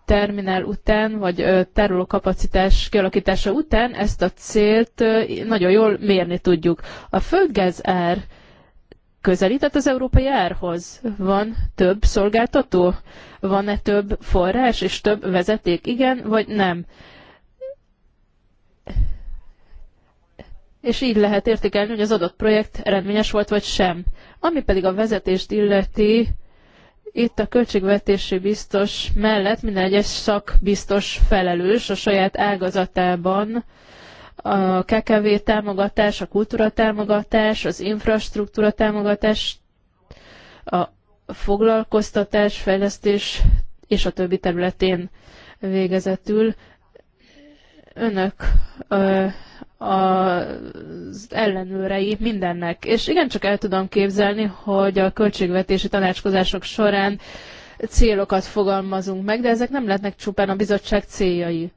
terminál után, vagy tárolókapacitás kialakítása után ezt a célt nagyon jól mérni tudjuk. A földgáz ár közelített az európai árhoz? Van több szolgáltató? Van-e több forrás és több vezeték? Igen vagy nem? és így lehet értékelni, hogy az adott projekt eredményes volt vagy sem. Ami pedig a vezetést illeti, itt a költségvetési biztos mellett minden egyes szak biztos felelős a saját ágazatában, a KKV támogatás, a kultúra támogatás, az infrastruktúra támogatás, a foglalkoztatás, fejlesztés és a többi területén végezetül. Önök az ellenőrei mindennek. És igencsak el tudom képzelni, hogy a költségvetési tanácskozások során célokat fogalmazunk meg, de ezek nem lehetnek csupán a bizottság céljai.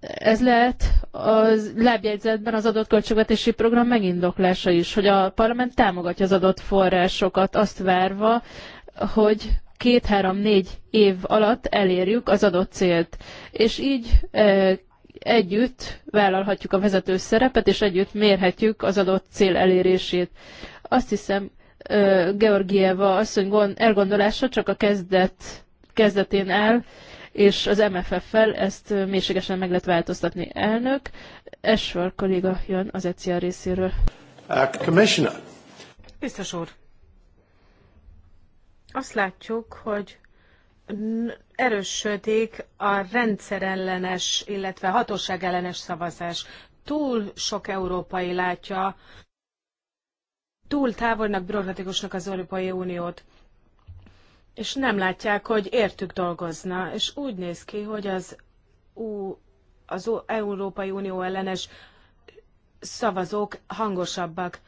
Ez lehet a lábjegyzetben az adott költségvetési program megindoklása is, hogy a parlament támogatja az adott forrásokat, azt várva, hogy két-három-négy év alatt elérjük az adott célt. És így eh, együtt vállalhatjuk a vezető szerepet, és együtt mérhetjük az adott cél elérését. Azt hiszem, Georgieva asszony elgondolása csak a kezdet, kezdetén áll, és az MFF-fel ezt mélységesen meg lehet változtatni. Elnök, Esvar kolléga jön az ECIA részéről. Uh, Commissioner. Biztos úr, azt látjuk, hogy erősödik a rendszerellenes, illetve hatóságellenes szavazás. Túl sok európai látja, túl távolnak, bürokratikusnak az Európai Uniót és nem látják, hogy értük dolgozna, és úgy néz ki, hogy az, U, az Európai Unió ellenes szavazók hangosabbak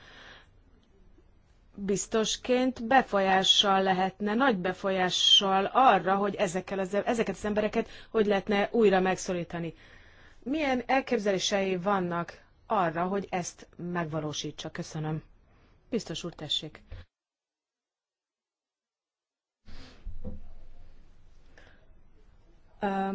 biztosként befolyással lehetne, nagy befolyással arra, hogy ezekkel az, ezeket az embereket hogy lehetne újra megszorítani. Milyen elképzelései vannak arra, hogy ezt megvalósítsa? Köszönöm. Biztos úr, tessék. Uh,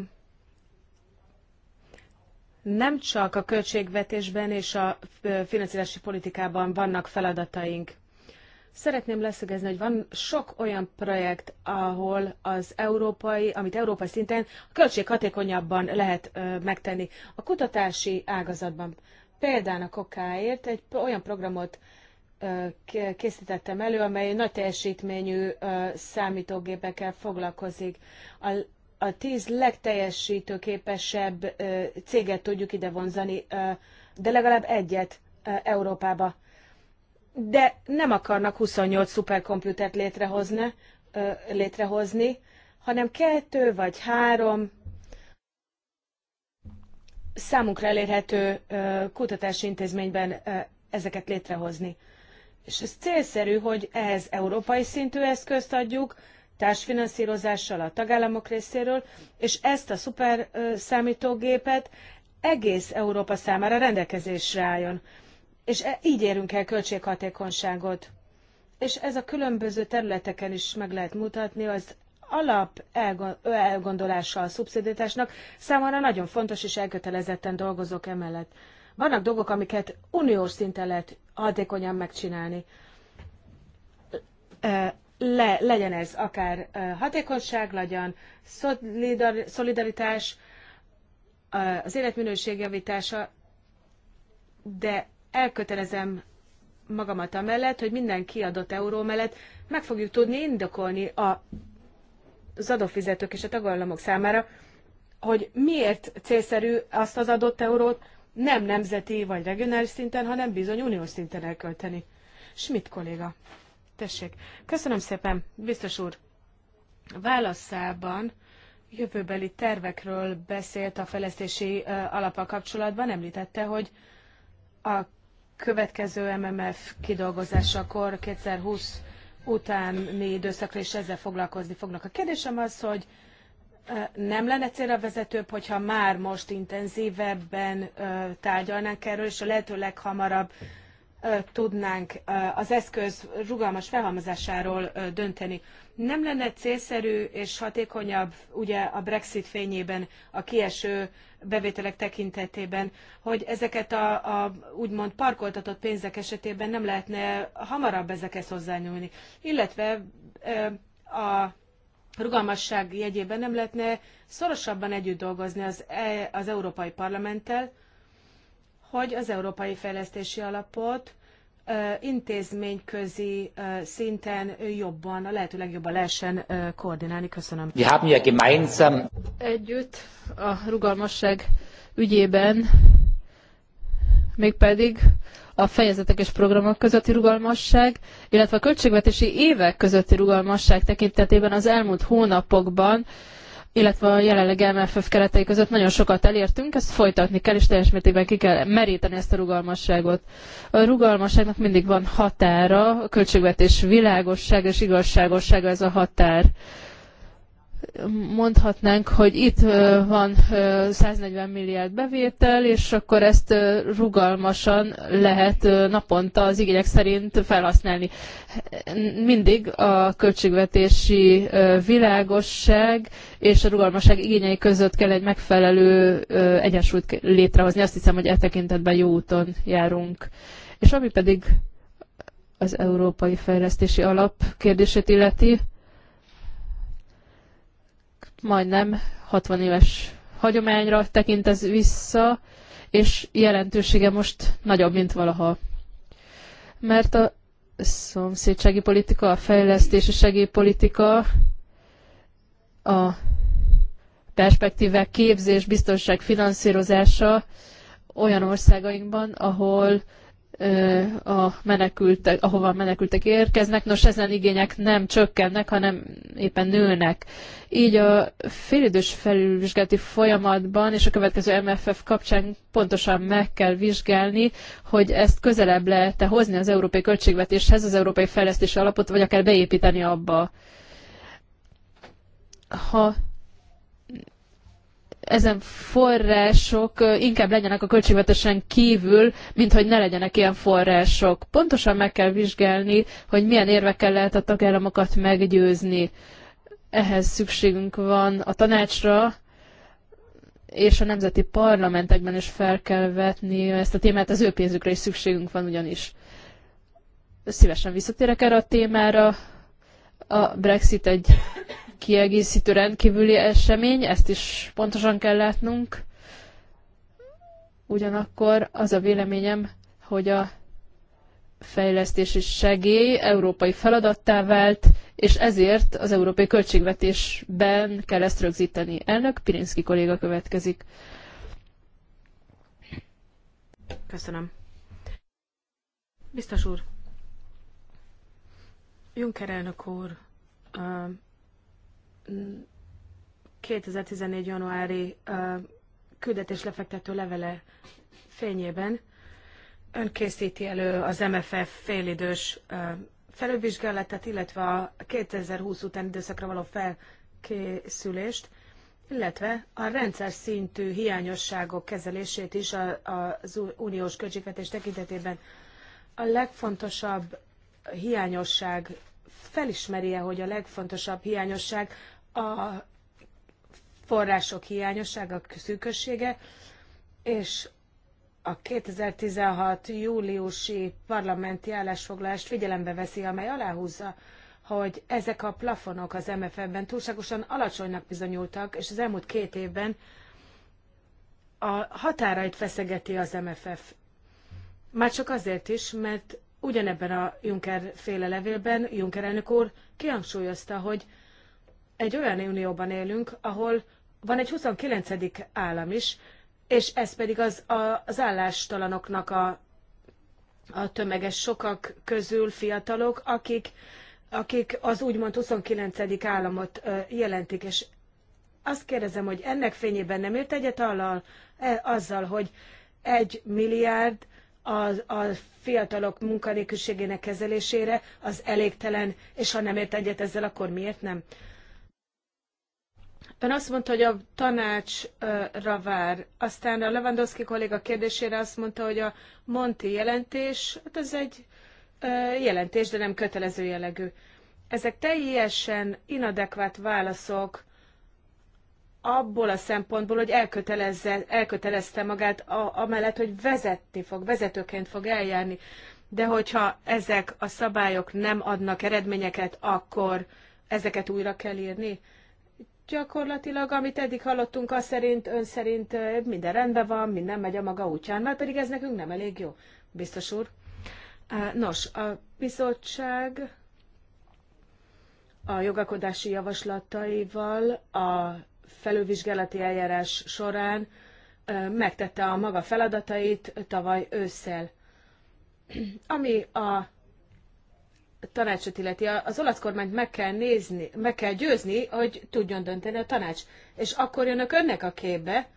nem csak a költségvetésben és a finanszírozási politikában vannak feladataink Szeretném leszögezni, hogy van sok olyan projekt, ahol az európai, amit európai szinten költséghatékonyabban lehet ö, megtenni. A kutatási ágazatban például a kokáért egy olyan programot ö, készítettem elő, amely nagy teljesítményű ö, számítógépekkel foglalkozik. A, a tíz legteljesítőképesebb ö, céget tudjuk ide vonzani, ö, de legalább egyet ö, Európába de nem akarnak 28 szuperkomputert létrehozni, létrehozni, hanem kettő vagy három számukra elérhető kutatási intézményben ezeket létrehozni. És ez célszerű, hogy ehhez európai szintű eszközt adjuk, társfinanszírozással a tagállamok részéről, és ezt a szuper számítógépet egész Európa számára rendelkezésre álljon. És e, így érünk el költséghatékonyságot. És ez a különböző területeken is meg lehet mutatni, az alap elgondolása a szubszidításnak számára nagyon fontos, és elkötelezetten dolgozok emellett. Vannak dolgok, amiket uniós szinten lehet hatékonyan megcsinálni. Le, legyen ez akár hatékonyság, legyen szolidar, szolidaritás, az életminőség javítása, de elkötelezem magamat amellett, hogy minden kiadott euró mellett meg fogjuk tudni indokolni a, az adófizetők és a tagállamok számára, hogy miért célszerű azt az adott eurót nem nemzeti vagy regionális szinten, hanem bizony uniós szinten elkölteni. Schmidt kolléga, tessék. Köszönöm szépen, biztos úr. Válaszában jövőbeli tervekről beszélt a fejlesztési alapa kapcsolatban, említette, hogy a következő MMF kidolgozásakor 2020 utáni időszakra is ezzel foglalkozni fognak. A kérdésem az, hogy nem lenne célra vezetőbb, hogyha már most intenzívebben tárgyalnánk erről, és a lehető leghamarabb tudnánk az eszköz rugalmas felhalmozásáról dönteni. Nem lenne célszerű és hatékonyabb ugye a Brexit fényében a kieső bevételek tekintetében, hogy ezeket a, a úgymond parkoltatott pénzek esetében nem lehetne hamarabb ezekhez hozzányúlni, illetve a rugalmasság jegyében nem lehetne szorosabban együtt dolgozni az, e, az Európai Parlamenttel, hogy az Európai Fejlesztési Alapot intézményközi szinten jobban, a lehető legjobban lehessen koordinálni. Köszönöm. Wir haben ja gemeinsam együtt a rugalmasság ügyében, mégpedig a fejezetek és programok közötti rugalmasság, illetve a költségvetési évek közötti rugalmasság tekintetében az elmúlt hónapokban illetve a jelenleg MFF keretei között nagyon sokat elértünk, ezt folytatni kell, és teljes mértékben ki kell meríteni ezt a rugalmasságot. A rugalmasságnak mindig van határa, a költségvetés világossága és igazságossága ez a határ mondhatnánk, hogy itt van 140 milliárd bevétel, és akkor ezt rugalmasan lehet naponta az igények szerint felhasználni. Mindig a költségvetési világosság és a rugalmasság igényei között kell egy megfelelő egyensúlyt létrehozni. Azt hiszem, hogy e tekintetben jó úton járunk. És ami pedig az Európai Fejlesztési Alap kérdését illeti, majdnem 60 éves hagyományra tekint ez vissza, és jelentősége most nagyobb, mint valaha. Mert a szomszédsági politika, a fejlesztési segélypolitika, a perspektívek képzés, biztonság finanszírozása olyan országainkban, ahol a menekültek, ahova a menekültek érkeznek. Nos, ezen igények nem csökkennek, hanem éppen nőnek. Így a félidős felülvizsgálati folyamatban és a következő MFF kapcsán pontosan meg kell vizsgálni, hogy ezt közelebb lehet -e hozni az európai költségvetéshez, az európai fejlesztési alapot, vagy akár beépíteni abba. Ha ezen források inkább legyenek a költségvetésen kívül, mint hogy ne legyenek ilyen források. Pontosan meg kell vizsgálni, hogy milyen érvekkel lehet a tagállamokat meggyőzni. Ehhez szükségünk van a tanácsra, és a nemzeti parlamentekben is fel kell vetni ezt a témát, az ő pénzükre is szükségünk van ugyanis. Szívesen visszatérek erre a témára. A Brexit egy kiegészítő rendkívüli esemény, ezt is pontosan kell látnunk. Ugyanakkor az a véleményem, hogy a fejlesztési segély európai feladattá vált, és ezért az európai költségvetésben kell ezt rögzíteni. Elnök Pirinszki kolléga következik. Köszönöm. Biztos úr, Juncker elnök úr 2014. januári küldetés lefektető levele fényében ön készíti elő az MFF félidős felülvizsgálatát, illetve a 2020 után időszakra való felkészülést, illetve a rendszer szintű hiányosságok kezelését is a, a, az uniós költségvetés tekintetében. A legfontosabb hiányosság, felismeri-e, hogy a legfontosabb hiányosság a források hiányossága, a szűkössége, és a 2016. júliusi parlamenti állásfoglalást figyelembe veszi, amely aláhúzza, hogy ezek a plafonok az MFF-ben túlságosan alacsonynak bizonyultak, és az elmúlt két évben a határait feszegeti az MFF. Már csak azért is, mert ugyanebben a Juncker féle levélben Juncker elnök úr kihangsúlyozta, hogy egy olyan unióban élünk, ahol van egy 29. állam is, és ez pedig az, a, az állástalanoknak a, a tömeges sokak közül fiatalok, akik, akik az úgymond 29. államot jelentik, és azt kérdezem, hogy ennek fényében nem ért egyet allal, e, azzal, hogy egy milliárd a, a fiatalok munkanélküliségének kezelésére az elégtelen, és ha nem ért egyet ezzel, akkor miért nem? Ön azt mondta, hogy a tanácsra vár. Aztán a Lewandowski kolléga kérdésére azt mondta, hogy a Monti jelentés, hát ez egy jelentés, de nem kötelező jellegű. Ezek teljesen inadekvát válaszok abból a szempontból, hogy elkötelezze, elkötelezte magát a, amellett, hogy vezetni fog, vezetőként fog eljárni. De hogyha ezek a szabályok nem adnak eredményeket, akkor ezeket újra kell írni gyakorlatilag, amit eddig hallottunk, az szerint, ön szerint minden rendben van, minden megy a maga útján, mert pedig ez nekünk nem elég jó, biztos úr. Nos, a bizottság a jogakodási javaslataival a felülvizsgálati eljárás során megtette a maga feladatait tavaly ősszel. Ami a tanácsot illeti, az olasz kormányt meg kell nézni, meg kell győzni, hogy tudjon dönteni a tanács. És akkor jönnek önnek a képbe,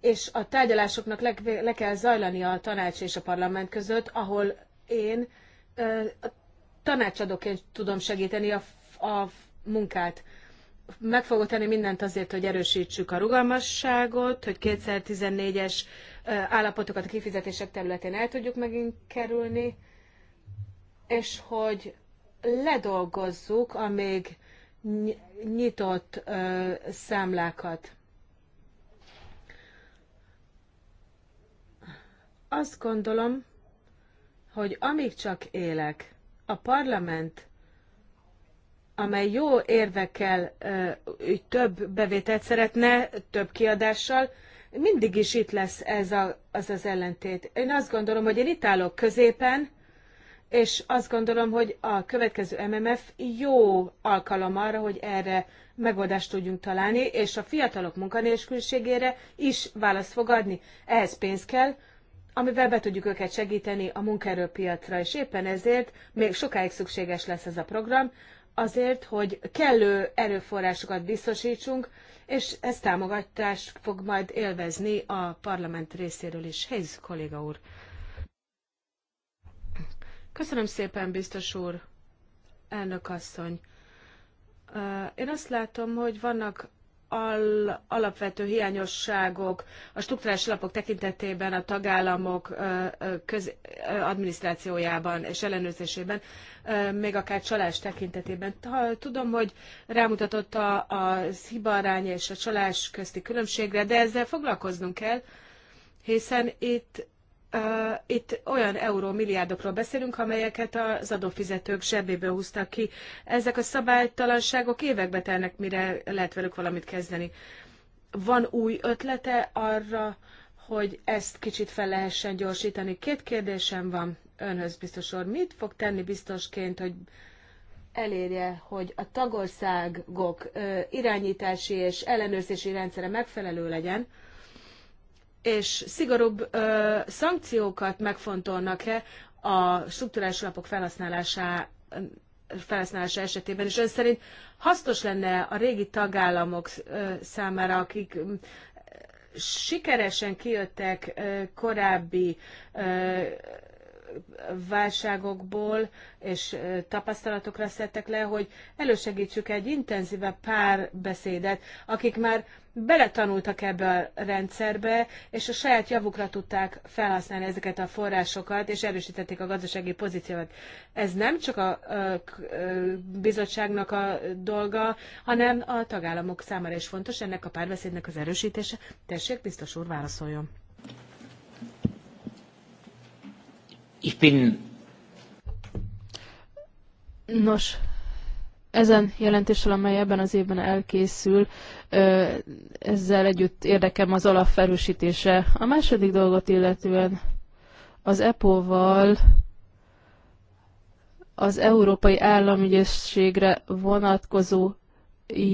és a tárgyalásoknak le, le kell zajlani a tanács és a parlament között, ahol én ö, tanácsadóként tudom segíteni a, a munkát. Meg fogok tenni mindent azért, hogy erősítsük a rugalmasságot, hogy 2014-es állapotokat a kifizetések területén el tudjuk megint kerülni és hogy ledolgozzuk a még nyitott ö, számlákat. Azt gondolom, hogy amíg csak élek, a parlament, amely jó érvekkel ö, több bevételt szeretne, több kiadással, mindig is itt lesz ez a, az az ellentét. Én azt gondolom, hogy én itt állok középen, és azt gondolom, hogy a következő MMF jó alkalom arra, hogy erre megoldást tudjunk találni, és a fiatalok munkanélküliségére is választ fog adni. Ehhez pénz kell, amivel be tudjuk őket segíteni a munkaerőpiacra, és éppen ezért még sokáig szükséges lesz ez a program, azért, hogy kellő erőforrásokat biztosítsunk, és ezt támogatást fog majd élvezni a parlament részéről is. Helyz kolléga úr! Köszönöm szépen, biztos úr, elnök asszony. Én azt látom, hogy vannak al- alapvető hiányosságok a strukturális alapok tekintetében a tagállamok köz- adminisztrációjában és ellenőrzésében, még akár csalás tekintetében. Tudom, hogy rámutatott a, a hibarány és a csalás közti különbségre, de ezzel foglalkoznunk kell, hiszen itt itt olyan euró beszélünk, amelyeket az adófizetők zsebéből húztak ki. Ezek a szabálytalanságok évekbe telnek, mire lehet velük valamit kezdeni. Van új ötlete arra, hogy ezt kicsit fel lehessen gyorsítani? Két kérdésem van önhöz, biztos úr. Mit fog tenni biztosként, hogy elérje, hogy a tagországok irányítási és ellenőrzési rendszere megfelelő legyen, és szigorúbb ö, szankciókat megfontolnak-e a strukturális alapok felhasználása, felhasználása esetében, és ön szerint hasznos lenne a régi tagállamok ö, számára, akik ö, sikeresen kijöttek ö, korábbi ö, válságokból és tapasztalatokra szedtek le, hogy elősegítsük egy intenzívebb párbeszédet, akik már beletanultak ebbe a rendszerbe, és a saját javukra tudták felhasználni ezeket a forrásokat, és erősítették a gazdasági pozíciót. Ez nem csak a, a bizottságnak a dolga, hanem a tagállamok számára is fontos ennek a párbeszédnek az erősítése. Tessék, biztos úr, válaszoljon. Ich bin... Nos, ezen jelentéssel, amely ebben az évben elkészül, ezzel együtt érdekem az alap A második dolgot illetően az EPO-val az Európai Államügyészségre vonatkozó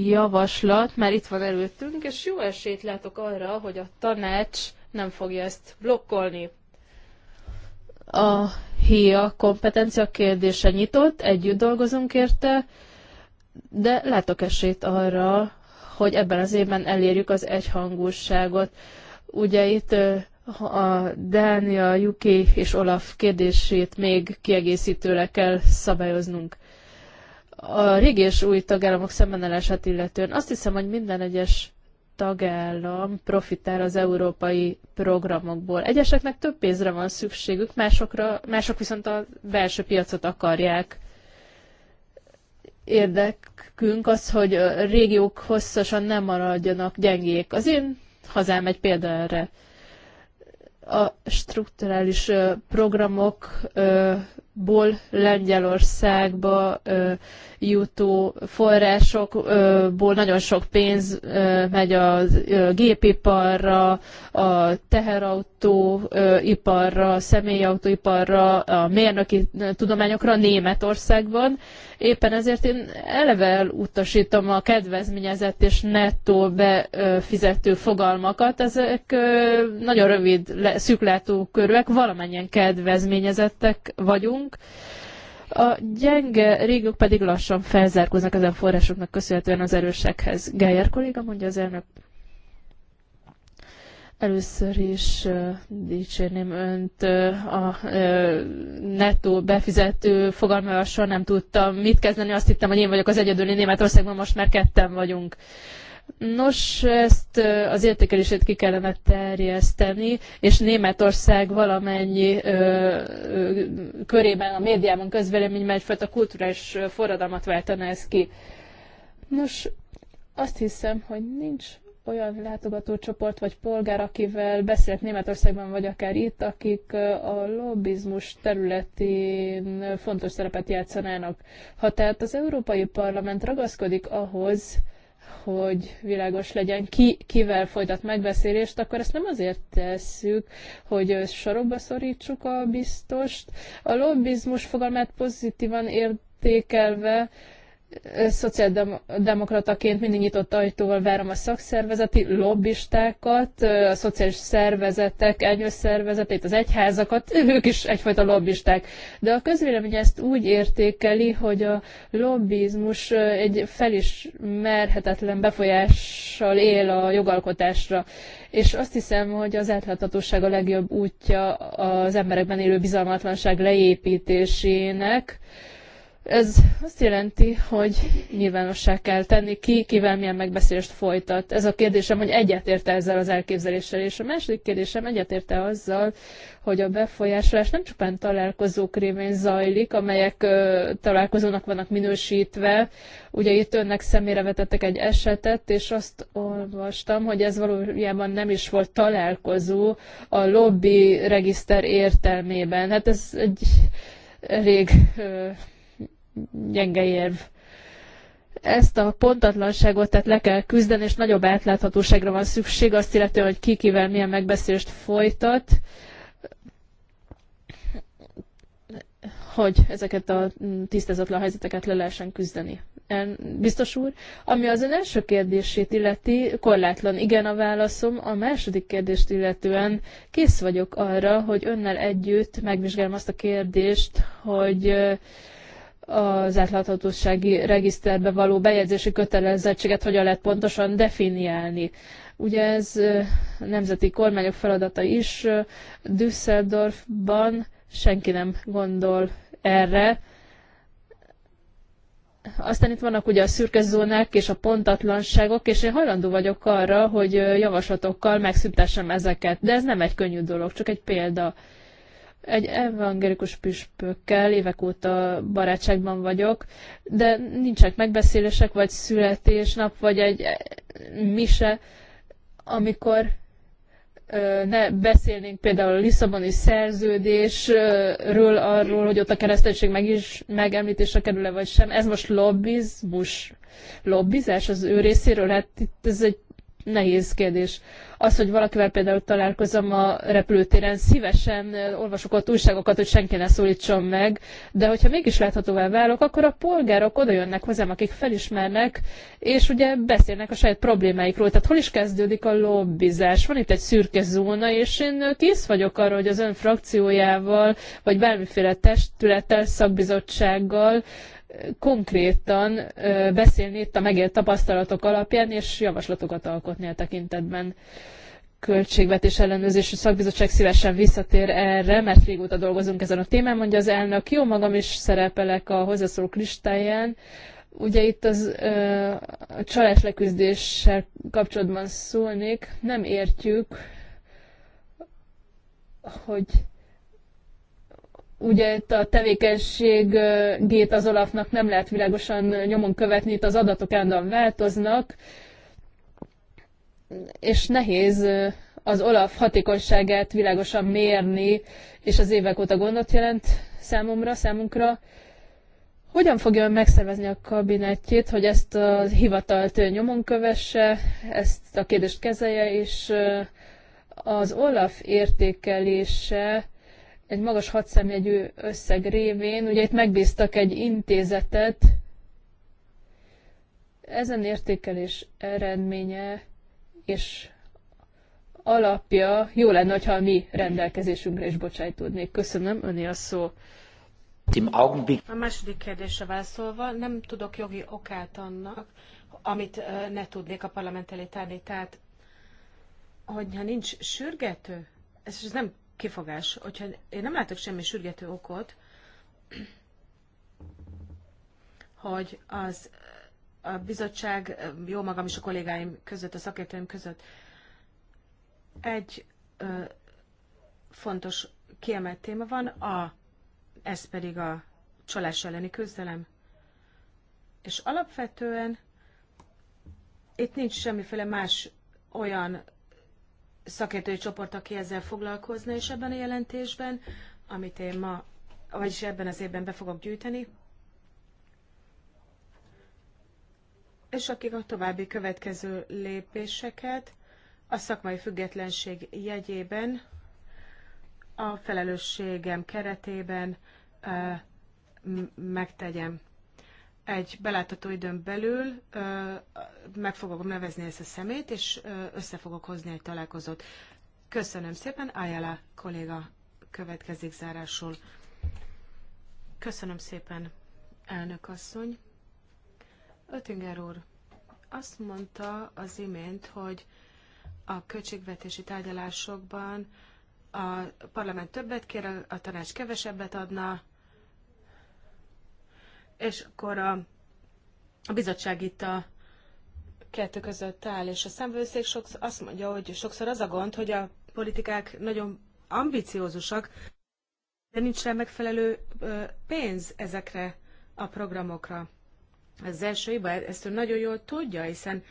javaslat, mert itt van előttünk, és jó esélyt látok arra, hogy a tanács nem fogja ezt blokkolni. A HIA kompetencia kérdése nyitott, együtt dolgozunk érte, de látok esélyt arra, hogy ebben az évben elérjük az egyhangúságot. Ugye itt a Dánia, Juki és Olaf kérdését még kiegészítőre kell szabályoznunk. A régi és új tagállamok szembenállását illetően azt hiszem, hogy minden egyes tagállam profitál az európai programokból. Egyeseknek több pénzre van szükségük, másokra, mások viszont a belső piacot akarják. Érdekünk az, hogy a régiók hosszasan nem maradjanak gyengék. Az én hazám egy példa erre. A strukturális programok ból Lengyelországba ö, jutó forrásokból nagyon sok pénz ö, megy a ö, gépiparra, a teherautóiparra, a személyautóiparra, a mérnöki tudományokra Németországban. Éppen ezért én eleve utasítom a kedvezményezett és nettó befizető fogalmakat. Ezek ö, nagyon rövid, szüklátó körülök, valamennyien kedvezményezettek vagyunk, vagyunk. A gyenge régiók pedig lassan felzárkoznak ezen forrásoknak köszönhetően az erősekhez. Geyer kolléga mondja az elnök. Először is uh, dicsérném önt uh, a uh, nettó befizető fogalmával nem tudtam mit kezdeni. Azt hittem, hogy én vagyok az egyedüli Németországban, most már ketten vagyunk. Uh, Nos, ezt az értékelését ki kellene terjeszteni, és Németország valamennyi ö, ö, körében, a médiában közvéleményben egyfajta kulturális forradalmat váltana ez ki. Nos, azt hiszem, hogy nincs olyan látogatócsoport vagy polgár, akivel beszélt Németországban vagy akár itt, akik a lobbizmus területén fontos szerepet játszanának. Ha tehát az Európai Parlament ragaszkodik ahhoz, hogy világos legyen, ki kivel folytat megbeszélést, akkor ezt nem azért tesszük, hogy sorokba szorítsuk a biztost. A lobbizmus fogalmát pozitívan értékelve, szociáldemokrataként mindig nyitott ajtóval várom a szakszervezeti lobbistákat, a szociális szervezetek, egyőszervezetét, az egyházakat, ők is egyfajta lobbisták. De a közvélemény ezt úgy értékeli, hogy a lobbizmus egy felismerhetetlen befolyással él a jogalkotásra. És azt hiszem, hogy az átláthatóság a legjobb útja az emberekben élő bizalmatlanság leépítésének, ez azt jelenti, hogy nyilvánossá kell tenni ki, kivel milyen megbeszélést folytat. Ez a kérdésem, hogy egyetérte ezzel az elképzeléssel, és a második kérdésem egyetérte azzal, hogy a befolyásolás nem csupán találkozók révén zajlik, amelyek ö, találkozónak vannak minősítve. Ugye itt önnek szemére vetettek egy esetet, és azt olvastam, hogy ez valójában nem is volt találkozó a lobby regiszter értelmében. Hát ez egy elég ö, gyenge érv. Ezt a pontatlanságot tehát le kell küzdeni, és nagyobb átláthatóságra van szükség, azt illetően, hogy ki kivel milyen megbeszélést folytat, hogy ezeket a tisztázatlan helyzeteket le lehessen küzdeni. Biztos úr, ami az ön első kérdését illeti, korlátlan igen a válaszom, a második kérdést illetően kész vagyok arra, hogy önnel együtt megvizsgálom azt a kérdést, hogy az átláthatósági regiszterbe való bejegyzési kötelezettséget hogyan lehet pontosan definiálni. Ugye ez nemzeti kormányok feladata is. Düsseldorfban senki nem gondol erre. Aztán itt vannak ugye a szürke zónák és a pontatlanságok, és én hajlandó vagyok arra, hogy javaslatokkal megszüntessem ezeket, de ez nem egy könnyű dolog, csak egy példa. Egy evangélikus püspökkel évek óta barátságban vagyok, de nincsenek megbeszélések, vagy születésnap, vagy egy mise, amikor ne beszélnénk például a Lisszaboni szerződésről, arról, hogy ott a kereszténység meg is megemlítésre kerül-e vagy sem. Ez most lobbizmus, lobbizás az ő részéről? Hát itt ez egy nehéz kérdés. Az, hogy valakivel például találkozom a repülőtéren, szívesen olvasok ott újságokat, hogy senki ne szólítson meg, de hogyha mégis láthatóvá válok, akkor a polgárok oda jönnek hozzám, akik felismernek, és ugye beszélnek a saját problémáikról. Tehát hol is kezdődik a lobbizás? Van itt egy szürke zóna, és én kész vagyok arra, hogy az ön frakciójával, vagy bármiféle testülettel, szakbizottsággal, konkrétan beszélni itt a megélt tapasztalatok alapján, és javaslatokat alkotni a tekintetben. Költségvetés ellenőrzési szakbizottság szívesen visszatér erre, mert régóta dolgozunk ezen a témán, mondja az elnök. Jó magam is szerepelek a hozzászólók listáján. Ugye itt az ö, a csalás leküzdéssel kapcsolatban szólnék, nem értjük, hogy Ugye itt a tevékenységét az Olafnak nem lehet világosan nyomon követni, itt az adatok állandóan változnak, és nehéz az Olaf hatékonyságát világosan mérni, és az évek óta gondot jelent számomra, számunkra. Hogyan fogja megszervezni a kabinetjét, hogy ezt a hivatalt nyomon kövesse, ezt a kérdést kezelje, és az Olaf értékelése egy magas hadszemjegyű összeg révén, ugye itt megbíztak egy intézetet, ezen értékelés eredménye és alapja jó lenne, ha mi rendelkezésünkre is bocsájtódnék. Köszönöm, öné a szó. A második kérdésre válaszolva, nem tudok jogi okát annak, amit ne tudnék a parlament elé tárni. Tehát, hogyha nincs sürgető, ez nem kifogás. Hogyha én nem látok semmi sürgető okot, hogy az a bizottság, jó magam is a kollégáim között, a szakértőim között egy ö, fontos kiemelt téma van, a, ez pedig a csalás elleni küzdelem. És alapvetően itt nincs semmiféle más olyan szakértői csoport, aki ezzel foglalkozna, és ebben a jelentésben, amit én ma, vagyis ebben az évben be fogok gyűjteni, és akik a további következő lépéseket a szakmai függetlenség jegyében, a felelősségem keretében megtegyem egy belátható időn belül ö, meg fogom nevezni ezt a szemét, és ö, össze fogok hozni egy találkozót. Köszönöm szépen, Ayala kolléga következik zárásul. Köszönöm szépen, elnök asszony. Ötinger úr, azt mondta az imént, hogy a költségvetési tárgyalásokban a parlament többet kér, a tanács kevesebbet adna, és akkor a, a bizottság itt a kettő között áll, és a szemvőszék sokszor azt mondja, hogy sokszor az a gond, hogy a politikák nagyon ambiciózusak, de nincs rá megfelelő pénz ezekre a programokra. Ez az első hiba, ezt ő nagyon jól tudja, hiszen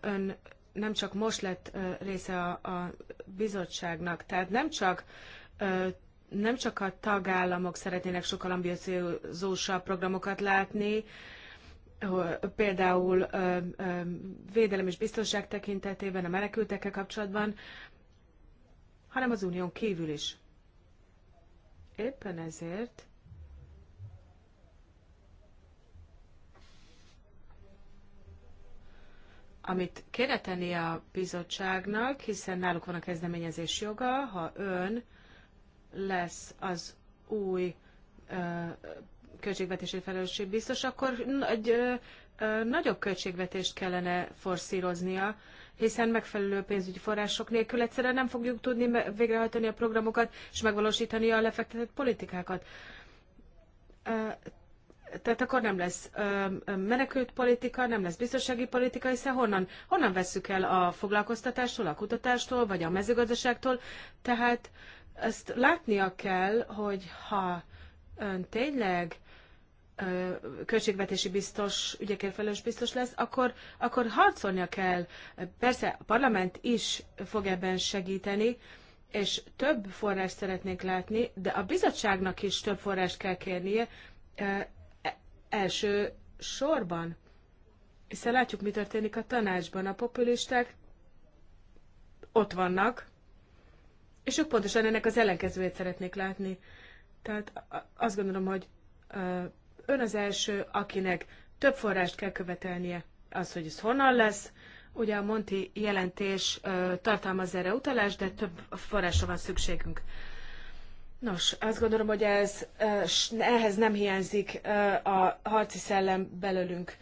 ön nem csak most lett része a, a bizottságnak, tehát nem csak nem csak a tagállamok szeretnének sokkal ambiciózósabb programokat látni, például védelem és biztonság tekintetében, a menekültekkel kapcsolatban, hanem az unión kívül is. Éppen ezért amit kéne tenni a bizottságnak, hiszen náluk van a kezdeményezés joga, ha ön lesz az új költségvetési felelősség biztos, akkor egy ö, ö, nagyobb költségvetést kellene forszíroznia, hiszen megfelelő pénzügyi források nélkül egyszerűen nem fogjuk tudni végrehajtani a programokat és megvalósítani a lefektetett politikákat. Ö, tehát akkor nem lesz menekült politika, nem lesz biztonsági politika, hiszen honnan, honnan vesszük el a foglalkoztatástól, a kutatástól, vagy a mezőgazdaságtól, tehát ö, ezt látnia kell, hogy ha ön tényleg költségvetési biztos, ügyekért felelős biztos lesz, akkor, akkor harcolnia kell. Persze a parlament is fog ebben segíteni, és több forrást szeretnék látni, de a bizottságnak is több forrást kell kérnie e, első sorban. Hiszen látjuk, mi történik a tanácsban. A populisták ott vannak, és ők pontosan ennek az ellenkezőjét szeretnék látni. Tehát azt gondolom, hogy ön az első, akinek több forrást kell követelnie. Az, hogy ez honnan lesz, ugye a Monti jelentés tartalmaz erre utalást, de több forrásra van szükségünk. Nos, azt gondolom, hogy ez, ehhez nem hiányzik a harci szellem belőlünk.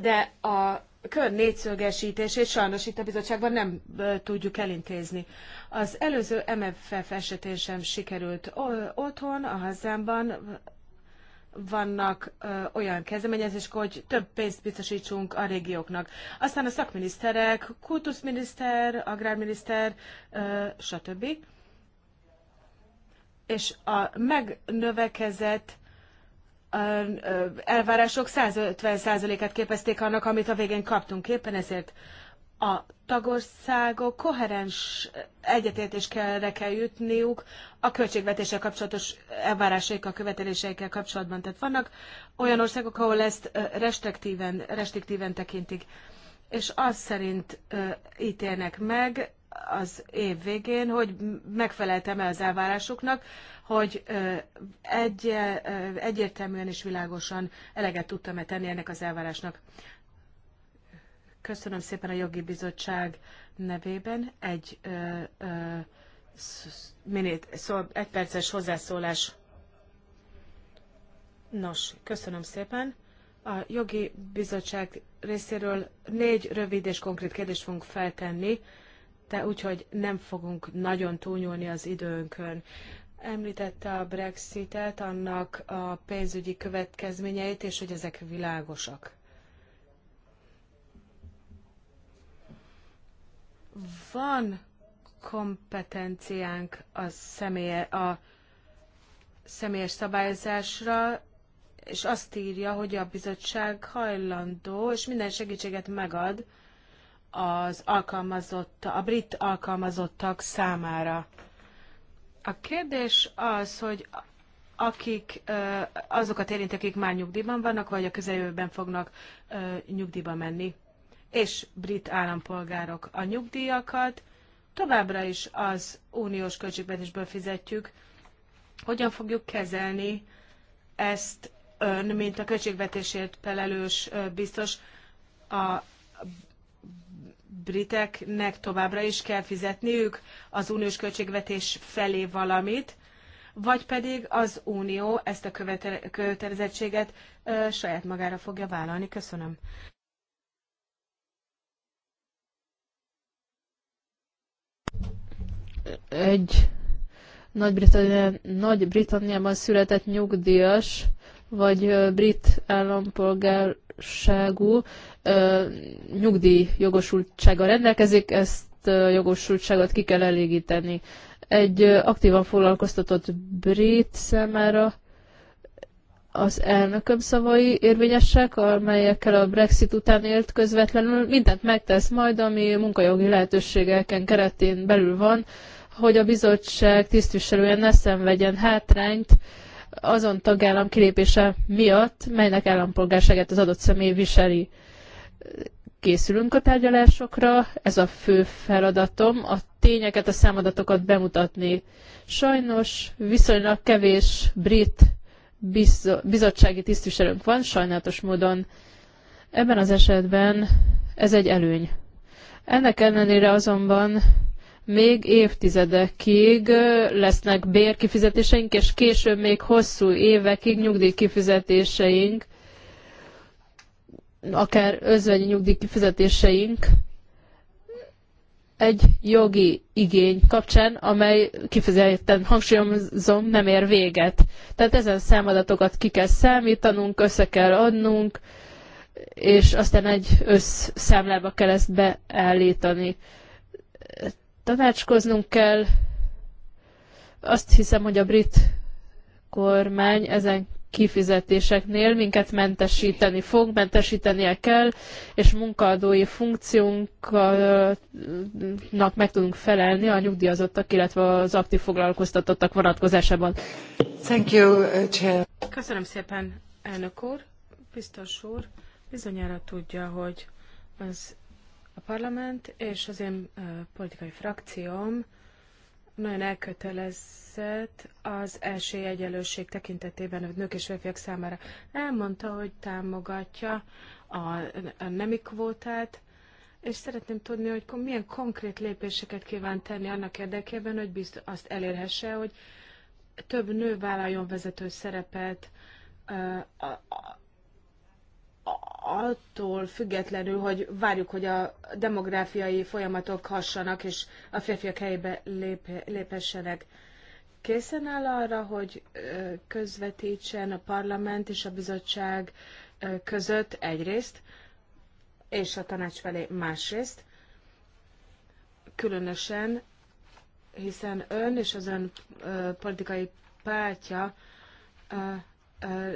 De a kör négyszögesítését sajnos itt a bizottságban nem tudjuk elintézni. Az előző MFF esetén sem sikerült otthon, a hazámban vannak ö, olyan kezdeményezések, hogy több pénzt biztosítsunk a régióknak. Aztán a szakminiszterek, kultuszminiszter, agrárminiszter, ö, stb. És a megnövekezett ö, ö, elvárások 150%-át képezték annak, amit a végén kaptunk éppen, ezért ö, a tagországok koherens egyetértésre kell jutniuk a költségvetéssel kapcsolatos elvárásaikkal, követeléseikkel kapcsolatban. Tehát vannak olyan országok, ahol ezt restriktíven, restriktíven tekintik, és azt szerint ítélnek meg az év végén, hogy megfeleltem-e az elvárásuknak, hogy egy, egyértelműen és világosan eleget tudtam-e tenni ennek az elvárásnak. Köszönöm szépen a jogi bizottság nevében. Egy, ö, ö, sz, minét, szó, egy perces hozzászólás. Nos, köszönöm szépen. A jogi bizottság részéről négy rövid és konkrét kérdést fogunk feltenni, de úgyhogy nem fogunk nagyon túlnyúlni az időnkön. Említette a Brexitet, annak a pénzügyi következményeit, és hogy ezek világosak. van kompetenciánk a, személy, a személyes szabályozásra, és azt írja, hogy a bizottság hajlandó, és minden segítséget megad az alkalmazott, a brit alkalmazottak számára. A kérdés az, hogy akik, azokat érint, akik már nyugdíjban vannak, vagy a közeljövőben fognak nyugdíjba menni és brit állampolgárok. A nyugdíjakat továbbra is az uniós költségvetésből fizetjük. Hogyan fogjuk kezelni ezt ön, mint a költségvetésért felelős biztos, a briteknek továbbra is kell fizetniük az uniós költségvetés felé valamit, vagy pedig az Unió ezt a kötelezettséget saját magára fogja vállalni. Köszönöm. egy Nagy-Britanniában Nagy britanniában született nyugdíjas, vagy brit állampolgárságú nyugdíj jogosultsága rendelkezik, ezt jogosultságot ki kell elégíteni. Egy aktívan foglalkoztatott brit számára az elnököm szavai érvényesek, amelyekkel a Brexit után élt közvetlenül, mindent megtesz majd, ami munkajogi lehetőségeken keretén belül van, hogy a bizottság tisztviselője ne szenvedjen hátrányt azon tagállam kilépése miatt, melynek állampolgárságát az adott személy viseli. Készülünk a tárgyalásokra, ez a fő feladatom, a tényeket, a számadatokat bemutatni. Sajnos viszonylag kevés brit bizottsági tisztviselőnk van, sajnálatos módon ebben az esetben ez egy előny. Ennek ellenére azonban még évtizedekig lesznek bérkifizetéseink, és később még hosszú évekig nyugdíjkifizetéseink, akár özvegyi nyugdíjkifizetéseink egy jogi igény kapcsán, amely kifejezetten hangsúlyozom, nem ér véget. Tehát ezen számadatokat ki kell számítanunk, össze kell adnunk, és aztán egy összszámlába kell ezt beállítani. Tanácskoznunk kell. Azt hiszem, hogy a brit kormány ezen kifizetéseknél minket mentesíteni fog, mentesítenie kell, és munkaadói funkciónknak meg tudunk felelni a nyugdíjazottak, illetve az aktív foglalkoztatottak vonatkozásában. Thank you, uh, Chair. Köszönöm szépen, elnök úr, biztos úr. Bizonyára tudja, hogy az a parlament és az én politikai frakcióm nagyon elkötelezett az esélyegyelőség tekintetében a nők és férfiak számára. Elmondta, hogy támogatja a, a nemi kvótát, és szeretném tudni, hogy milyen konkrét lépéseket kíván tenni annak érdekében, hogy bizt, azt elérhesse, hogy több nő vállaljon vezető szerepet attól függetlenül, hogy várjuk, hogy a demográfiai folyamatok hassanak, és a férfiak helyébe lép, lépessenek. Készen áll arra, hogy közvetítsen a parlament és a bizottság között egyrészt, és a tanács felé másrészt, különösen, hiszen ön és az ön politikai pártja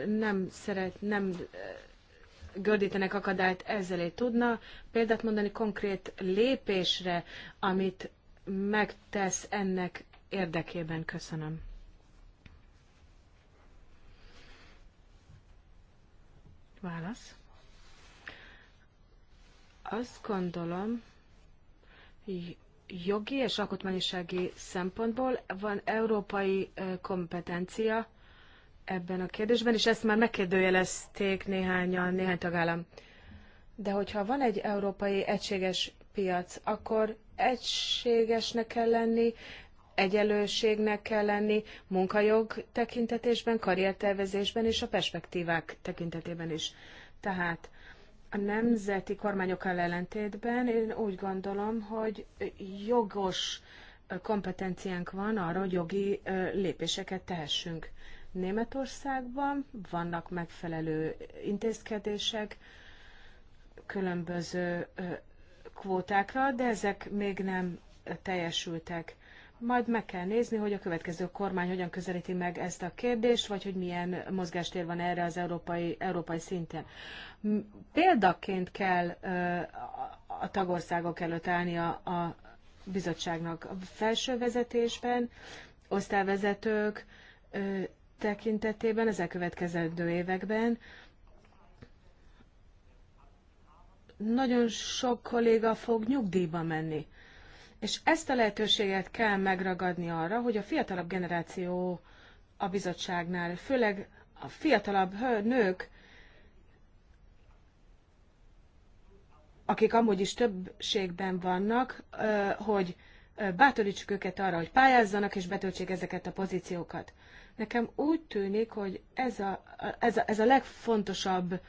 nem szeret, nem gördítenek akadályt ezzel egy tudna példát mondani konkrét lépésre, amit megtesz ennek érdekében. Köszönöm. Válasz. Azt gondolom, jogi és alkotmányisági szempontból van európai kompetencia, ebben a kérdésben, és ezt már megkérdőjelezték néhányan, néhány tagállam. De hogyha van egy európai egységes piac, akkor egységesnek kell lenni, egyenlőségnek kell lenni munkajog tekintetésben, karriertervezésben és a perspektívák tekintetében is. Tehát a nemzeti kormányokkal ellentétben én úgy gondolom, hogy jogos kompetenciánk van arra, hogy jogi lépéseket tehessünk. Németországban vannak megfelelő intézkedések, különböző kvótákra, de ezek még nem teljesültek. Majd meg kell nézni, hogy a következő kormány hogyan közelíti meg ezt a kérdést, vagy hogy milyen mozgástér van erre az európai, európai szinten. Példaként kell a tagországok előtt állni a, a bizottságnak. A felső vezetésben osztályvezetők tekintetében, ezek következő években. Nagyon sok kolléga fog nyugdíjba menni. És ezt a lehetőséget kell megragadni arra, hogy a fiatalabb generáció a bizottságnál, főleg a fiatalabb nők, akik amúgy is többségben vannak, hogy bátorítsuk őket arra, hogy pályázzanak és betöltsék ezeket a pozíciókat. Nekem úgy tűnik, hogy ez a, ez a, ez a legfontosabb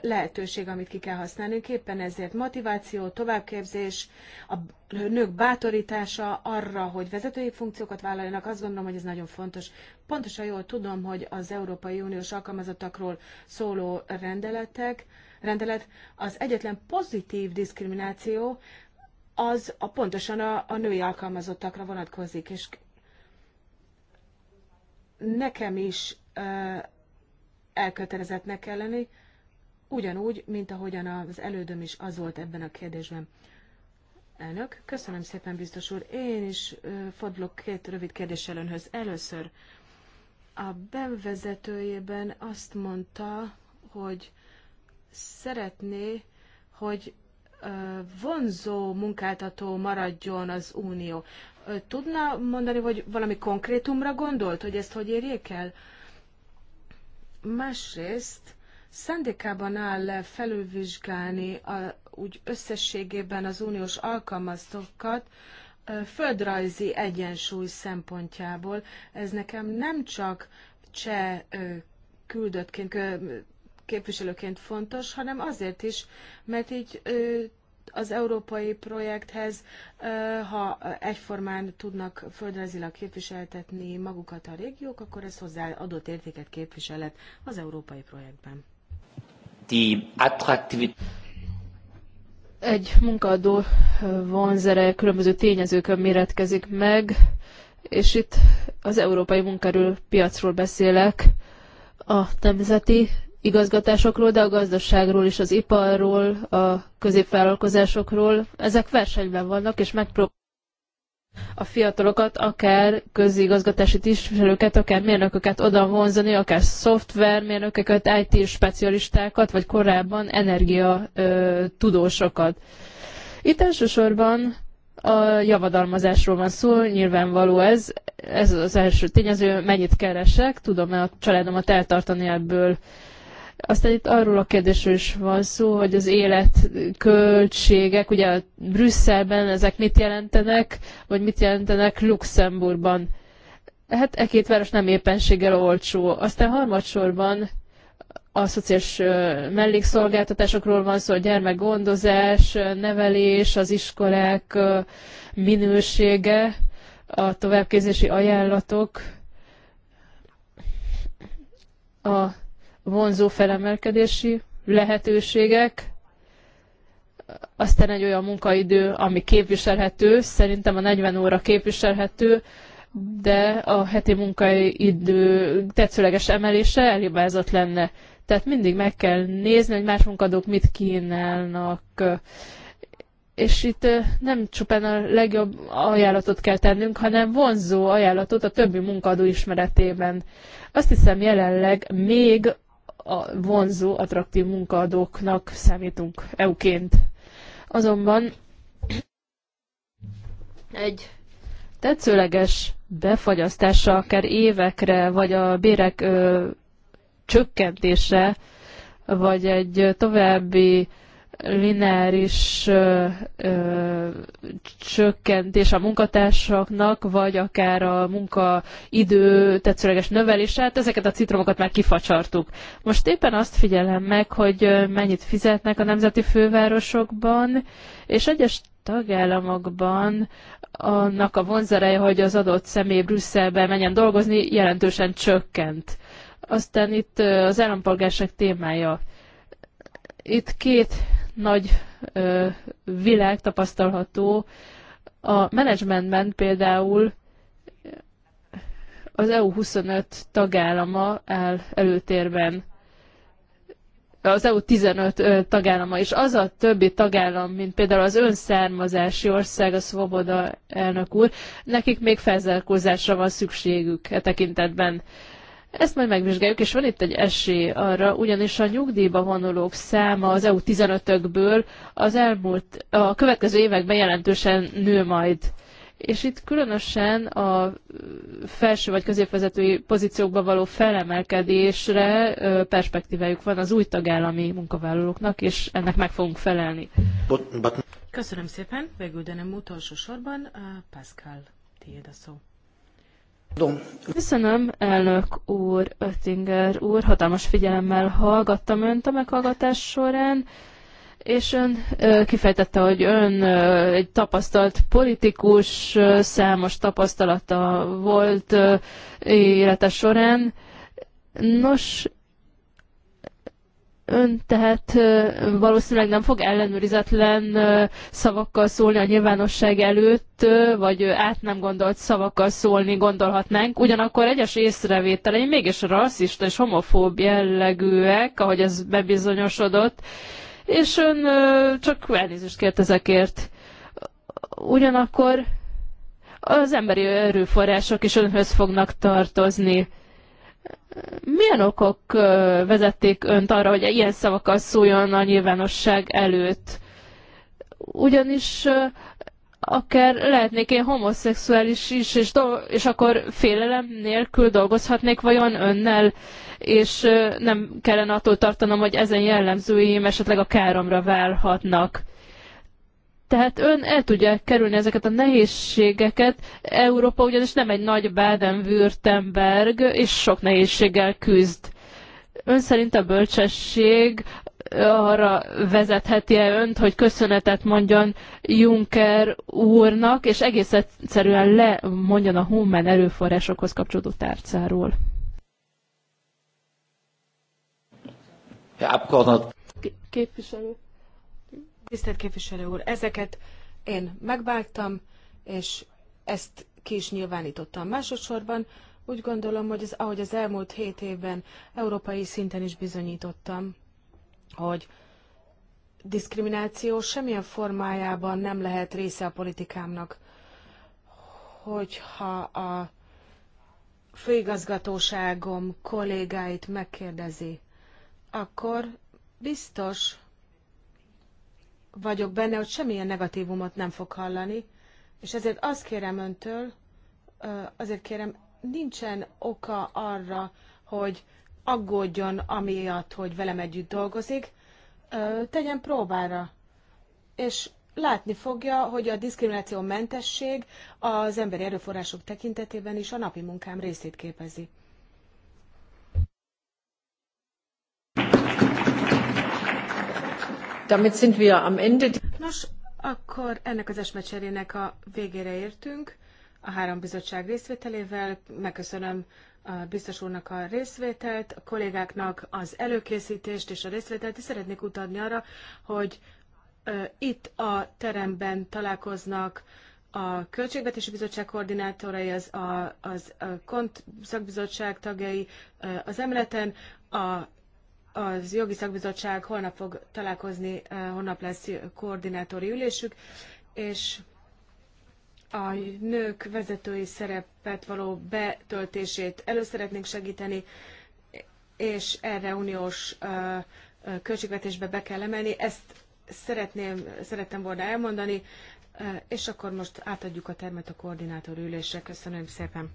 lehetőség, amit ki kell használni. Éppen ezért motiváció, továbbképzés, a nők bátorítása arra, hogy vezetői funkciókat vállaljanak, azt gondolom, hogy ez nagyon fontos. Pontosan jól tudom, hogy az Európai Uniós alkalmazottakról szóló rendeletek, rendelet az egyetlen pozitív diszkrimináció, az a pontosan a, a női alkalmazottakra vonatkozik, és nekem is elkötelezettnek kell lenni, ugyanúgy, mint ahogyan az elődöm is az volt ebben a kérdésben. Elnök, köszönöm szépen, biztos úr. Én is fordulok két rövid kérdéssel önhöz. Először a bevezetőjében azt mondta, hogy szeretné, hogy vonzó munkáltató maradjon az Unió. Tudna mondani, hogy valami konkrétumra gondolt, hogy ezt hogy érjék el? Másrészt szándékában áll felülvizsgálni a, úgy összességében az uniós alkalmaztókat, földrajzi egyensúly szempontjából. Ez nekem nem csak cseh küldöttként, képviselőként fontos, hanem azért is, mert így az európai projekthez, ha egyformán tudnak földrajzilag képviseltetni magukat a régiók, akkor ez hozzá adott értéket képviselet az európai projektben. Egy munkadó vonzere különböző tényezőkön méretkezik meg, és itt az európai munkerő piacról beszélek, a nemzeti igazgatásokról, de a gazdaságról és az iparról, a középvállalkozásokról. Ezek versenyben vannak, és megpróbálják a fiatalokat, akár közigazgatási tisztviselőket, akár mérnököket oda vonzani, akár szoftvermérnököket, IT specialistákat, vagy korábban energia ö, tudósokat. Itt elsősorban a javadalmazásról van szó, nyilvánvaló ez. Ez az első tényező, mennyit keresek, tudom-e a családomat eltartani ebből. Aztán itt arról a kérdésről is van szó, hogy az életköltségek, ugye Brüsszelben ezek mit jelentenek, vagy mit jelentenek Luxemburgban. Hát e két város nem éppenséggel olcsó. Aztán harmadsorban a szociális mellékszolgáltatásokról van szó, a gyermekgondozás, nevelés, az iskolák minősége, a továbbképzési ajánlatok, a vonzó felemelkedési lehetőségek, aztán egy olyan munkaidő, ami képviselhető, szerintem a 40 óra képviselhető, de a heti munkaidő tetszőleges emelése elhibázott lenne. Tehát mindig meg kell nézni, hogy más munkadók mit kínálnak. És itt nem csupán a legjobb ajánlatot kell tennünk, hanem vonzó ajánlatot a többi munkadó ismeretében. Azt hiszem jelenleg még a vonzó, attraktív munkaadóknak számítunk EU-ként. Azonban egy tetszőleges befagyasztása akár évekre, vagy a bérek ö, csökkentése, vagy egy további lineáris ö, ö, csökkentés a munkatársaknak, vagy akár a munkaidő tetszőleges növelése, hát ezeket a citromokat már kifacsartuk. Most éppen azt figyelem meg, hogy mennyit fizetnek a nemzeti fővárosokban, és egyes tagállamokban annak a vonzereje, hogy az adott személy Brüsszelbe menjen dolgozni, jelentősen csökkent. Aztán itt az állampolgárság témája. Itt két nagy ö, világ tapasztalható. A menedzsmentben például az EU 25 tagállama áll előtérben az EU 15 tagállama, és az a többi tagállam, mint például az önszármazási ország, a Svoboda elnök úr, nekik még felzárkózásra van szükségük e tekintetben. Ezt majd megvizsgáljuk, és van itt egy esély arra, ugyanis a nyugdíjba vonulók száma az EU 15-ökből az elmúlt, a következő években jelentősen nő majd. És itt különösen a felső vagy középvezetői pozíciókba való felemelkedésre perspektívájuk van az új tagállami munkavállalóknak, és ennek meg fogunk felelni. Köszönöm szépen, végül, de nem utolsó sorban, Pascal, tiéd a szó. Köszönöm, elnök úr, Öttinger úr, hatalmas figyelemmel hallgattam önt a meghallgatás során, és ön kifejtette, hogy ön egy tapasztalt politikus, számos tapasztalata volt élete során. Nos, Ön tehát valószínűleg nem fog ellenőrizetlen szavakkal szólni a nyilvánosság előtt, vagy át nem gondolt szavakkal szólni gondolhatnánk. Ugyanakkor egyes észrevételei mégis rasszista és homofób jellegűek, ahogy ez bebizonyosodott, és ön csak elnézést kért ezekért. Ugyanakkor az emberi erőforrások is önhöz fognak tartozni milyen okok vezették önt arra, hogy ilyen szavakkal szóljon a nyilvánosság előtt? Ugyanis akár lehetnék én homoszexuális is, és, és akkor félelem nélkül dolgozhatnék vajon önnel, és nem kellene attól tartanom, hogy ezen jellemzőim esetleg a káromra válhatnak. Tehát ön el tudja kerülni ezeket a nehézségeket. Európa ugyanis nem egy nagy Baden-Württemberg, és sok nehézséggel küzd. Ön szerint a bölcsesség arra vezetheti-e önt, hogy köszönetet mondjon Juncker úrnak, és egész egyszerűen lemondjon a humán erőforrásokhoz kapcsolódó tárcáról? Ja, Képviselő. Tisztelt képviselő úr, ezeket én megbágtam, és ezt ki is nyilvánítottam. Másodszorban úgy gondolom, hogy az, ahogy az elmúlt hét évben európai szinten is bizonyítottam, hogy diszkrimináció semmilyen formájában nem lehet része a politikámnak. Hogyha a főigazgatóságom kollégáit megkérdezi, akkor biztos, vagyok benne, hogy semmilyen negatívumot nem fog hallani, és ezért azt kérem öntől, azért kérem, nincsen oka arra, hogy aggódjon amiatt, hogy velem együtt dolgozik, tegyen próbára. És látni fogja, hogy a diszkrimináció mentesség az emberi erőforrások tekintetében is a napi munkám részét képezi. Damit sind wir am Ende. Nos, akkor ennek az esmecserének a végére értünk a három bizottság részvételével. Megköszönöm a biztos úrnak a részvételt, a kollégáknak az előkészítést és a részvételt, és szeretnék utalni arra, hogy itt a teremben találkoznak a Költségvetési Bizottság koordinátorai, az, a, az a KONT szakbizottság tagjai az emleten, a az jogi szakbizottság holnap fog találkozni, eh, holnap lesz koordinátori ülésük, és a nők vezetői szerepet való betöltését elő szeretnénk segíteni, és erre uniós eh, eh, költségvetésbe be kell emelni. Ezt szeretném, szerettem volna elmondani, és akkor most átadjuk a termet a koordinátor ülésre. Köszönöm szépen!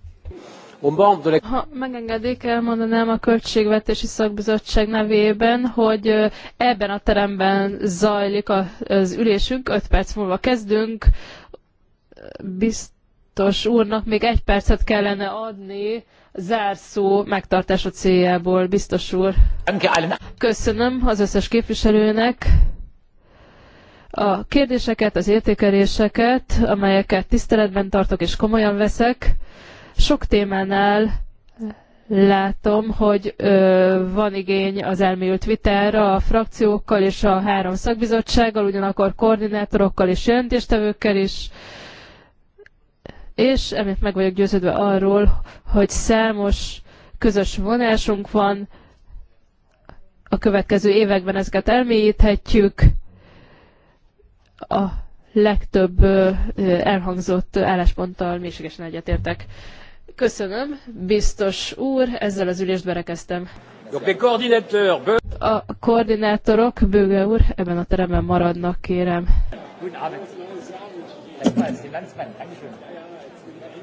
Ha megengedik, elmondanám a Költségvetési Szakbizottság nevében, hogy ebben a teremben zajlik az ülésünk, 5 perc múlva kezdünk. Biztos úrnak még egy percet kellene adni zárszó megtartása céljából, biztos úr. Köszönöm az összes képviselőnek a kérdéseket, az értékeléseket, amelyeket tiszteletben tartok és komolyan veszek. Sok témánál látom, hogy ö, van igény az elmélyült vitára a frakciókkal és a három szakbizottsággal, ugyanakkor koordinátorokkal és jelentéstevőkkel is, és emiatt meg vagyok győződve arról, hogy számos közös vonásunk van, a következő években ezeket elmélyíthetjük, a legtöbb elhangzott állásponttal mélységesen egyetértek. Köszönöm, biztos úr, ezzel az ülést berekeztem. A koordinátorok, Bőge úr, ebben a teremben maradnak, kérem. Guten Abend.